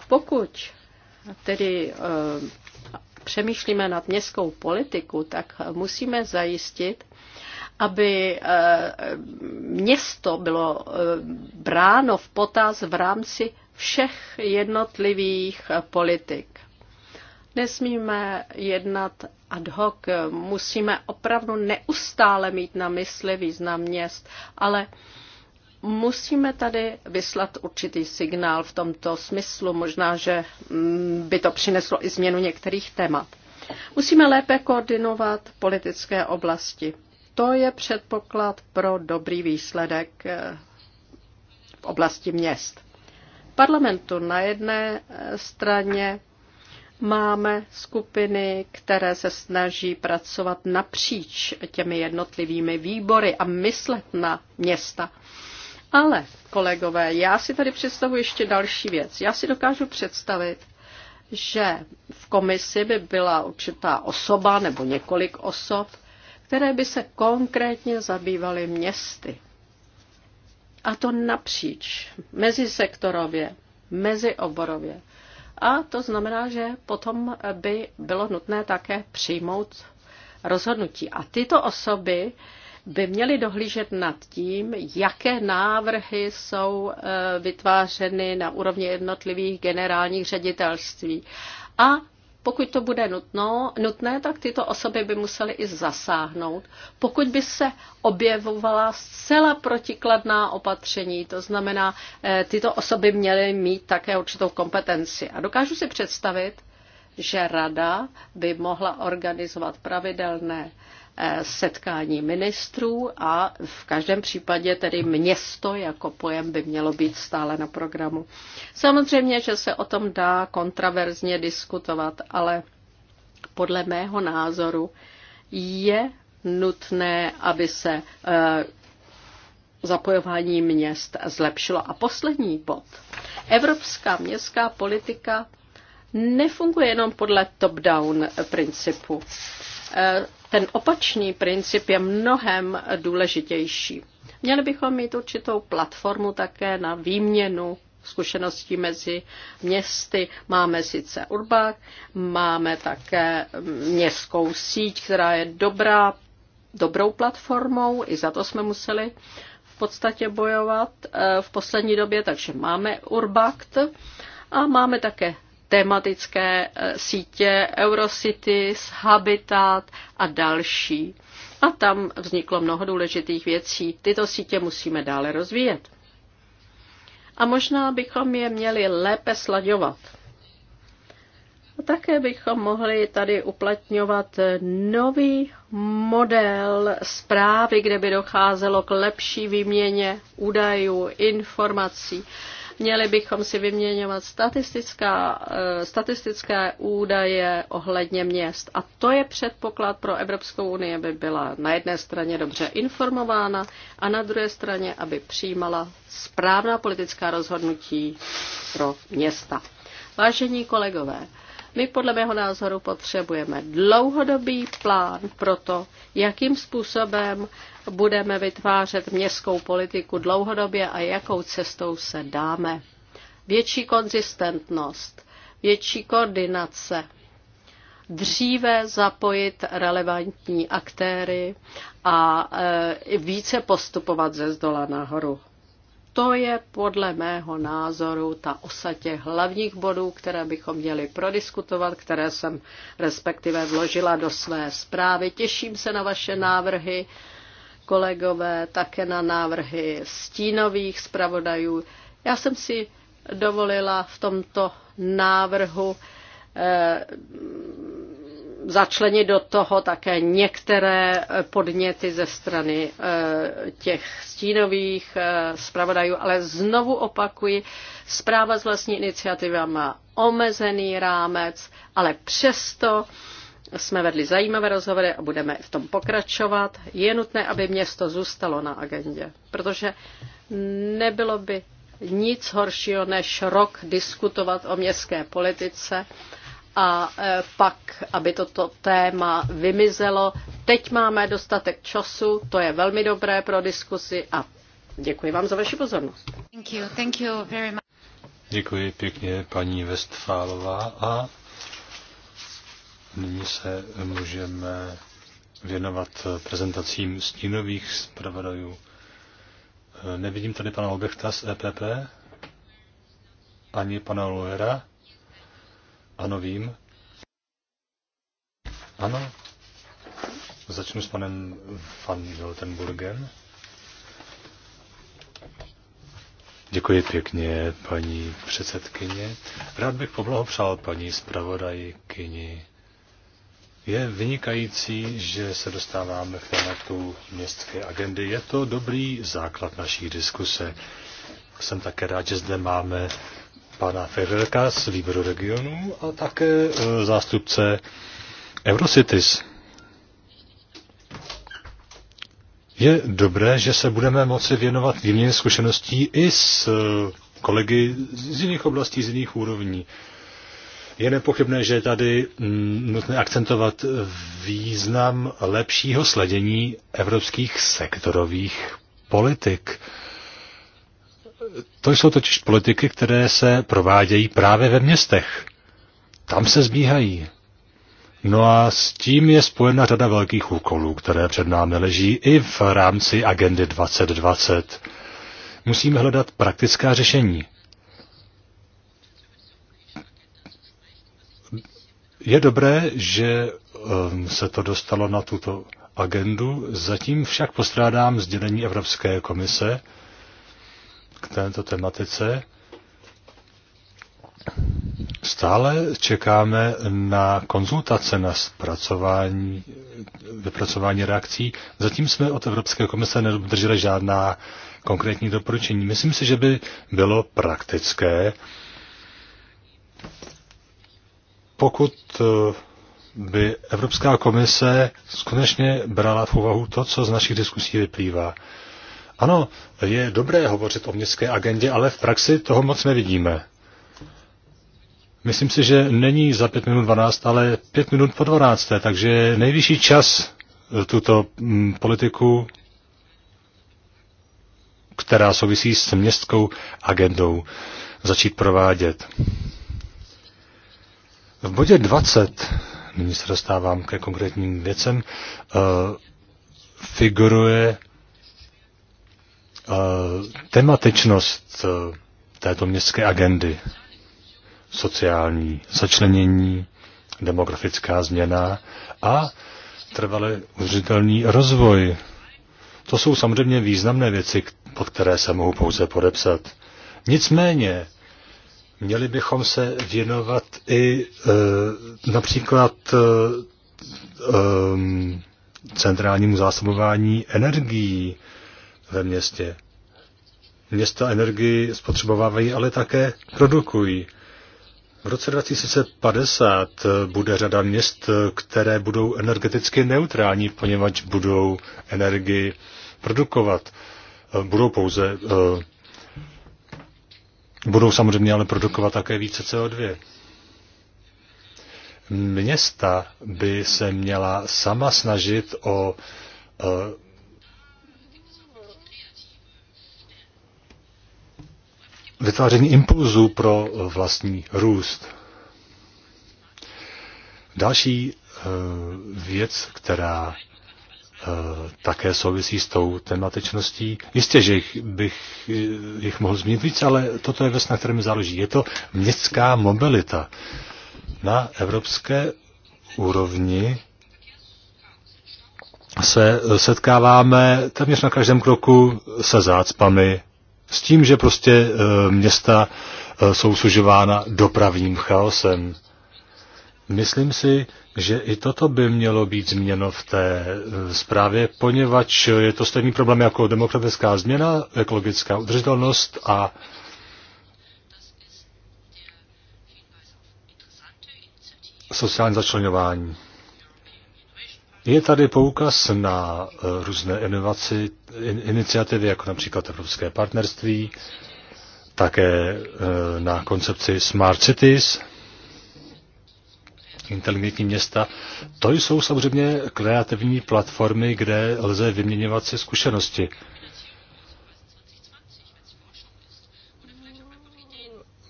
Pokud tedy eh, přemýšlíme nad městskou politiku, tak musíme zajistit, aby eh, město bylo eh, bráno v potaz v rámci všech jednotlivých eh, politik. Nesmíme jednat ad hoc, musíme opravdu neustále mít na mysli význam měst, ale musíme tady vyslat určitý signál v tomto smyslu. Možná, že mm, by to přineslo i změnu některých témat. Musíme lépe koordinovat politické oblasti. To je předpoklad pro dobrý výsledek eh, v oblasti měst. V parlamentu na jedné eh, straně máme skupiny, které se snaží pracovat napříč těmi jednotlivými výbory a myslet na města. Ale, kolegové, já si tady představuji ještě další věc. Já si dokážu představit, že v komisi by byla určitá osoba nebo několik osob, které by se konkrétně zabývaly městy. A to napříč, mezisektorově, mezioborově. A to znamená, že potom by bylo nutné také přijmout rozhodnutí. A tyto osoby by měli dohlížet nad tím, jaké návrhy jsou eh, vytvářeny na úrovni jednotlivých generálních ředitelství. A pokud to bude nutno, nutné, tak tyto osoby by musely i zasáhnout. Pokud by se objevovala zcela protikladná opatření, to znamená, eh, tyto osoby měly mít také určitou kompetenci. A dokážu si představit, že rada by mohla organizovat pravidelné Eh, setkání ministrů a v každém případě tedy město jako pojem by mělo být stále na programu. Samozřejmě, že se o tom dá kontraverzně diskutovat, ale podle mého názoru je nutné, aby se eh, zapojování měst zlepšilo. A poslední bod. Evropská městská politika nefunguje jenom podle top-down principu eh, ten opačný princip je mnohem důležitější. Měli bychom mít určitou platformu také na výměnu zkušeností mezi městy. Máme sice Urbák, máme také městskou síť, která je dobrá, dobrou platformou, i za to jsme museli v podstatě bojovat eh, v poslední době, takže máme Urbakt a máme také tematické eh, sítě Eurocities, Habitat a další. A tam vzniklo mnoho důležitých věcí. Tyto sítě musíme dále rozvíjet. A možná bychom je měli lépe slaďovat. A také bychom mohli tady uplatňovat nový model zprávy, kde by docházelo k lepší výměně údajů, informací. Měli bychom si vyměňovat statistická, eh, statistické údaje ohledně měst. A to je předpoklad pro Evropskou unii, aby byla na jedné straně dobře informována a na druhé straně, aby přijímala správná politická rozhodnutí pro města. Vážení kolegové, my podle mého názoru potřebujeme dlouhodobý plán pro to, jakým způsobem budeme vytvářet městskou politiku dlouhodobě a jakou cestou se dáme. Větší konzistentnost, větší koordinace, dříve zapojit relevantní aktéry a e, více postupovat ze zdola nahoru. To je podle mého názoru ta osa těch hlavních bodů, které bychom měli prodiskutovat, které jsem respektive vložila do své zprávy. Těším se na vaše návrhy kolegové, také na návrhy stínových zpravodajů. Já jsem si dovolila v tomto návrhu eh, začlenit do toho také některé podněty ze strany eh, těch stínových eh, zpravodajů, ale znovu opakuji, zpráva z vlastní iniciativy má omezený rámec, ale přesto jsme vedli zajímavé rozhovory a budeme v tom pokračovat. Je nutné, aby město zůstalo na agendě, protože nebylo by nic horšího, než rok diskutovat o městské politice a e, pak, aby toto téma vymizelo. Teď máme dostatek času, to je velmi dobré pro diskusi a děkuji vám za vaši pozornost. Thank you. Thank you very much. Děkuji pěkně paní Westfálová a Nyní se můžeme věnovat prezentacím stínových zpravodajů. Nevidím tady pana Obechta z EPP, ani pana Loera. Ano, vím. Ano. Začnu s panem Van Wiltenburgem. Děkuji pěkně, paní předsedkyně. Rád bych poblahopřál paní zpravodajkyni je vynikající, že se dostáváme k tématu městské agendy. Je to dobrý základ naší diskuse. Jsem také rád, že zde máme pana Ferrerka z výboru regionu a také e, zástupce Eurocities. Je dobré, že se budeme moci věnovat výměně zkušeností i s e, kolegy z jiných oblastí, z jiných úrovní. Je nepochybné, že je tady mm, nutné akcentovat význam lepšího sledění evropských sektorových politik. To jsou totiž politiky, které se provádějí právě ve městech. Tam se zbíhají. No a s tím je spojena řada velkých úkolů, které před námi leží i v rámci agendy 2020. Musíme hledat praktická řešení. Je dobré, že um, se to dostalo na tuto agendu, zatím však postrádám sdělení Evropské komise k této tematice. Stále čekáme na konzultace, na zpracování, vypracování reakcí. Zatím jsme od Evropské komise neobdrželi žádná konkrétní doporučení. Myslím si, že by bylo praktické pokud eh, by Evropská komise skutečně brala v úvahu to, co z našich diskusí vyplývá. Ano, je dobré hovořit o městské agendě, ale v praxi toho moc nevidíme. Myslím si, že není za 5 minut 12, ale 5 minut po 12, takže nejvyšší čas eh, tuto mm, politiku, která souvisí s městskou agendou, začít provádět. V bodě 20, nyní se dostávám ke konkrétním věcem, eh, figuruje eh, tematičnost eh, této městské agendy. Sociální začlenění, demografická změna a trvalý udržitelný rozvoj. To jsou samozřejmě významné věci, pod které se mohu pouze podepsat. Nicméně Měli bychom se věnovat i e, například e, centrálnímu zásobování energií ve městě. Města energii spotřebovávají, ale také produkují. V roce 2050 bude řada měst, které budou energeticky neutrální, poněvadž budou energii produkovat. Budou pouze budou samozřejmě ale produkovat také více CO2. Města by se měla sama snažit o vytváření impulzů pro vlastní růst. Další e, věc, která Eh, také souvisí s tou tematečností. Jistě, že jich, bych eh, jich mohl zmínit víc, ale toto je věc, na které mi záleží. Je to městská mobilita. Na evropské úrovni se setkáváme téměř na každém kroku se zácpami, s tím, že prostě eh, města jsou sužována dopravním chaosem. Myslím si, že i toto by mělo být změno v té eh, zprávě, poněvadž je to stejný problém jako demokratická změna, ekologická udržitelnost a sociální začlenování. Je tady poukaz na eh, různé inovaci, iniciativy, jako například Evropské partnerství, také eh, na koncepci Smart Cities – inteligentní města. To jsou samozřejmě kreativní platformy, kde lze vyměňovat si zkušenosti.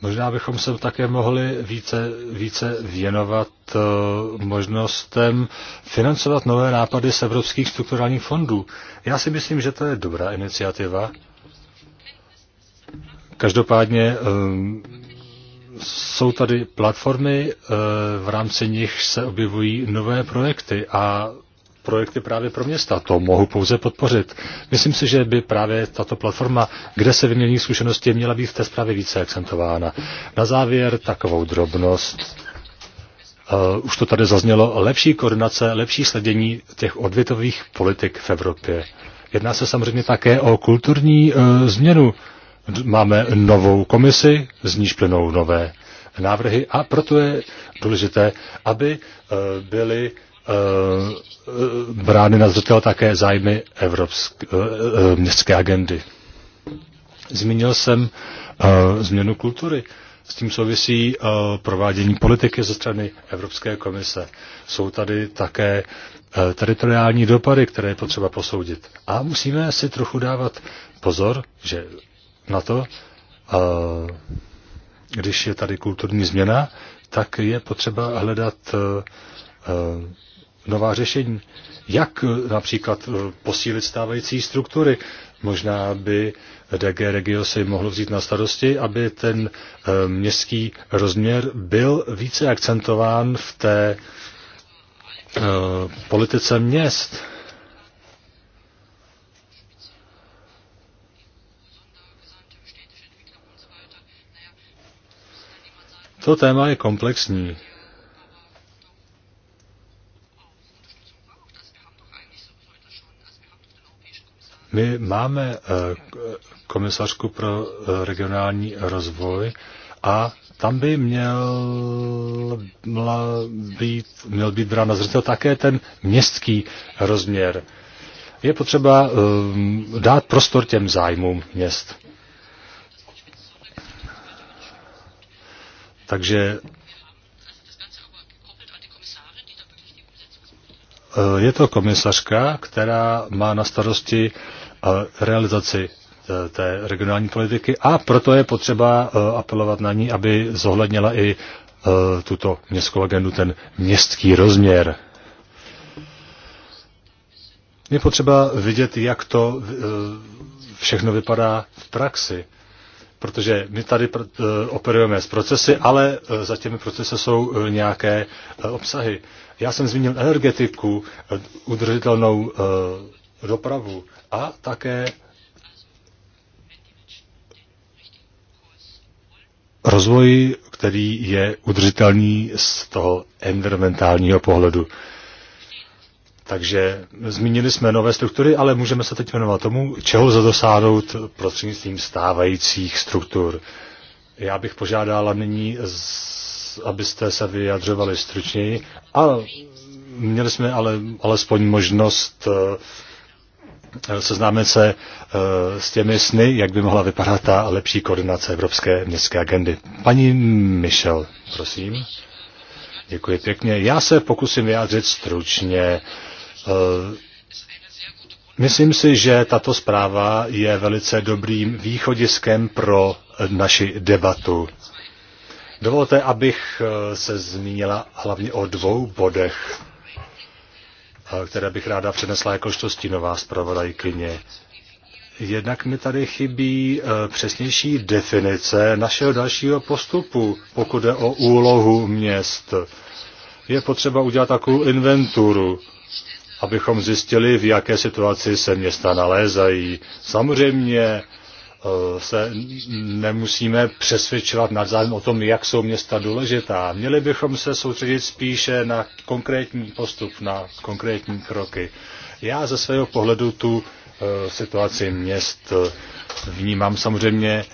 Možná bychom se také mohli více, více věnovat eh, možnostem financovat nové nápady z evropských strukturálních fondů. Já si myslím, že to je dobrá iniciativa. Každopádně eh, jsou tady platformy, eh, v rámci nich se objevují nové projekty a projekty právě pro města. To mohu pouze podpořit. Myslím si, že by právě tato platforma, kde se vymění zkušenosti, měla být v té zprávě více akcentována. Na závěr takovou drobnost. Uh, už to tady zaznělo, lepší koordinace, lepší sledění těch odvětových politik v Evropě. Jedná se samozřejmě také o kulturní uh, změnu. Máme novou komisi, z níž plynou nové návrhy a proto je důležité, aby eh, byly eh, brány na zřetel také zájmy evropské, eh, městské agendy. Zmínil jsem změnu kultury. S tím souvisí provádění politiky ze strany Evropské komise. Jsou tady také teritoriální dopady, které je potřeba posoudit. A musíme si trochu dávat pozor, že na to, když je tady kulturní změna, tak je potřeba hledat e, e, nová řešení. Jak e, například posílit stávající struktury? Možná by DG Regio si mohlo vzít na starosti, aby ten městský rozměr byl více akcentován v té politice měst. To téma je komplexní. My máme eh, komisařku pro eh, regionální rozvoj a tam by měl být, měl být brán na zřetel také ten městský rozměr. Je potřeba eh, dát prostor těm zájmům měst. Takže eh, je to komisařka, která má na starosti eh, realizaci eh, té regionální politiky a proto je potřeba apelovat na ní, aby zohlednila i tuto městskou agendu, ten městský rozměr. Je potřeba vidět, jak to všechno vypadá v praxi protože my tady eh, operujeme s procesy, ale eh, za těmi procesy jsou eh, nějaké obsahy. Já jsem zmínil energetiku, udržitelnou dopravu a také rozvoj, který je udržitelný z toho environmentálního pohledu. Takže zmínili jsme nové struktury, ale můžeme se teď věnovat tomu, čeho dosáhnout prostřednictvím stávajících struktur. Já bych požádala nyní, abyste se vyjadřovali stručněji, a měli jsme ale alespoň možnost eh, seznámit se eh, s těmi sny, jak by mohla vypadat ta lepší koordinace Evropské městské agendy. Paní Michel, prosím. Děkuji pěkně. Já se pokusím vyjádřit stručně. Uh, Eh, myslím si, že tato zpráva je velice dobrým východiskem pro naši debatu. Dovolte, abych eh, se zmínila hlavně o dvou bodech, eh, které bych ráda přednesla jako stínová zpravodajkyně. Jednak mi tady chybí přesnější definice našeho dalšího postupu, pokud je o úlohu měst. Je potřeba udělat takovou inventuru, abychom zjistili, v jaké situaci se města nalézají. Samozřejmě eh, se nemusíme přesvědčovat navzájem o tom, jak jsou města důležitá. Měli bychom se soustředit spíše na konkrétní postup, na konkrétní kroky. Já ze svého pohledu tu eh, situaci měst eh, vnímám samozřejmě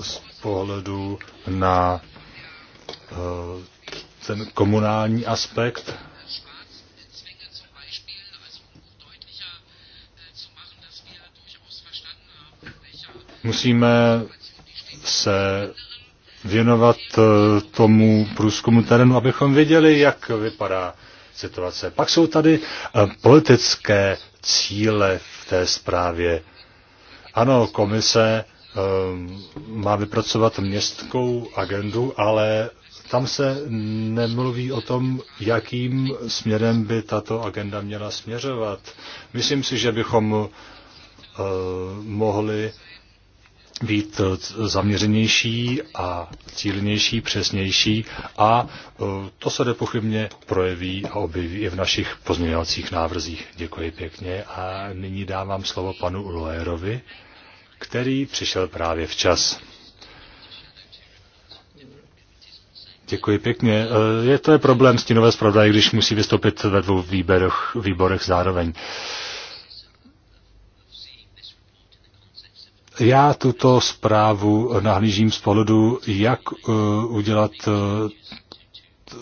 z pohledu na ten komunální aspekt Musíme se věnovat eh, tomu průzkumu terénu, abychom věděli, jak vypadá situace. Pak jsou tady eh, politické cíle v té zprávě. Ano, komise eh, má vypracovat městskou agendu, ale tam se nemluví o tom, jakým směrem by tato agenda měla směřovat. Myslím si, že bychom mohli být eh, zaměřenější a cílnější, přesnější a eh, to se nepochybně projeví a objeví i v našich pozměňovacích návrzích. Děkuji pěkně a nyní dávám slovo panu Loerovi, který přišel právě včas. Děkuji pěkně. Eh, je to je problém stínové zpravodaje, když musí vystoupit ve dvou výborech, výborech zároveň. Já tuto zprávu nahlížím z pohledu, jak eh, udělat eh, eh,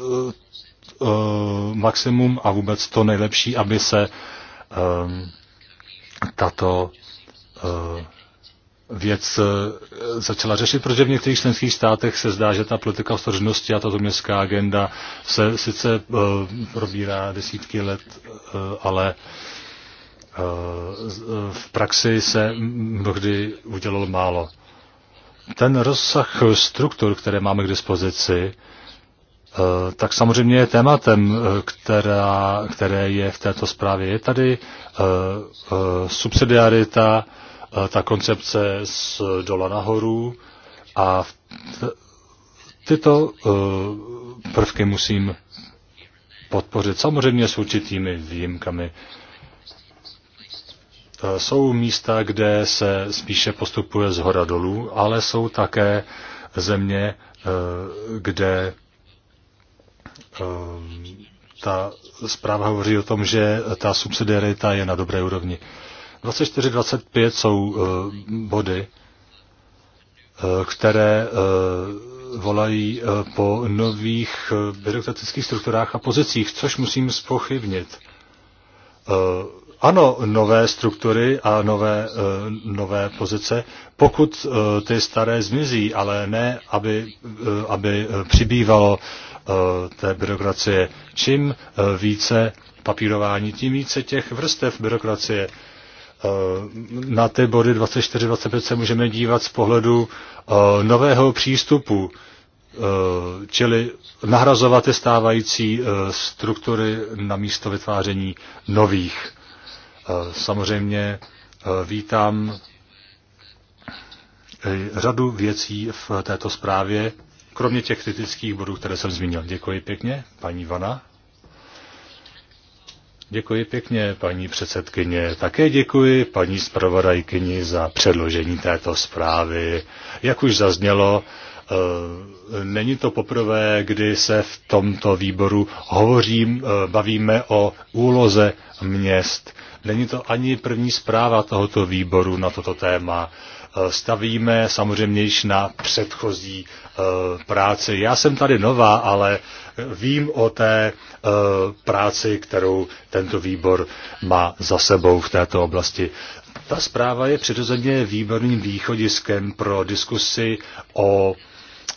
maximum a vůbec to nejlepší, aby se tato věc začala řešit, protože v některých členských státech se zdá, že ta politika ostrožnosti a tato městská agenda se sice probírá desítky let, ale uh, Eh, v praxi se mnohdy udělalo málo. Ten rozsah struktur, které máme k dispozici, eh, tak samozřejmě je tématem, eh, která, které je v této zprávě. Je tady subsidiarita, ta koncepce z dola nahoru a tyto prvky musím podpořit. Samozřejmě s určitými výjimkami. Eh, jsou místa, kde se spíše postupuje z hora dolů, ale jsou také země, eh, kde eh, ta zpráva hovoří o tom, že ta subsidiarita je na dobré úrovni. 24-25 jsou body, které volají po nových byrokratických strukturách a pozicích, což musím spochybnit. Ano, nové struktury a nové, eh, nové pozice, pokud eh, ty staré zmizí, ale ne, aby, eh, aby přibývalo té byrokracie. Čím více papírování, tím více těch vrstev byrokracie. Na ty body 24-25 se můžeme dívat z pohledu nového přístupu, čili nahrazovat ty stávající struktury na místo vytváření nových. Eh, samozřejmě eh, vítám eh, řadu věcí v této zprávě, kromě těch kritických bodů, které jsem zmínil. Děkuji pěkně, paní Vana. Děkuji pěkně, paní předsedkyně. Také děkuji paní zpravodajkyni za předložení této zprávy. Jak už zaznělo, Eh, není to poprvé, kdy se v tomto výboru hovořím, eh, bavíme o úloze měst. Není to ani první zpráva tohoto výboru na toto téma. Eh, stavíme samozřejmě již na předchozí práci. Já jsem tady nová, ale vím o té práci, kterou tento výbor má za sebou v této oblasti. Ta zpráva je přirozeně výborným východiskem pro diskusi o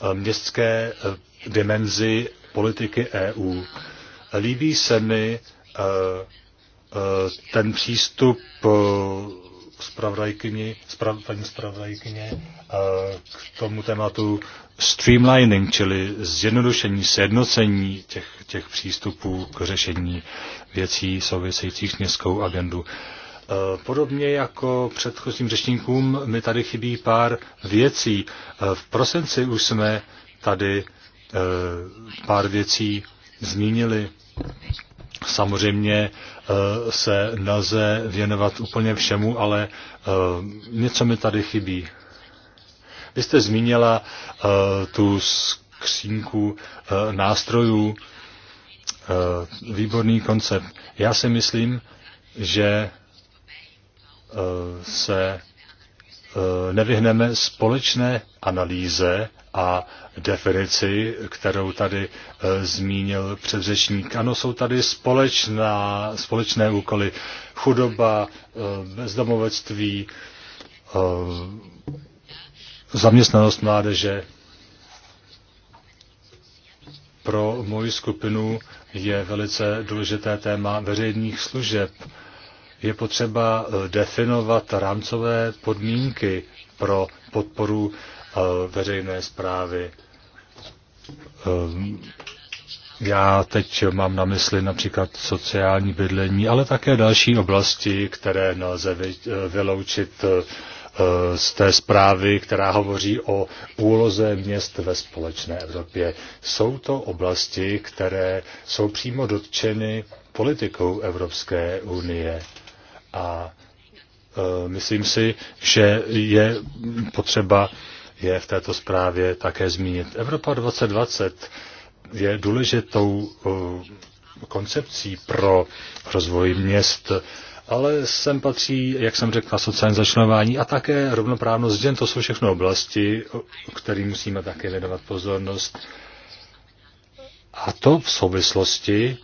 Eh, městské eh, dimenzi politiky EU. Líbí se mi eh, ten přístup zpravodajkyni, sprav, paní zpravodajkyně k tomu tématu streamlining, čili zjednodušení, sjednocení těch, těch přístupů k řešení věcí souvisejících s městskou agendou. Eh, podobně jako předchozím řečníkům, mi tady chybí pár věcí. Eh, v prosinci už jsme tady eh, pár věcí zmínili. Samozřejmě se nelze věnovat úplně všemu, ale něco mi tady chybí. Vy jste zmínila tu skřínku nástrojů, výborný koncept. Já si myslím, že se eh, nevyhneme společné analýze a definici, kterou tady eh, zmínil předřečník. Ano, jsou tady společná, společné úkoly. Chudoba, eh, bezdomovectví, zaměstnanost mládeže. Pro moji skupinu je velice důležité téma veřejných služeb je potřeba eh, definovat rámcové podmínky pro podporu eh, veřejné zprávy. Ehm, já teď mám na mysli například sociální bydlení, ale také další oblasti, které nelze eh, vyloučit z té zprávy, která hovoří o úloze měst ve společné Evropě. Jsou to oblasti, které jsou přímo dotčeny politikou Evropské unie. A e, myslím si, že je potřeba je v této zprávě také zmínit. Evropa 2020 je důležitou e, koncepcí pro rozvoj měst, ale sem patří, jak jsem řekl, sociální začlenování a také rovnoprávnost žen. To jsou všechno oblasti, kterým musíme také věnovat pozornost. A to v souvislosti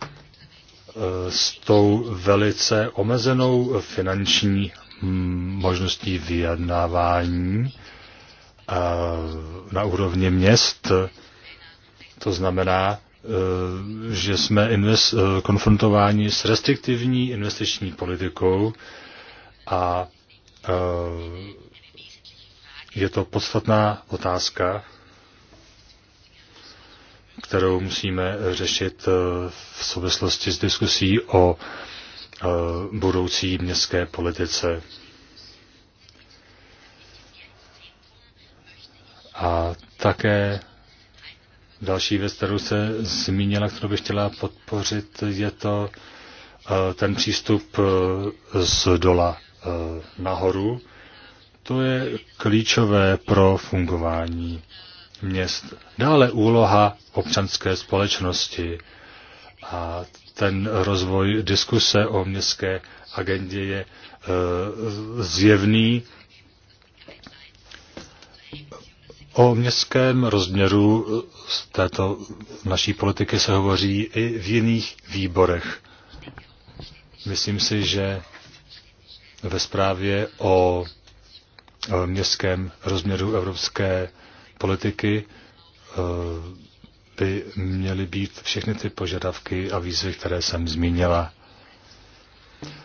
s tou velice omezenou finanční mm, možností vyjednávání na úrovni měst. To znamená, e, že jsme invest- e, konfrontováni s restriktivní investiční politikou a e, je to podstatná otázka, kterou musíme řešit eh, v souvislosti s diskusí o eh, budoucí městské politice. A také další věc, kterou se zmínila, kterou bych chtěla podpořit, je to eh, ten přístup z dola nahoru. To je klíčové pro fungování měst. Dále úloha občanské společnosti a ten rozvoj diskuse o městské agendě je eh, zjevný. O městském rozměru eh, z této naší politiky se hovoří i v jiných výborech. Myslím si, že ve zprávě o eh, městském rozměru Evropské politiky eh, by měly být všechny ty požadavky a výzvy, které jsem zmínila.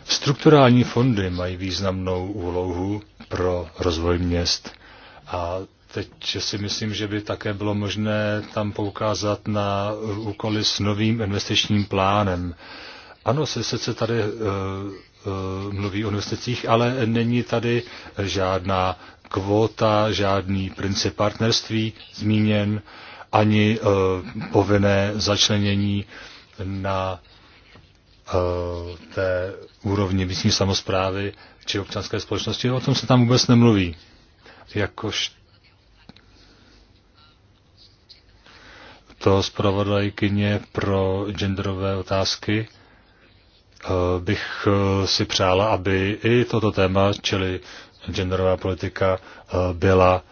Strukturální fondy mají významnou úlohu pro rozvoj měst a teď si myslím, že by také bylo možné tam poukázat na úkoly s novým investičním plánem. Ano, sice se tady eh, Eh, mluví o investicích, ale není tady žádná kvota, žádný princip partnerství zmíněn, ani eh, povinné začlenění na eh, té úrovni místní samozprávy či občanské společnosti. O tom se tam vůbec nemluví. Jakož to zpravodajkyně pro genderové otázky Eh, bych eh, si přála, aby i toto téma, čili genderová politika, eh, byla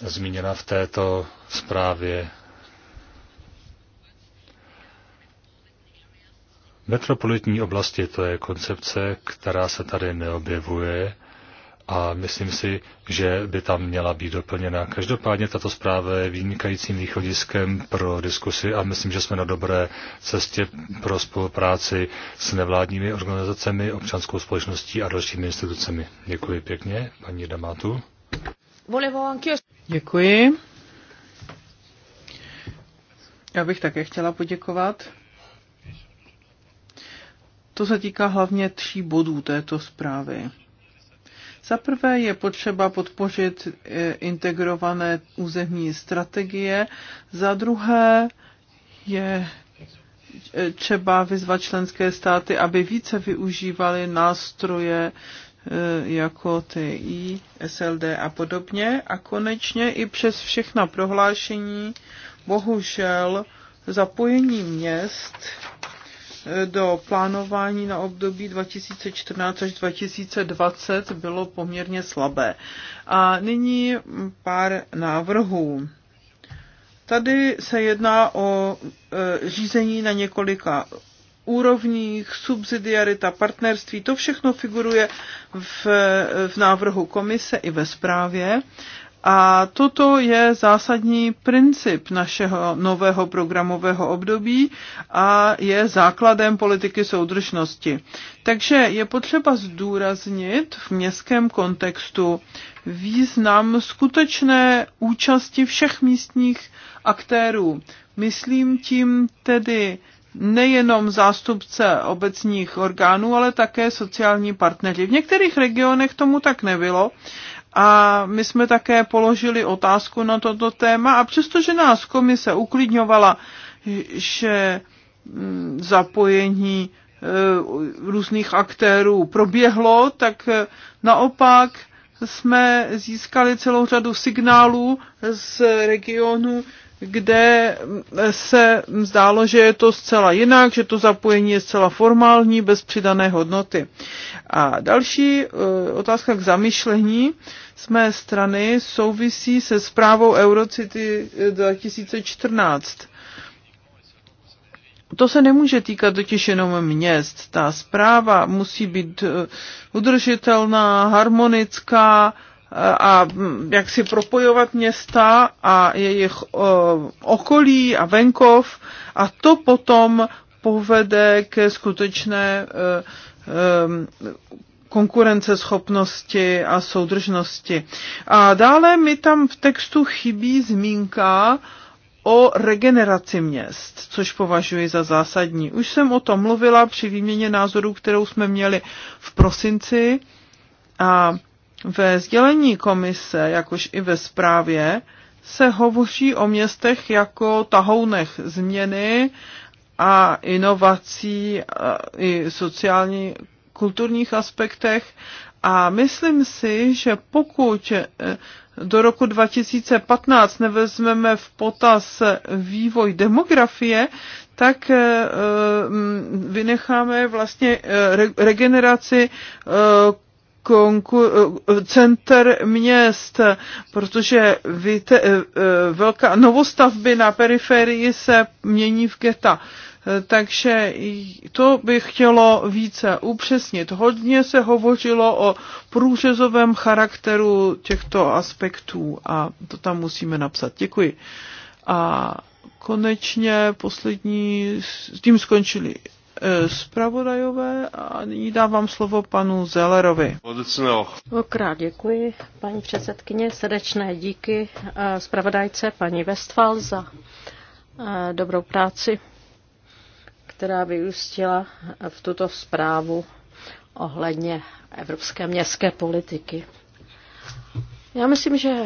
zmíněna v této zprávě. Metropolitní oblasti to je koncepce, která se tady neobjevuje a myslím si, že by tam měla být doplněna. Každopádně tato zpráva je vynikajícím východiskem pro diskusi a myslím, že jsme na dobré cestě pro spolupráci s nevládními organizacemi, občanskou společností a dalšími institucemi. Děkuji pěkně, paní Damátu. Děkuji. Já bych také chtěla poděkovat. To se týká hlavně tří bodů této zprávy. Za prvé je potřeba podpořit e, integrované územní strategie, za druhé je e, třeba vyzvat členské státy, aby více využívaly nástroje e, jako TI, SLD a podobně. A konečně i přes všechna prohlášení, bohužel zapojení měst do plánování na období 2014 až 2020 bylo poměrně slabé. A nyní pár návrhů. Tady se jedná o e, řízení na několika úrovních, subsidiarita, partnerství, to všechno figuruje v, e, v návrhu komise i ve zprávě. A toto je zásadní princip našeho nového programového období a je základem politiky soudržnosti. Takže je potřeba zdůraznit v městském kontextu význam skutečné účasti všech místních aktérů. Myslím tím tedy nejenom zástupce obecních orgánů, ale také sociální partneři. V některých regionech tomu tak nebylo a my jsme také položili otázku na toto téma a přestože nás komise uklidňovala, že mm, zapojení e, různých aktérů proběhlo, tak e, naopak jsme získali celou řadu signálů z regionu, kde se zdálo, že je to zcela jinak, že to zapojení je zcela formální, bez přidané hodnoty. A další eh, otázka k zamyšlení z mé strany souvisí se zprávou Eurocity 2014. Eh, to se nemůže týkat totiž jenom měst. Ta zpráva musí být eh, udržitelná, harmonická, a jak si propojovat města a jejich okolí a venkov a to potom povede ke skutečné e, e, konkurenceschopnosti a soudržnosti. A dále mi tam v textu chybí zmínka o regeneraci měst, což považuji za zásadní. Už jsem o tom mluvila při výměně názorů, kterou jsme měli v prosinci a ve sdělení komise, jakož i ve zprávě, se hovoří o městech jako tahounech změny a inovací a eh, i sociální kulturních aspektech a myslím si, že pokud eh, do roku 2015 nevezmeme v potaz vývoj demografie, tak eh, mm, vynecháme vlastně regeneraci konkur- eh, center měst, protože víte, eh, eh, velká novostavby na periferii se mění v geta. Takže to bych chtělo více upřesnit. Hodně se hovořilo o průřezovém charakteru těchto aspektů a to tam musíme napsat. Děkuji. A konečně poslední, s tím skončili E, zpravodajové a nyní dávám slovo panu Zellerovi. Okrát děkuji, paní předsedkyně, srdečné díky e, zpravodajce paní Westfal za e, dobrou práci, která vyústila v tuto zprávu ohledně evropské městské politiky. Já myslím, že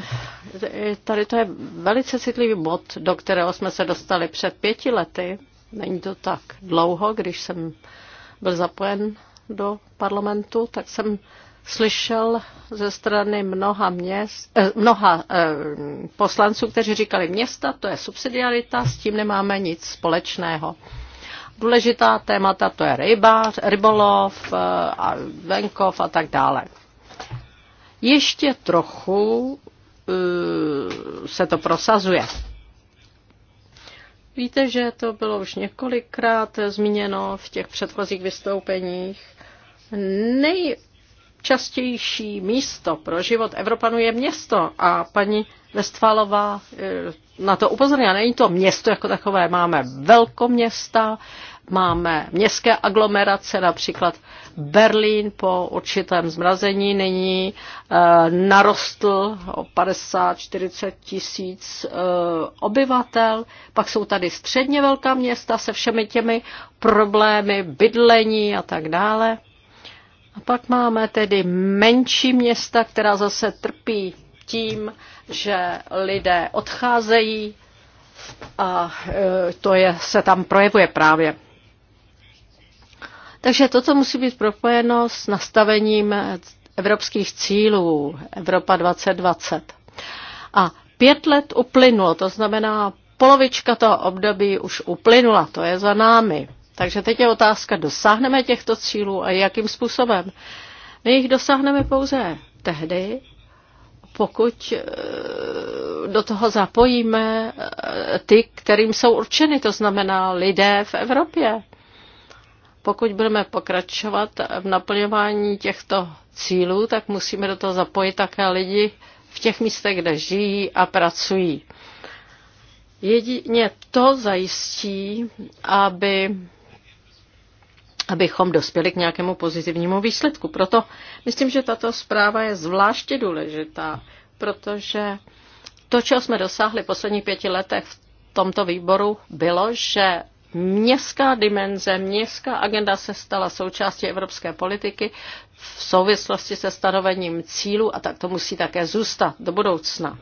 tady to je velice citlivý bod, do kterého jsme se dostali před pěti lety Není to tak dlouho, když jsem byl zapojen do parlamentu, tak jsem slyšel ze strany mnoha, měst, eh, mnoha eh, poslanců, kteří říkali, města to je subsidiarita, s tím nemáme nic společného. Důležitá témata to je ryba, rybolov eh, a venkov a tak dále. Ještě trochu eh, se to prosazuje. Víte, že to bylo už několikrát zmíněno v těch předchozích vystoupeních. Nejčastější místo pro život Evropanů je město a paní Vestfalová eh, na to upozornila. Není to město jako takové, máme velkoměsta Máme městské aglomerace, například Berlín po určitém zmrazení nyní eh, narostl o 50-40 tisíc eh, obyvatel. Pak jsou tady středně velká města se všemi těmi problémy bydlení a tak dále. A pak máme tedy menší města, která zase trpí tím, že lidé odcházejí a eh, to je, se tam projevuje právě takže toto musí být propojeno s nastavením evropských cílů Evropa 2020. A pět let uplynulo, to znamená polovička toho období už uplynula, to je za námi. Takže teď je otázka, dosáhneme těchto cílů a jakým způsobem. My jich dosáhneme pouze tehdy, pokud eh, do toho zapojíme eh, ty, kterým jsou určeny, to znamená lidé v Evropě pokud budeme pokračovat v naplňování těchto cílů, tak musíme do toho zapojit také lidi v těch místech, kde žijí a pracují. Jedině to zajistí, aby, abychom dospěli k nějakému pozitivnímu výsledku. Proto myslím, že tato zpráva je zvláště důležitá, protože to, čeho jsme dosáhli v posledních pěti letech v tomto výboru, bylo, že Městská dimenze, městská agenda se stala součástí evropské politiky v souvislosti se stanovením cílů a tak to musí také zůstat do budoucna.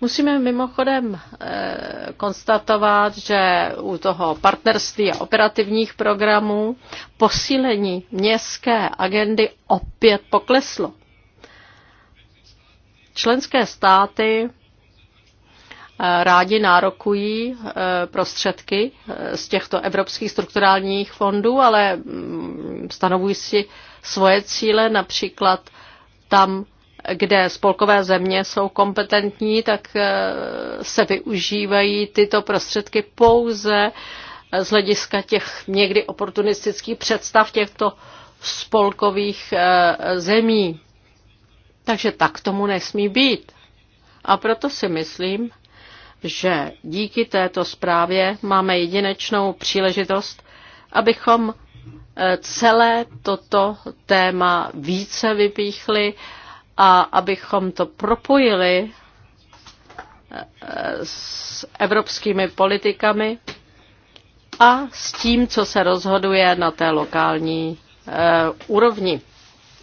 Musíme mimochodem e, konstatovat, že u toho partnerství a operativních programů posílení městské agendy opět pokleslo. Členské státy Eh, rádi nárokují eh, prostředky eh, z těchto evropských strukturálních fondů, ale mm, stanovují si svoje cíle, například tam, kde spolkové země jsou kompetentní, tak se využívají tyto prostředky pouze z hlediska těch někdy oportunistických představ těchto spolkových zemí. Takže tak tomu nesmí být. A proto si myslím, že díky této zprávě máme jedinečnou příležitost, abychom eh, celé toto téma více vypíchli a abychom to propojili eh, s evropskými politikami a s tím, co se rozhoduje na té lokální eh, úrovni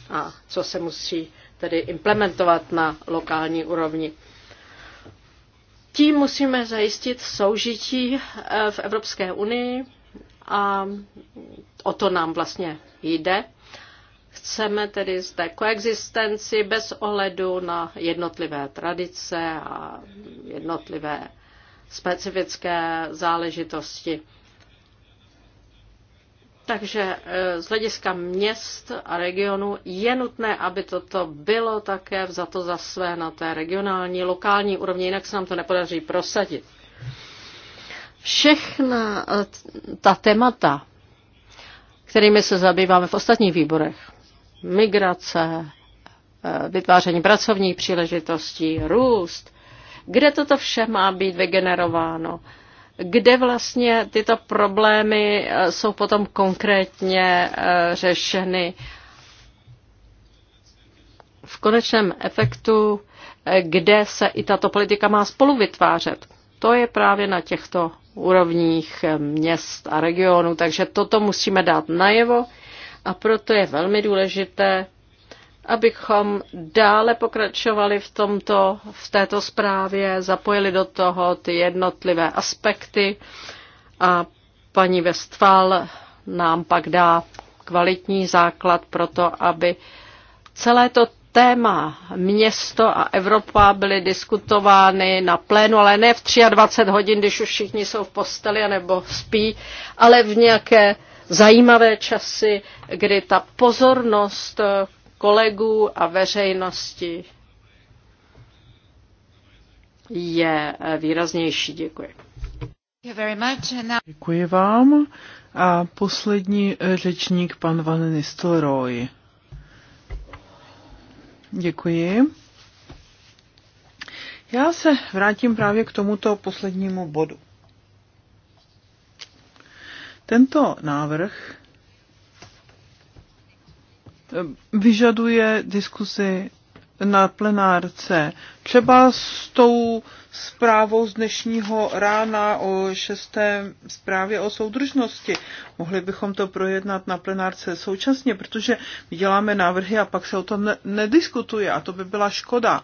a co se musí tedy implementovat na lokální úrovni. Tím musíme zajistit soužití eh, v Evropské unii a o to nám vlastně jde. Chceme tedy zde koexistenci bez ohledu na jednotlivé tradice a jednotlivé specifické záležitosti. Takže e, z hlediska měst a regionu je nutné, aby toto bylo také vzato za své na té regionální, lokální úrovni, jinak se nám to nepodaří prosadit. Všechna e, ta témata, kterými se zabýváme v ostatních výborech, migrace, e, vytváření pracovních příležitostí, růst, kde toto vše má být vygenerováno, kde vlastně tyto problémy eh, jsou potom konkrétně eh, řešeny. V konečném efektu, eh, kde se i tato politika má spolu vytvářet. To je právě na těchto úrovních měst a regionů, takže toto musíme dát najevo a proto je velmi důležité abychom dále pokračovali v, tomto, v této zprávě, zapojili do toho ty jednotlivé aspekty a paní Vestval nám pak dá kvalitní základ pro to, aby celé to téma město a Evropa byly diskutovány na plénu, ale ne v 23 hodin, když už všichni jsou v posteli nebo spí, ale v nějaké zajímavé časy, kdy ta pozornost kolegů a veřejnosti je výraznější. Děkuji. Děkuji vám. A poslední řečník, pan Van Nistelrooy. Děkuji. Já se vrátím právě k tomuto poslednímu bodu. Tento návrh vyžaduje diskusi na plenárce. Třeba s tou zprávou z dnešního rána o šesté zprávě o soudržnosti. Mohli bychom to projednat na plenárce současně, protože my děláme návrhy a pak se o tom nediskutuje a to by byla škoda.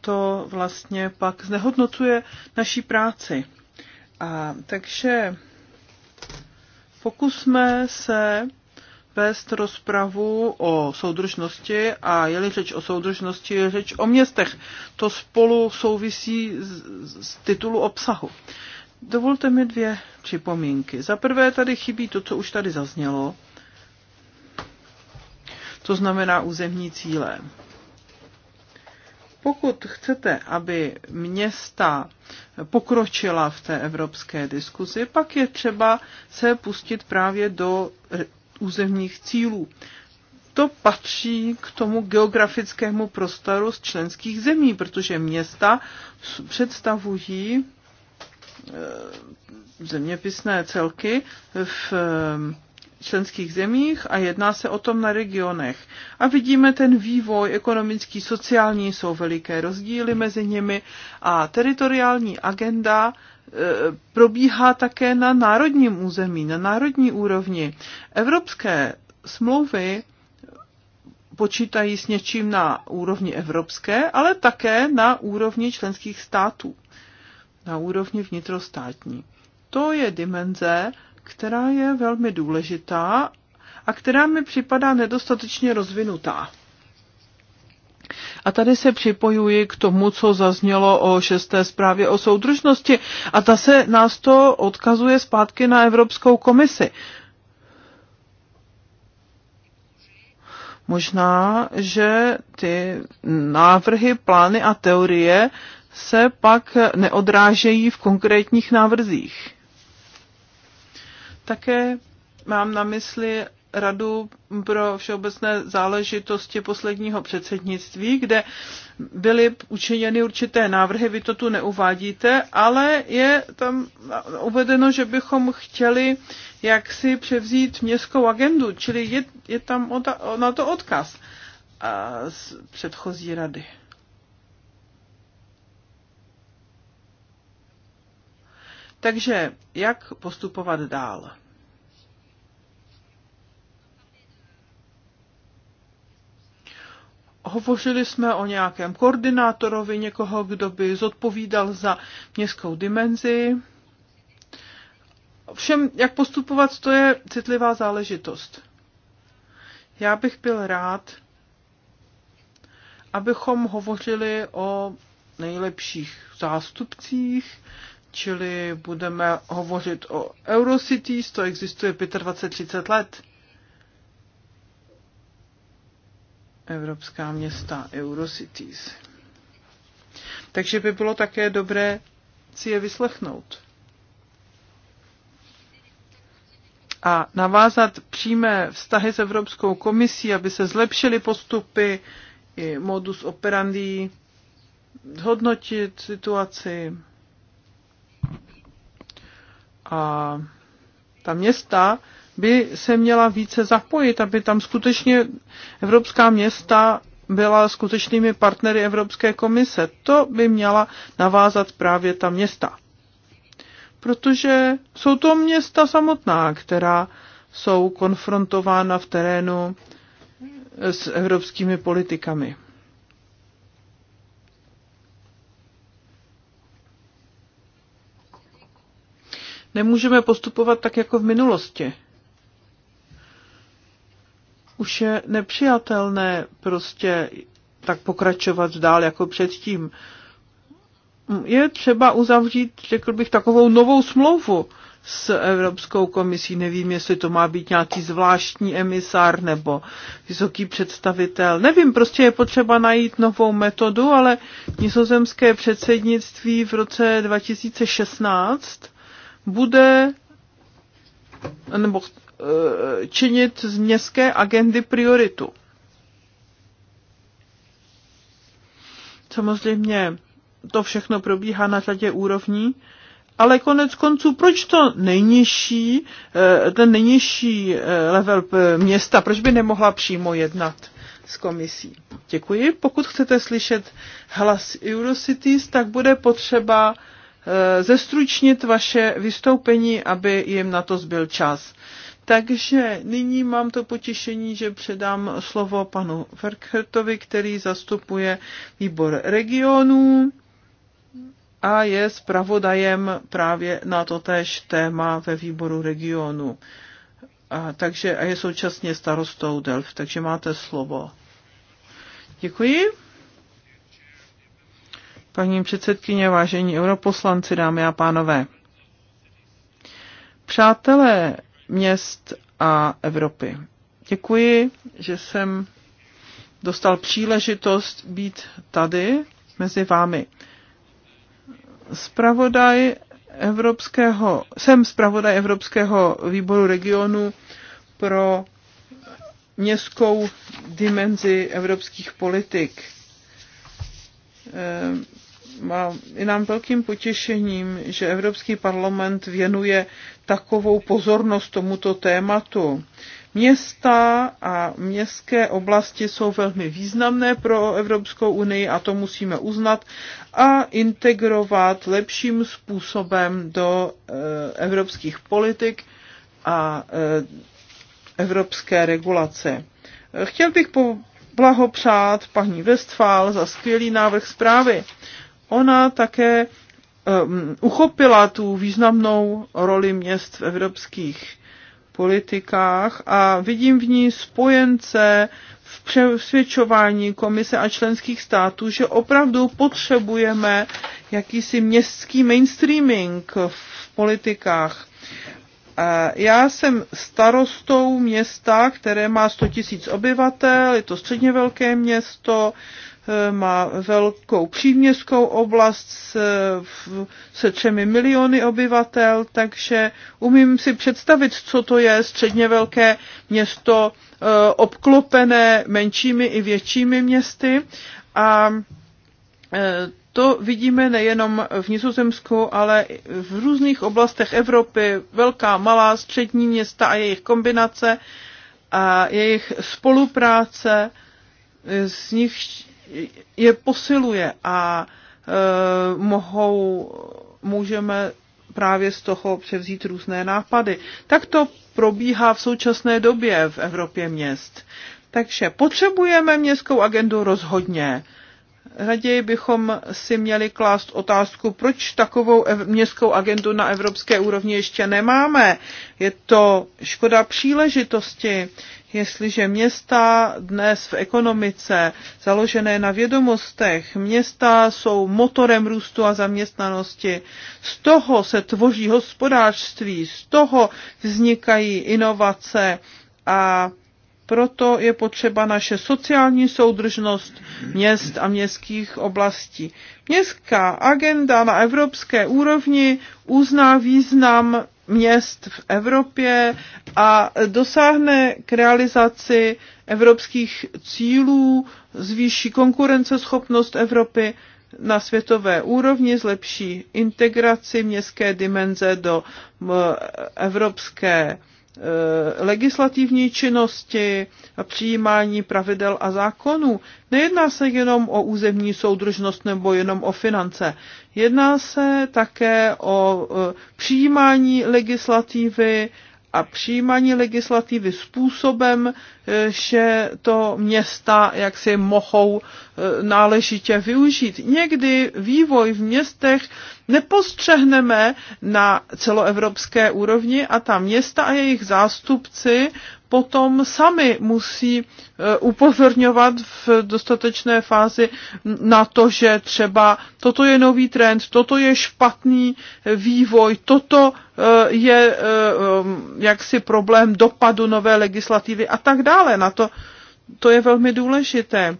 To vlastně pak znehodnotuje naší práci. A takže pokusme se vést rozpravu o soudržnosti a je-li řeč o soudržnosti, je řeč o městech. To spolu souvisí z, z titulu obsahu. Dovolte mi dvě připomínky. Za prvé tady chybí to, co už tady zaznělo, to znamená územní cíle. Pokud chcete, aby města pokročila v té evropské diskuzi, pak je třeba se pustit právě do územních cílů. To patří k tomu geografickému prostoru z členských zemí, protože města představují e, zeměpisné celky v e, členských zemích a jedná se o tom na regionech. A vidíme ten vývoj ekonomický, sociální, jsou veliké rozdíly mezi nimi a teritoriální agenda Eh, probíhá také na národním území, na národní úrovni. Evropské smlouvy počítají s něčím na úrovni evropské, ale také na úrovni členských států, na úrovni vnitrostátní. To je dimenze, která je velmi důležitá a která mi připadá nedostatečně rozvinutá. A tady se připojuji k tomu, co zaznělo o šesté zprávě o soudržnosti. A ta se nás to odkazuje zpátky na Evropskou komisi. Možná, že ty návrhy, plány a teorie se pak neodrážejí v konkrétních návrzích. Také mám na mysli Radu pro všeobecné záležitosti posledního předsednictví, kde byly učiněny určité návrhy, vy to tu neuvádíte, ale je tam uvedeno, že bychom chtěli jaksi převzít městskou agendu, čili je, je tam na to odkaz z předchozí rady. Takže jak postupovat dál? hovořili jsme o nějakém koordinátorovi, někoho, kdo by zodpovídal za městskou dimenzi. Všem, jak postupovat, to je citlivá záležitost. Já bych byl rád, abychom hovořili o nejlepších zástupcích, čili budeme hovořit o Eurocities, to existuje 25-30 let. evropská města, Eurocities. Takže by bylo také dobré si je vyslechnout. A navázat přímé vztahy s Evropskou komisí, aby se zlepšily postupy i modus operandi, zhodnotit situaci. A ta města by se měla více zapojit, aby tam skutečně evropská města byla skutečnými partnery Evropské komise. To by měla navázat právě ta města. Protože jsou to města samotná, která jsou konfrontována v terénu s evropskými politikami. Nemůžeme postupovat tak jako v minulosti už je nepřijatelné prostě tak pokračovat dál jako předtím. Je třeba uzavřít, řekl bych, takovou novou smlouvu s Evropskou komisí. Nevím, jestli to má být nějaký zvláštní emisár nebo vysoký představitel. Nevím, prostě je potřeba najít novou metodu, ale nizozemské předsednictví v roce 2016 bude nebo Eh, činit z městské agendy prioritu. Samozřejmě to všechno probíhá na řadě úrovní, ale konec konců, proč to nejnižší, eh, ten nejnižší eh, level města, proč by nemohla přímo jednat s komisí? Děkuji. Pokud chcete slyšet hlas Eurocities, tak bude potřeba zestručnit vaše vystoupení, aby jim na to zbyl čas. Takže nyní mám to potěšení, že předám slovo panu Verkhertovi, který zastupuje výbor regionů a je zpravodajem právě na totéž téma ve výboru regionu. A, takže, a je současně starostou Delft, takže máte slovo. Děkuji. Paní předsedkyně, vážení europoslanci, dámy a pánové. Přátelé měst a Evropy. Děkuji, že jsem dostal příležitost být tady mezi vámi. Spravodaj Evropského, jsem zpravodaj Evropského výboru regionu pro městskou dimenzi evropských politik je nám velkým potěšením, že Evropský parlament věnuje takovou pozornost tomuto tématu. Města a městské oblasti jsou velmi významné pro Evropskou unii a to musíme uznat a integrovat lepším způsobem do eh, evropských politik a eh, evropské regulace. Chtěl bych blahopřát paní Westphal za skvělý návrh zprávy ona také um, uchopila tu významnou roli měst v evropských politikách a vidím v ní spojence v přesvědčování komise a členských států, že opravdu potřebujeme jakýsi městský mainstreaming v politikách. Já jsem starostou města, které má 100 000 obyvatel, je to středně velké město, má velkou příměstskou oblast se třemi miliony obyvatel, takže umím si představit, co to je středně velké město e, obklopené menšími i většími městy a e, to vidíme nejenom v Nizozemsku, ale v různých oblastech Evropy, velká, malá, střední města a jejich kombinace a jejich spolupráce, z nich je posiluje a e, mohou, můžeme právě z toho převzít různé nápady. Tak to probíhá v současné době v Evropě měst. Takže potřebujeme městskou agendu rozhodně. Raději bychom si měli klást otázku, proč takovou městskou agendu na evropské úrovni ještě nemáme. Je to škoda příležitosti, jestliže města dnes v ekonomice založené na vědomostech, města jsou motorem růstu a zaměstnanosti, z toho se tvoří hospodářství, z toho vznikají inovace a proto je potřeba naše sociální soudržnost měst a městských oblastí. Městská agenda na evropské úrovni uzná význam měst v Evropě a dosáhne k realizaci evropských cílů, zvýší konkurenceschopnost Evropy na světové úrovni, zlepší integraci městské dimenze do evropské Eh, legislativní činnosti, přijímání pravidel a zákonů. Nejedná se jenom o územní soudržnost nebo jenom o finance. Jedná se také o eh, přijímání legislativy, a přijímání legislativy způsobem, eh, že to města jak si mohou eh, náležitě využít. Někdy vývoj v městech nepostřehneme na celoevropské úrovni a ta města a jejich zástupci potom sami musí e, upozorňovat v dostatečné fázi na to, že třeba toto je nový trend, toto je špatný vývoj, toto e, je e, jaksi problém dopadu nové legislativy a tak dále. Na to, to je velmi důležité.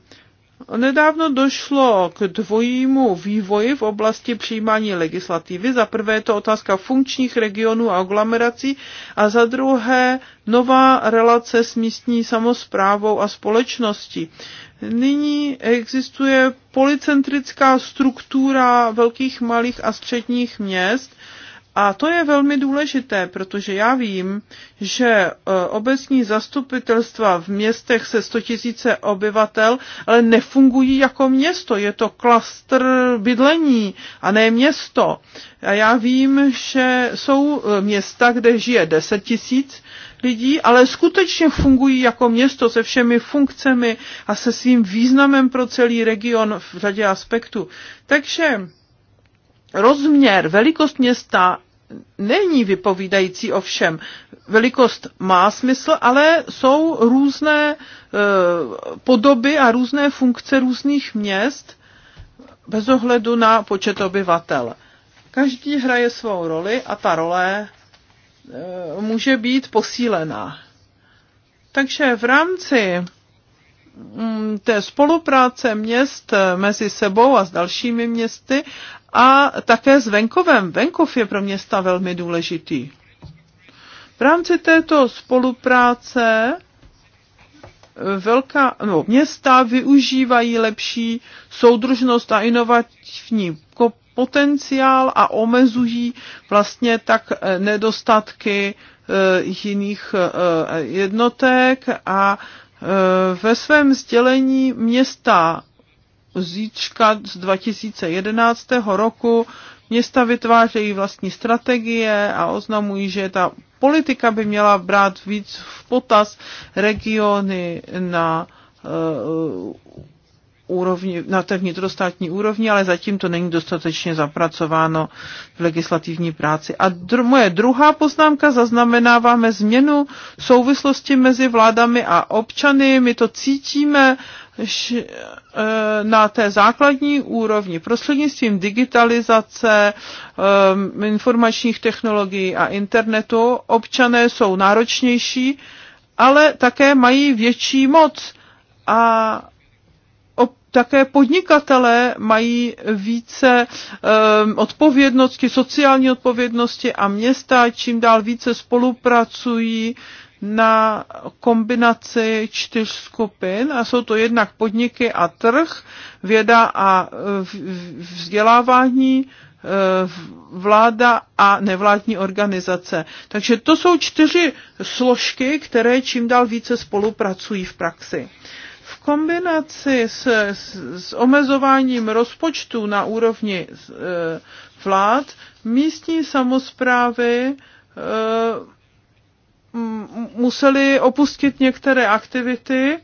Nedávno došlo k dvojímu vývoji v oblasti přijímání legislativy. Za prvé je to otázka funkčních regionů a aglomerací a za druhé nová relace s místní samozprávou a společností. Nyní existuje policentrická struktura velkých, malých a středních měst, a to je velmi důležité, protože já vím, že e, obecní zastupitelstva v městech se 100 000 obyvatel, ale nefungují jako město. Je to klastr bydlení a ne město. A já vím, že jsou e, města, kde žije 10 tisíc lidí, ale skutečně fungují jako město se všemi funkcemi a se svým významem pro celý region v řadě aspektů. Takže rozměr, velikost města není vypovídající ovšem. Velikost má smysl, ale jsou různé eh, podoby a různé funkce různých měst bez ohledu na počet obyvatel. Každý hraje svou roli a ta role eh, může být posílená. Takže v rámci mm, té spolupráce měst eh, mezi sebou a s dalšími městy a také s venkovem. Venkov je pro města velmi důležitý. V rámci této spolupráce eh, velká, no, města využívají lepší soudržnost a inovativní potenciál a omezují vlastně tak eh, nedostatky eh, jiných jednotek a ve svém sdělení města zíčka z 2011. roku. Města vytvářejí vlastní strategie a oznamují, že ta politika by měla brát víc v potaz regiony na eh, úrovni, na té vnitrostátní úrovni, ale zatím to není dostatečně zapracováno v legislativní práci. A dru, moje druhá poznámka, zaznamenáváme změnu souvislosti mezi vládami a občany, my to cítíme e, na té základní úrovni prostřednictvím digitalizace, e, informačních technologií a internetu občané jsou náročnější, ale také mají větší moc a také podnikatelé mají více ehm, odpovědnosti, sociální odpovědnosti a města čím dál více spolupracují na kombinaci čtyř skupin a jsou to jednak podniky a trh, věda a eh, vzdělávání, eh, vláda a nevládní organizace. Takže to jsou čtyři složky, které čím dál více spolupracují v praxi kombinaci s, s, s omezováním rozpočtu na úrovni e, vlád místní samozprávy e, museli opustit některé aktivity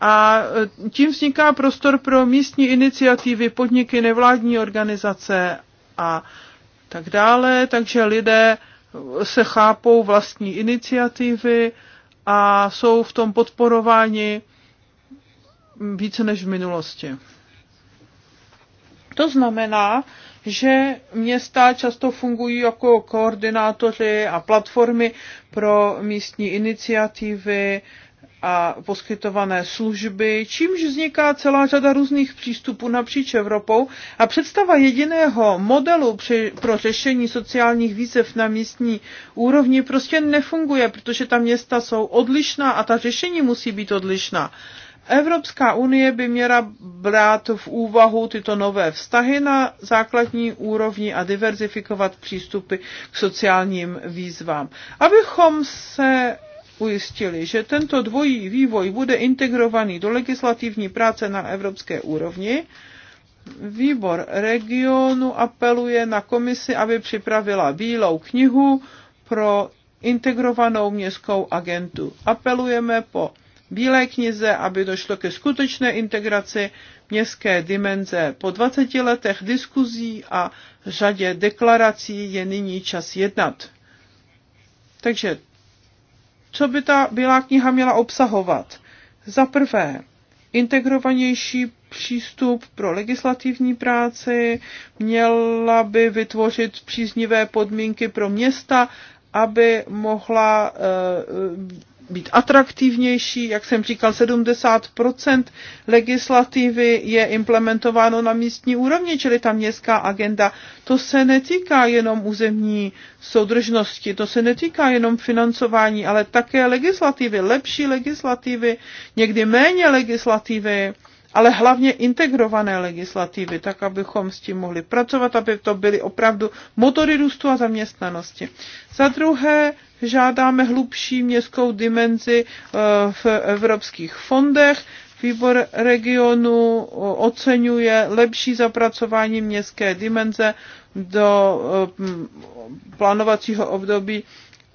a e, tím vzniká prostor pro místní iniciativy, podniky, nevládní organizace a tak dále, takže lidé se chápou vlastní iniciativy a jsou v tom podporováni více než v minulosti. To znamená, že města často fungují jako koordinátoři a platformy pro místní iniciativy a poskytované služby, čímž vzniká celá řada různých přístupů napříč Evropou a představa jediného modelu při, pro řešení sociálních výzev na místní úrovni prostě nefunguje, protože ta města jsou odlišná a ta řešení musí být odlišná. Evropská unie by měla brát v úvahu tyto nové vztahy na základní úrovni a diverzifikovat přístupy k sociálním výzvám. Abychom se ujistili, že tento dvojí vývoj bude integrovaný do legislativní práce na evropské úrovni, výbor regionu apeluje na komisi, aby připravila bílou knihu pro integrovanou městskou agentu. Apelujeme po Bílé knize, aby došlo ke skutečné integraci městské dimenze. Po 20 letech diskuzí a řadě deklarací je nyní čas jednat. Takže co by ta Bílá kniha měla obsahovat? Za prvé, integrovanější přístup pro legislativní práci, měla by vytvořit příznivé podmínky pro města, aby mohla eh, být atraktivnější. Jak jsem říkal, 70 legislativy je implementováno na místní úrovni, čili ta městská agenda. To se netýká jenom územní soudržnosti, to se netýká jenom financování, ale také legislativy, lepší legislativy, někdy méně legislativy ale hlavně integrované legislativy, tak abychom s tím mohli pracovat, aby to byly opravdu motory růstu a zaměstnanosti. Za druhé, žádáme hlubší městskou dimenzi eh, v evropských fondech. Výbor regionu eh, oceňuje lepší zapracování městské dimenze do eh, plánovacího období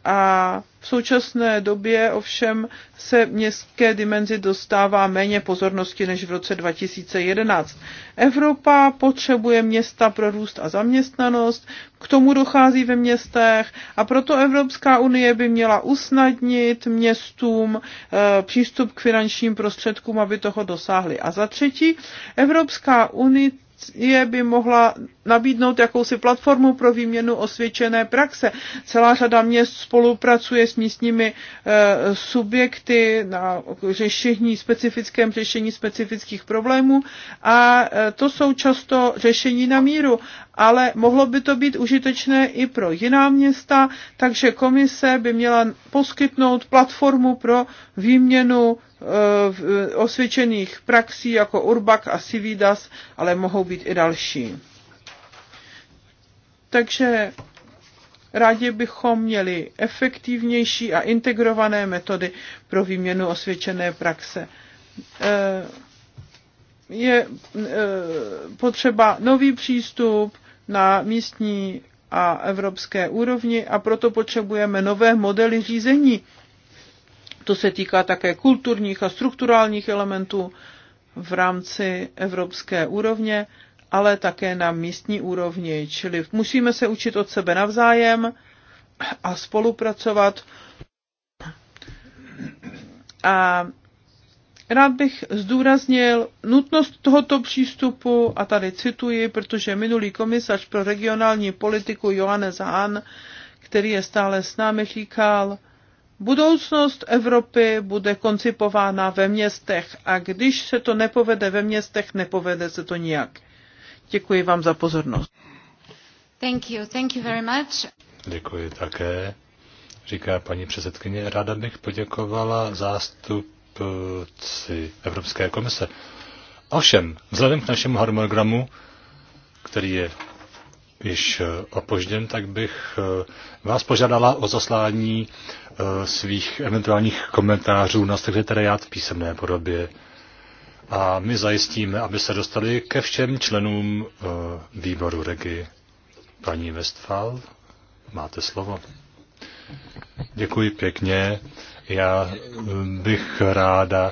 a v současné době ovšem se městské dimenzi dostává méně pozornosti než v roce 2011. Evropa potřebuje města pro růst a zaměstnanost, k tomu dochází ve městech a proto Evropská unie by měla usnadnit městům e, přístup k finančním prostředkům, aby toho dosáhly. A za třetí, Evropská unie je by mohla nabídnout jakousi platformu pro výměnu osvědčené praxe. Celá řada měst spolupracuje s místními eh, subjekty na řešení, specifickém řešení specifických problémů a eh, to jsou často řešení na míru, ale mohlo by to být užitečné i pro jiná města, takže komise by měla poskytnout platformu pro výměnu Eh, osvědčených praxí jako Urbak a Cividas, ale mohou být i další. Takže rádi bychom měli efektivnější a integrované metody pro výměnu osvědčené praxe. Eh, je eh, potřeba nový přístup na místní a evropské úrovni a proto potřebujeme nové modely řízení to se týká také kulturních a strukturálních elementů v rámci evropské úrovně, ale také na místní úrovni. Čili musíme se učit od sebe navzájem a spolupracovat. A rád bych zdůraznil nutnost tohoto přístupu a tady cituji, protože minulý komisař pro regionální politiku Johannes Hahn, který je stále s námi, říkal, Budoucnost Evropy bude koncipována ve městech a když se to nepovede ve městech, nepovede se to nijak. Děkuji vám za pozornost. Thank you. Thank you very much. Děkuji také, říká paní předsedkyně. Ráda bych poděkovala zástupci Evropské komise. Ovšem, vzhledem k našemu harmonogramu, který je již eh, opožděn, tak bych eh, vás požádala o zaslání eh, svých eventuálních komentářů na sekretariát v písemné podobě. A my zajistíme, aby se dostali ke všem členům výboru regi. Paní Westfal, máte slovo. Děkuji pěkně. Já bych ráda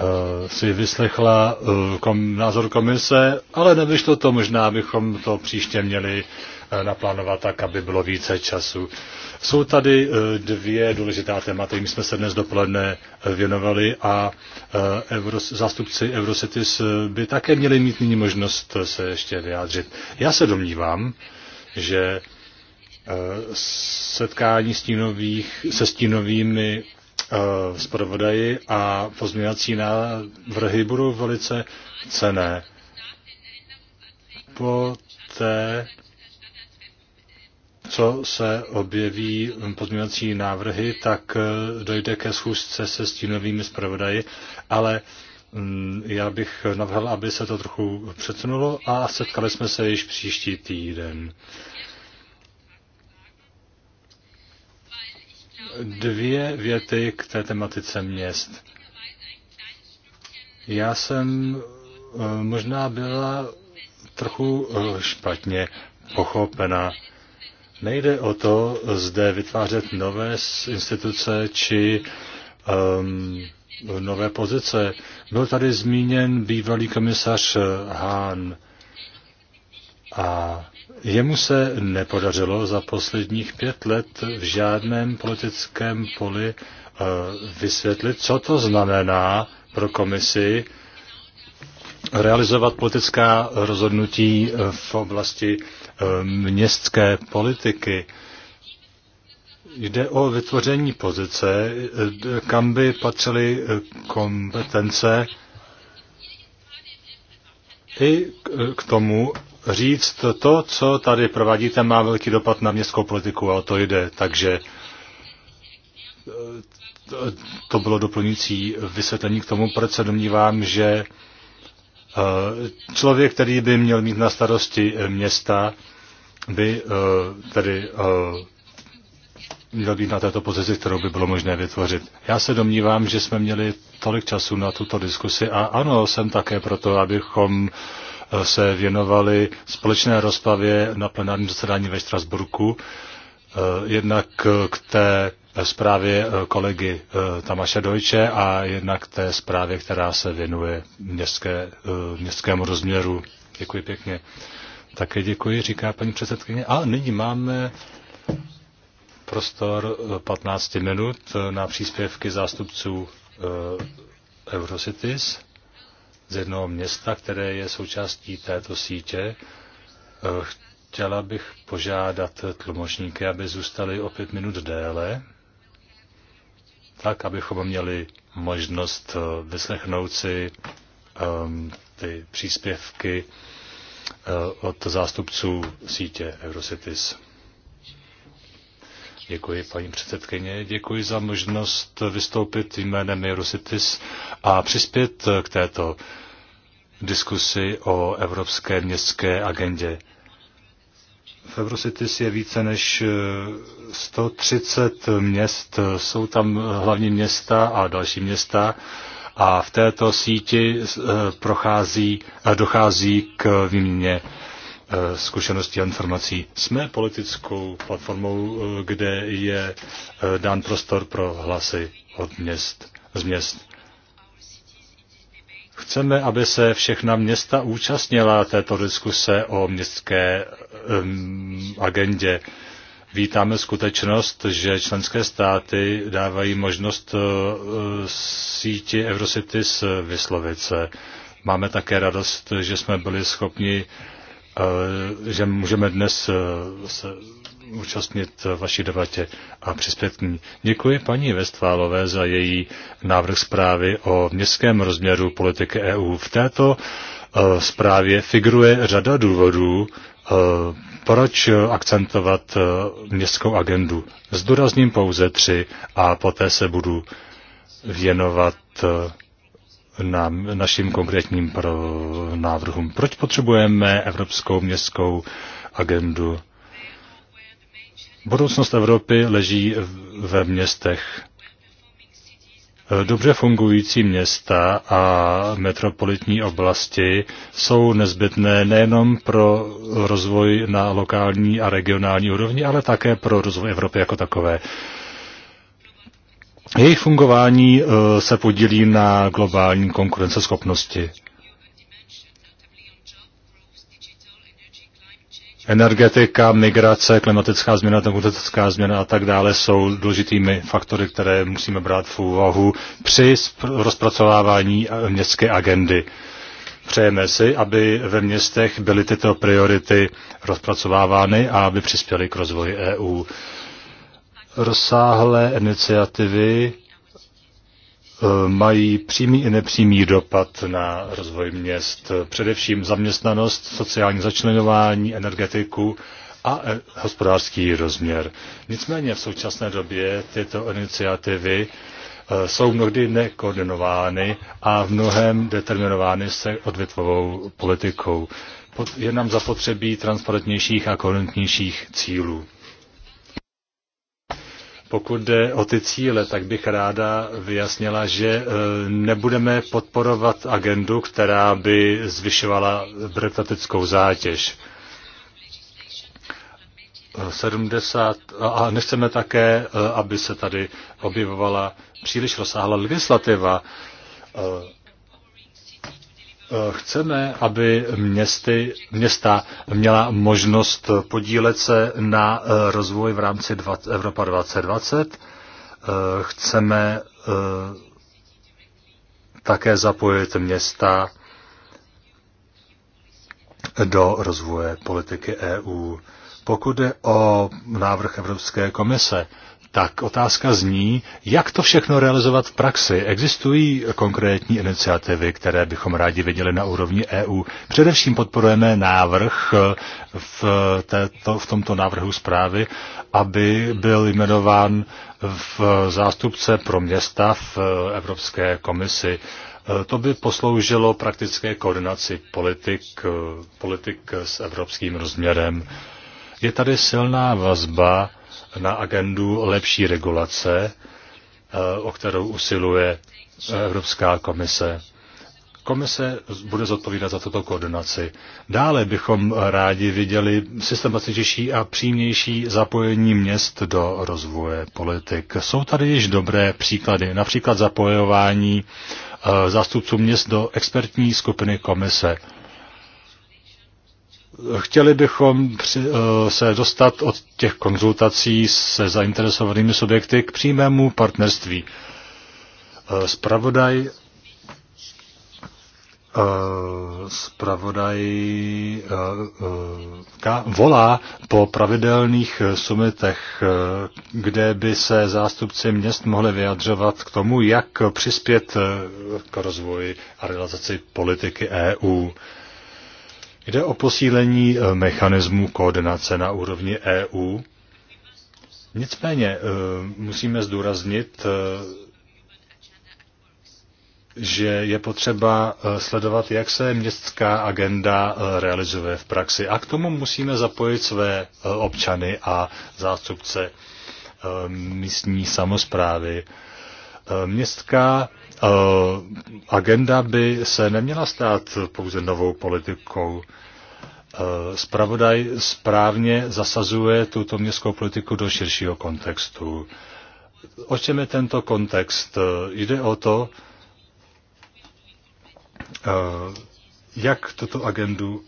Eh, si vyslechla eh, kom, názor komise, ale nevyšlo to, možná bychom to příště měli eh, naplánovat tak, aby bylo více času. Jsou tady dvě důležitá témata, jim jsme se dnes dopoledne věnovali a Euro, zástupci Eurocities by také měli mít nyní možnost se ještě vyjádřit. Já se domnívám, že setkání stínových, se stínovými Eh, zpravodaji a pozměňovací návrhy budou velice cené. Po té, co se objeví pozměňovací návrhy, tak eh, dojde ke schůzce se stínovými zpravodaji, ale mm, já bych navrhl, aby se to trochu přesunulo a setkali jsme se již příští týden. dvě věty k té tematice měst. Já jsem eh, možná byla trochu eh, špatně pochopena. Nejde o to zde vytvářet nové instituce či um, nové pozice. Byl tady zmíněn bývalý komisař Hahn a Jemu se nepodařilo za posledních pět let v žádném politickém poli eh, vysvětlit, co to znamená pro komisi realizovat politická rozhodnutí eh, v oblasti eh, městské politiky. Jde o vytvoření pozice, kam by patřily kompetence i k tomu, říct, to, co tady provádíte, má velký dopad na městskou politiku a o to jde. Takže e, to bylo doplňující vysvětlení k tomu, proč se domnívám, že e, člověk, který by měl mít na starosti města, by e, tedy měl být na této pozici, kterou by bylo možné vytvořit. Já se domnívám, že jsme měli tolik času na tuto diskusi a ano, jsem také proto, abychom uh, se věnovali společné rozpravě na plenárním zasedání ve Štrasburku, eh, jednak k té zprávě eh, kolegy eh, Tamaše Dojče a jednak té zprávě, která se věnuje městské, městskému rozměru. Děkuji pěkně. Také děkuji, říká paní předsedkyně. A nyní máme prostor 15 minut na příspěvky zástupců Eurocities z jednoho města, které je součástí této sítě. Eh, chtěla bych požádat tlumočníky, aby zůstali o pět minut déle, tak abychom měli možnost eh, vyslechnout si um, ty příspěvky uh, od zástupců sítě Eurocities. Děkuji, paní předsedkyně. Děkuji za možnost vystoupit jménem Jerositis a přispět k této diskusi o Evropské městské agendě. V Eurocities je více než 130 eh, měst, jsou tam hlavní města a další města a v této síti eh, prochází, dochází k výměně Eh, zkušeností a informací. Jsme politickou platformou, eh, kde je eh, dán prostor pro hlasy od měst, z měst. Chceme, aby se všechna města účastnila této diskuse o městské um, agendě. Vítáme skutečnost, že členské státy dávají možnost uh, síti Eurocities vyslovit se. Máme také radost, že jsme byli schopni uh, Eh, že můžeme dnes eh, se účastnit vaší debatě a přispět k ní. Děkuji paní Vestválové za její návrh zprávy o městském rozměru politiky EU. V této eh, zprávě figuruje řada důvodů, proč akcentovat městskou agendu. Zdůrazním pouze tři a poté se budu věnovat na našim konkrétním pro návrhům. Proč potřebujeme Evropskou městskou agendu? Budoucnost Evropy leží ve městech. Dobře fungující města a metropolitní oblasti jsou nezbytné nejenom pro rozvoj na lokální a regionální úrovni, ale také pro rozvoj Evropy jako takové. Jejich fungování eh, se podílí na globální konkurenceschopnosti. Energetika, migrace, klimatická změna, demokratická změna a tak dále jsou důležitými faktory, které musíme brát v úvahu při rozpracovávání eh, městské agendy. Přejeme si, aby ve městech byly tyto priority rozpracovávány a aby přispěly k rozvoji EU rozsáhlé iniciativy eh, mají přímý i nepřímý dopad na rozvoj měst, především zaměstnanost, sociální začlenování, energetiku a eh, hospodářský rozměr. Nicméně v současné době tyto iniciativy eh, jsou mnohdy nekoordinovány a v mnohem determinovány se odvětvovou politikou. Je nám zapotřebí transparentnějších a koordinatnějších cílů. Pokud jde o ty cíle, tak bych ráda vyjasnila, že eh, nebudeme podporovat agendu, která by zvyšovala byrokratickou zátěž. 70, a nechceme také, eh, aby se tady objevovala příliš rozsáhlá legislativa. Eh, Eh, chceme, aby městy, města měla možnost podílet se na eh, rozvoji v rámci 20, Evropa 2020. Eh, chceme také zapojit města do rozvoje politiky EU. Pokud je o návrh Evropské komise, tak otázka zní, jak to všechno realizovat v praxi. Existují konkrétní iniciativy, které bychom rádi viděli na úrovni EU. Především podporujeme návrh eh, v, této, v tomto návrhu zprávy, aby byl jmenován v zástupce pro města v eh, Evropské komisi. Eh, to by posloužilo praktické koordinaci politik, politik s evropským rozměrem. Je tady silná vazba na agendu lepší regulace, eh, o kterou usiluje eh, Evropská komise. Komise bude zodpovídat za tuto koordinaci. Dále bychom rádi viděli systematičtější a přímější zapojení měst do rozvoje politik. Jsou tady již dobré příklady, například zapojování eh, zástupců měst do expertní skupiny komise. Chtěli bychom při, eh, se dostat od těch konzultací se zainteresovanými subjekty k přímému partnerství. Spravodaj eh, spravodaj eh, volá po pravidelných sumitech, kde by se zástupci měst mohli vyjadřovat k tomu, jak přispět k rozvoji a realizaci politiky EU. Jde o posílení e, mechanismů koordinace na úrovni EU. Nicméně e, musíme zdůraznit, e, že je potřeba sledovat, jak se městská agenda realizuje v praxi. A k tomu musíme zapojit své občany a zástupce místní samozprávy. Městská Eh, agenda by se neměla stát pouze novou politikou. Spravodaj eh, správně zasazuje tuto městskou politiku do širšího kontextu. O čem je tento kontext? Eh, jde o to, jak tuto agendu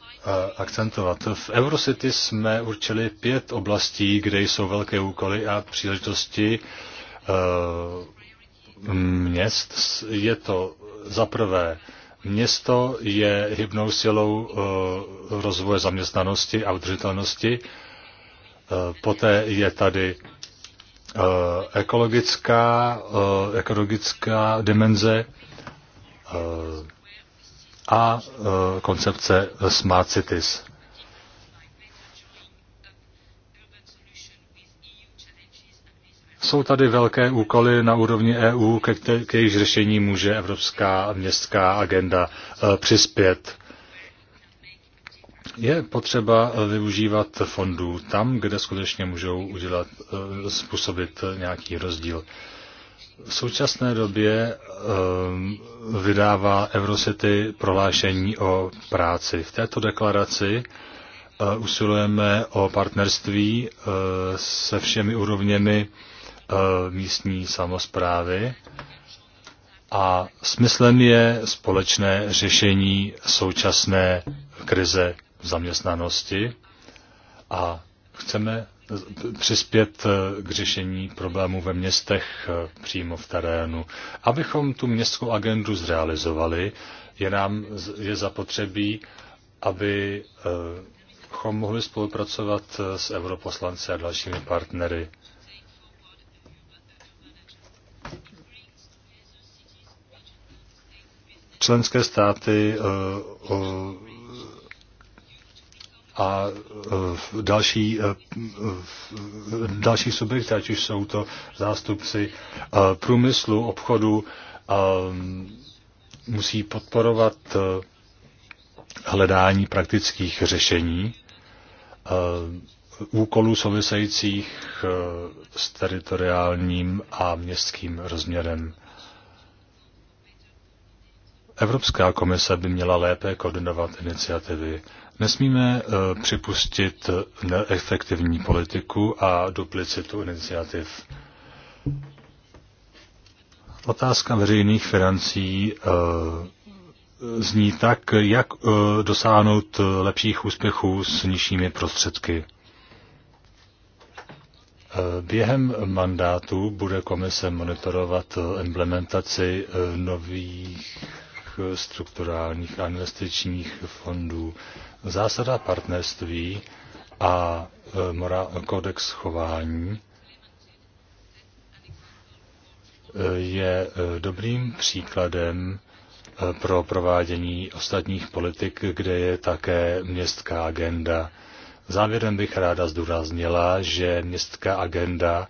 akcentovat. V Eurocity jsme určili pět oblastí, kde jsou velké úkoly a příležitosti měst je to za prvé Město je hybnou silou eh, rozvoje zaměstnanosti a udržitelnosti. Eh, poté je tady eh, ekologická, ekologická dimenze a koncepce Smart Cities. Jsou tady velké úkoly na úrovni EU, ke, k řešení může Evropská městská agenda e, přispět. Je potřeba e, využívat fondů tam, kde skutečně můžou udělat, e, způsobit nějaký rozdíl. V současné době vydává Eurocity prohlášení o práci. V této deklaraci usilujeme o partnerství se všemi úrovněmi Eh, místní samozprávy a smyslem je společné řešení současné krize v zaměstnanosti a chceme přispět eh, k řešení problémů ve městech eh, přímo v terénu. Abychom tu městskou agendu zrealizovali, je nám je zapotřebí, aby mohli spolupracovat s europoslanci a dalšími partnery. členské státy eh, eh, a eh, další, další subjekty, ať už jsou to zástupci průmyslu, obchodu, musí podporovat hledání praktických řešení úkolů souvisejících s teritoriálním a městským rozměrem. Evropská komise by měla lépe koordinovat iniciativy. Nesmíme eh, připustit neefektivní politiku a duplicitu iniciativ. Otázka veřejných financí eh, zní tak, jak eh, dosáhnout lepších úspěchů s nižšími prostředky. Během mandátu bude komise monitorovat implementaci nových evropských strukturálních a investičních fondů. Zásada partnerství a e, kodex chování e, je e, dobrým příkladem pro provádění ostatních politik, kde je také městská agenda. Závěrem bych ráda zdůraznila, že městská agenda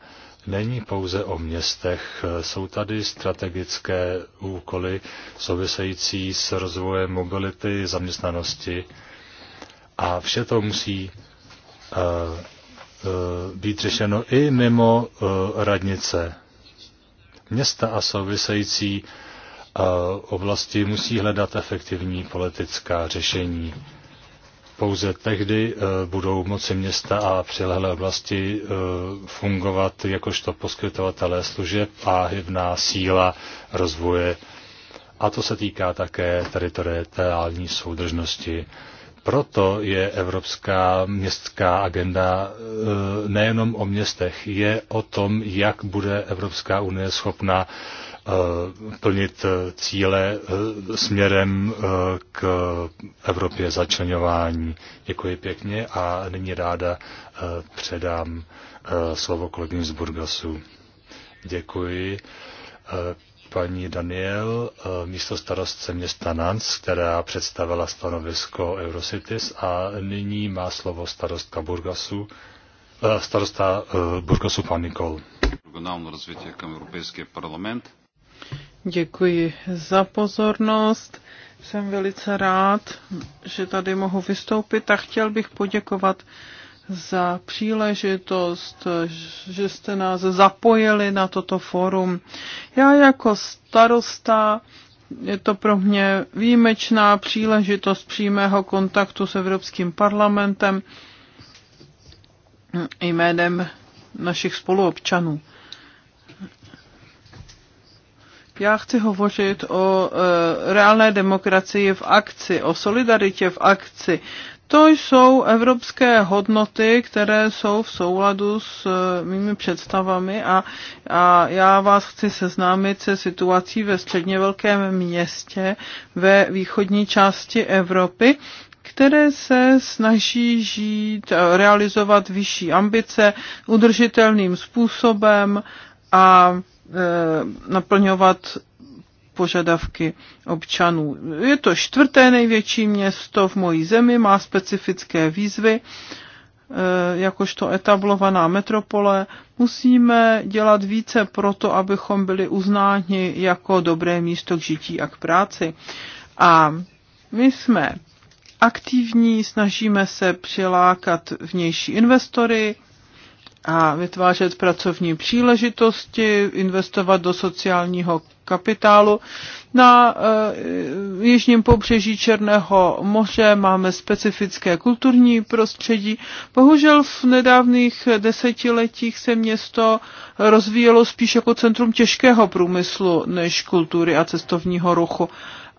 není pouze o městech. Jsou tady strategické úkoly související s rozvojem mobility, zaměstnanosti a vše to musí eh, eh, být řešeno i mimo eh, radnice. Města a související oblasti musí hledat efektivní politická řešení pouze tehdy eh, budou moci města a přilehlé oblasti eh, fungovat jakožto poskytovatelé služeb a hybná síla rozvoje. A to se týká také teritoriální soudržnosti. Proto je Evropská městská agenda eh, nejenom o městech, je o tom, jak bude Evropská unie schopna Eh, plnit eh, cíle eh, směrem k Evropě začlenování. Děkuji pěkně a nyní ráda předám slovo kolegům z Burgasu. Děkuji paní Daniel, místo starostce města Nans, která představila stanovisko Eurocities a nyní má slovo starostka Burgasu, starosta Burgasu pan Nikol. Regionální rozvětí jako Evropský parlament. Děkuji za pozornost. Jsem velice rád, že tady mohu vystoupit a chtěl bych poděkovat za příležitost, že jste nás zapojili na toto forum. Já jako starosta je to pro mě výjimečná příležitost přímého kontaktu s Evropským parlamentem jménem našich spoluobčanů. Já chci hovořit o e, reálné demokracii v akci, o solidaritě v akci. To jsou evropské hodnoty, které jsou v souladu s e, mými představami a, a já vás chci seznámit se situací ve středně velkém městě ve východní části Evropy, které se snaží žít, e, realizovat vyšší ambice udržitelným způsobem a Eh, naplňovat požadavky občanů. Je to čtvrté největší město v mojí zemi, má specifické výzvy, eh, jakožto etablovaná metropole. Musíme dělat více proto, abychom byli uznáni jako dobré místo k žití a k práci. A my jsme aktivní, snažíme se přilákat vnější investory, a vytvářet pracovní příležitosti, investovat do sociálního kapitálu. Na e, jižním pobřeží Černého moře máme specifické kulturní prostředí. Bohužel v nedávných desetiletích se město rozvíjelo spíš jako centrum těžkého průmyslu než kultury a cestovního ruchu.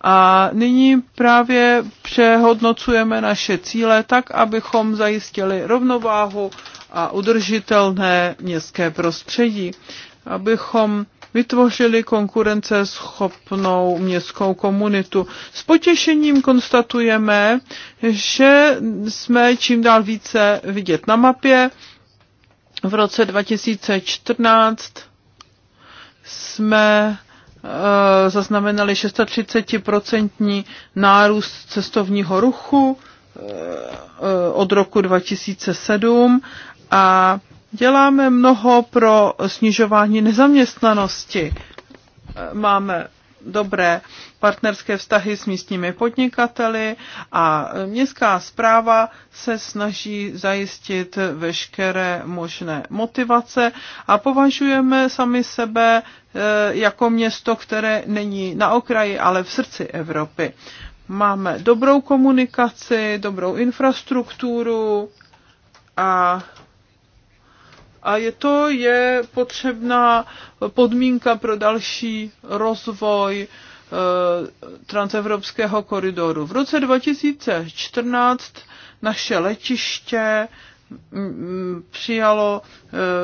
A nyní právě přehodnocujeme naše cíle tak, abychom zajistili rovnováhu a udržitelné městské prostředí, abychom vytvořili konkurenceschopnou městskou komunitu. S potěšením konstatujeme, že jsme čím dál více vidět na mapě. V roce 2014 jsme eh, zaznamenali 630% nárůst cestovního ruchu eh, eh, od roku 2007 a děláme mnoho pro snižování nezaměstnanosti. Máme dobré partnerské vztahy s místními podnikateli a městská zpráva se snaží zajistit veškeré možné motivace a považujeme sami sebe eh, jako město, které není na okraji, ale v srdci Evropy. Máme dobrou komunikaci, dobrou infrastrukturu a a je to je potřebná podmínka pro další rozvoj eh, transevropského koridoru. V roce 2014 naše letiště mm, mm, přijalo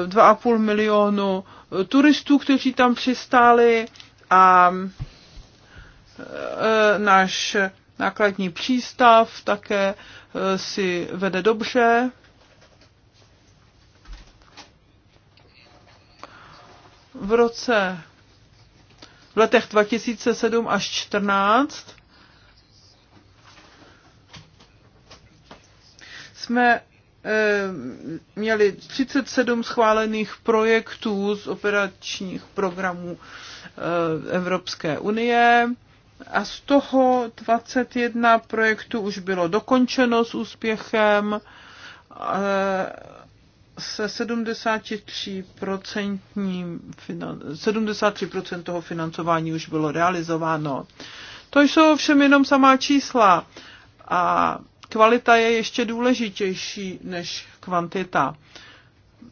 2,5 eh, milionu eh, turistů, kteří tam přistáli a náš nákladní přístav také si vede dobře v roce v letech 2007 až 2014 jsme eh, měli 37 schválených projektů z operačních programů eh, Evropské unie a z toho 21 projektů už bylo dokončeno s úspěchem eh, se 73%, 73% toho financování už bylo realizováno. To jsou ovšem jenom samá čísla a kvalita je ještě důležitější než kvantita.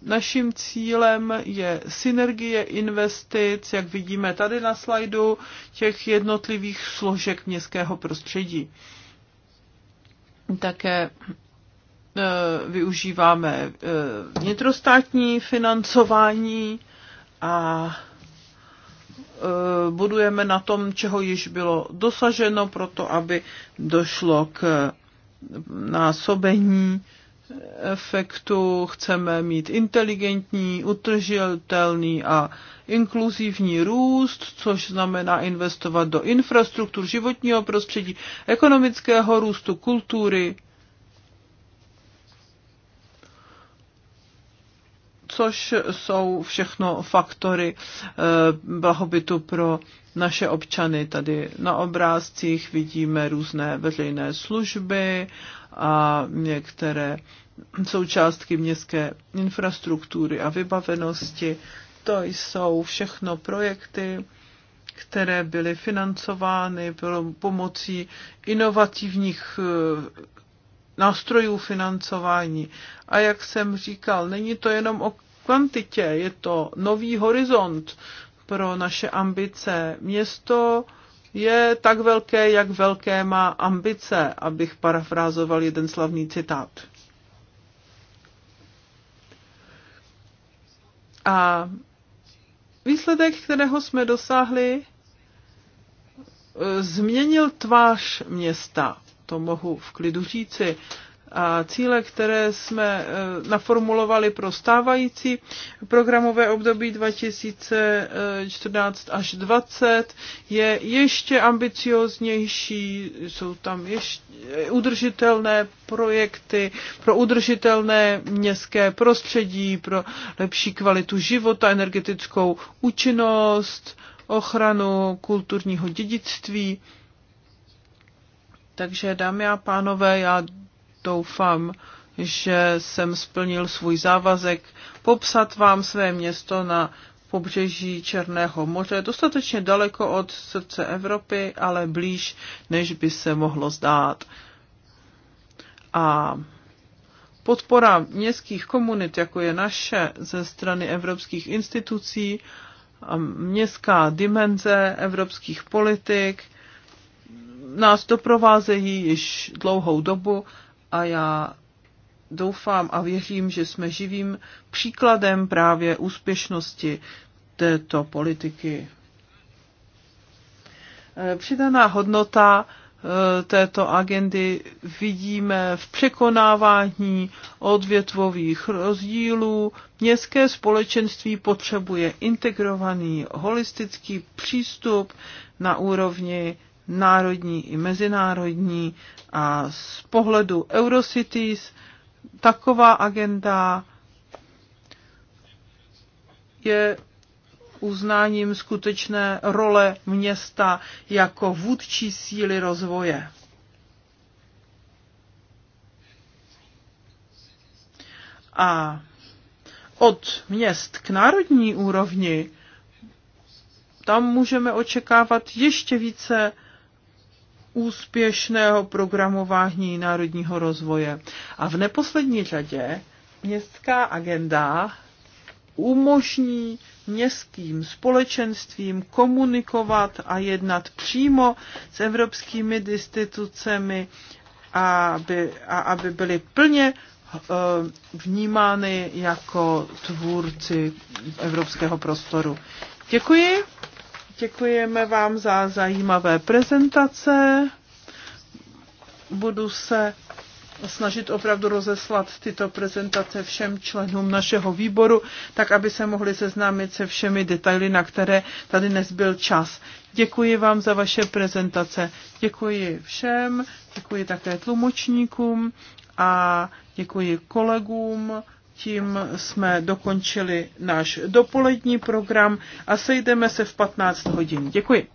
Naším cílem je synergie investic, jak vidíme tady na slajdu, těch jednotlivých složek městského prostředí. Také Eh, využíváme eh, vnitrostátní financování a eh, budujeme na tom, čeho již bylo dosaženo, proto aby došlo k násobení efektu. Chceme mít inteligentní, utržitelný a inkluzivní růst, což znamená investovat do infrastruktur životního prostředí, ekonomického růstu, kultury což jsou všechno faktory eh, blahobytu pro naše občany. Tady na obrázcích vidíme různé veřejné služby a některé součástky městské infrastruktury a vybavenosti. To jsou všechno projekty, které byly financovány pomocí inovativních eh, nástrojů financování. A jak jsem říkal, není to jenom o kvantitě, je to nový horizont pro naše ambice. Město je tak velké, jak velké má ambice, abych parafrázoval jeden slavný citát. A výsledek, kterého jsme dosáhli, e, změnil tvář města to mohu v klidu říci. A cíle, které jsme eh, naformulovali pro stávající programové období 2014 až 2020, je ještě ambicioznější, jsou tam ještě udržitelné projekty pro udržitelné městské prostředí, pro lepší kvalitu života, energetickou účinnost, ochranu kulturního dědictví. Takže dámy a pánové, já doufám, že jsem splnil svůj závazek popsat vám své město na pobřeží Černého moře, dostatečně daleko od srdce Evropy, ale blíž, než by se mohlo zdát. A podpora městských komunit, jako je naše, ze strany evropských institucí, městská dimenze evropských politik – nás doprovázejí již dlouhou dobu a já doufám a věřím, že jsme živým příkladem právě úspěšnosti této politiky. Eh, přidaná hodnota eh, této agendy vidíme v překonávání odvětvových rozdílů. Městské společenství potřebuje integrovaný holistický přístup na úrovni národní i mezinárodní a z pohledu Eurocities taková agenda je uznáním skutečné role města jako vůdčí síly rozvoje. A od měst k národní úrovni tam můžeme očekávat ještě více úspěšného programování národního rozvoje. A v neposlední řadě městská agenda umožní městským společenstvím komunikovat a jednat přímo s evropskými institucemi, aby, a aby byly plně eh, vnímány jako tvůrci evropského prostoru. Děkuji. Děkujeme vám za zajímavé prezentace. Budu se snažit opravdu rozeslat tyto prezentace všem členům našeho výboru, tak aby se mohli seznámit se všemi detaily, na které tady nezbyl čas. Děkuji vám za vaše prezentace. Děkuji všem, děkuji také tlumočníkům a děkuji kolegům. Tím jsme dokončili náš dopolední program a sejdeme se v 15 hodin. Děkuji.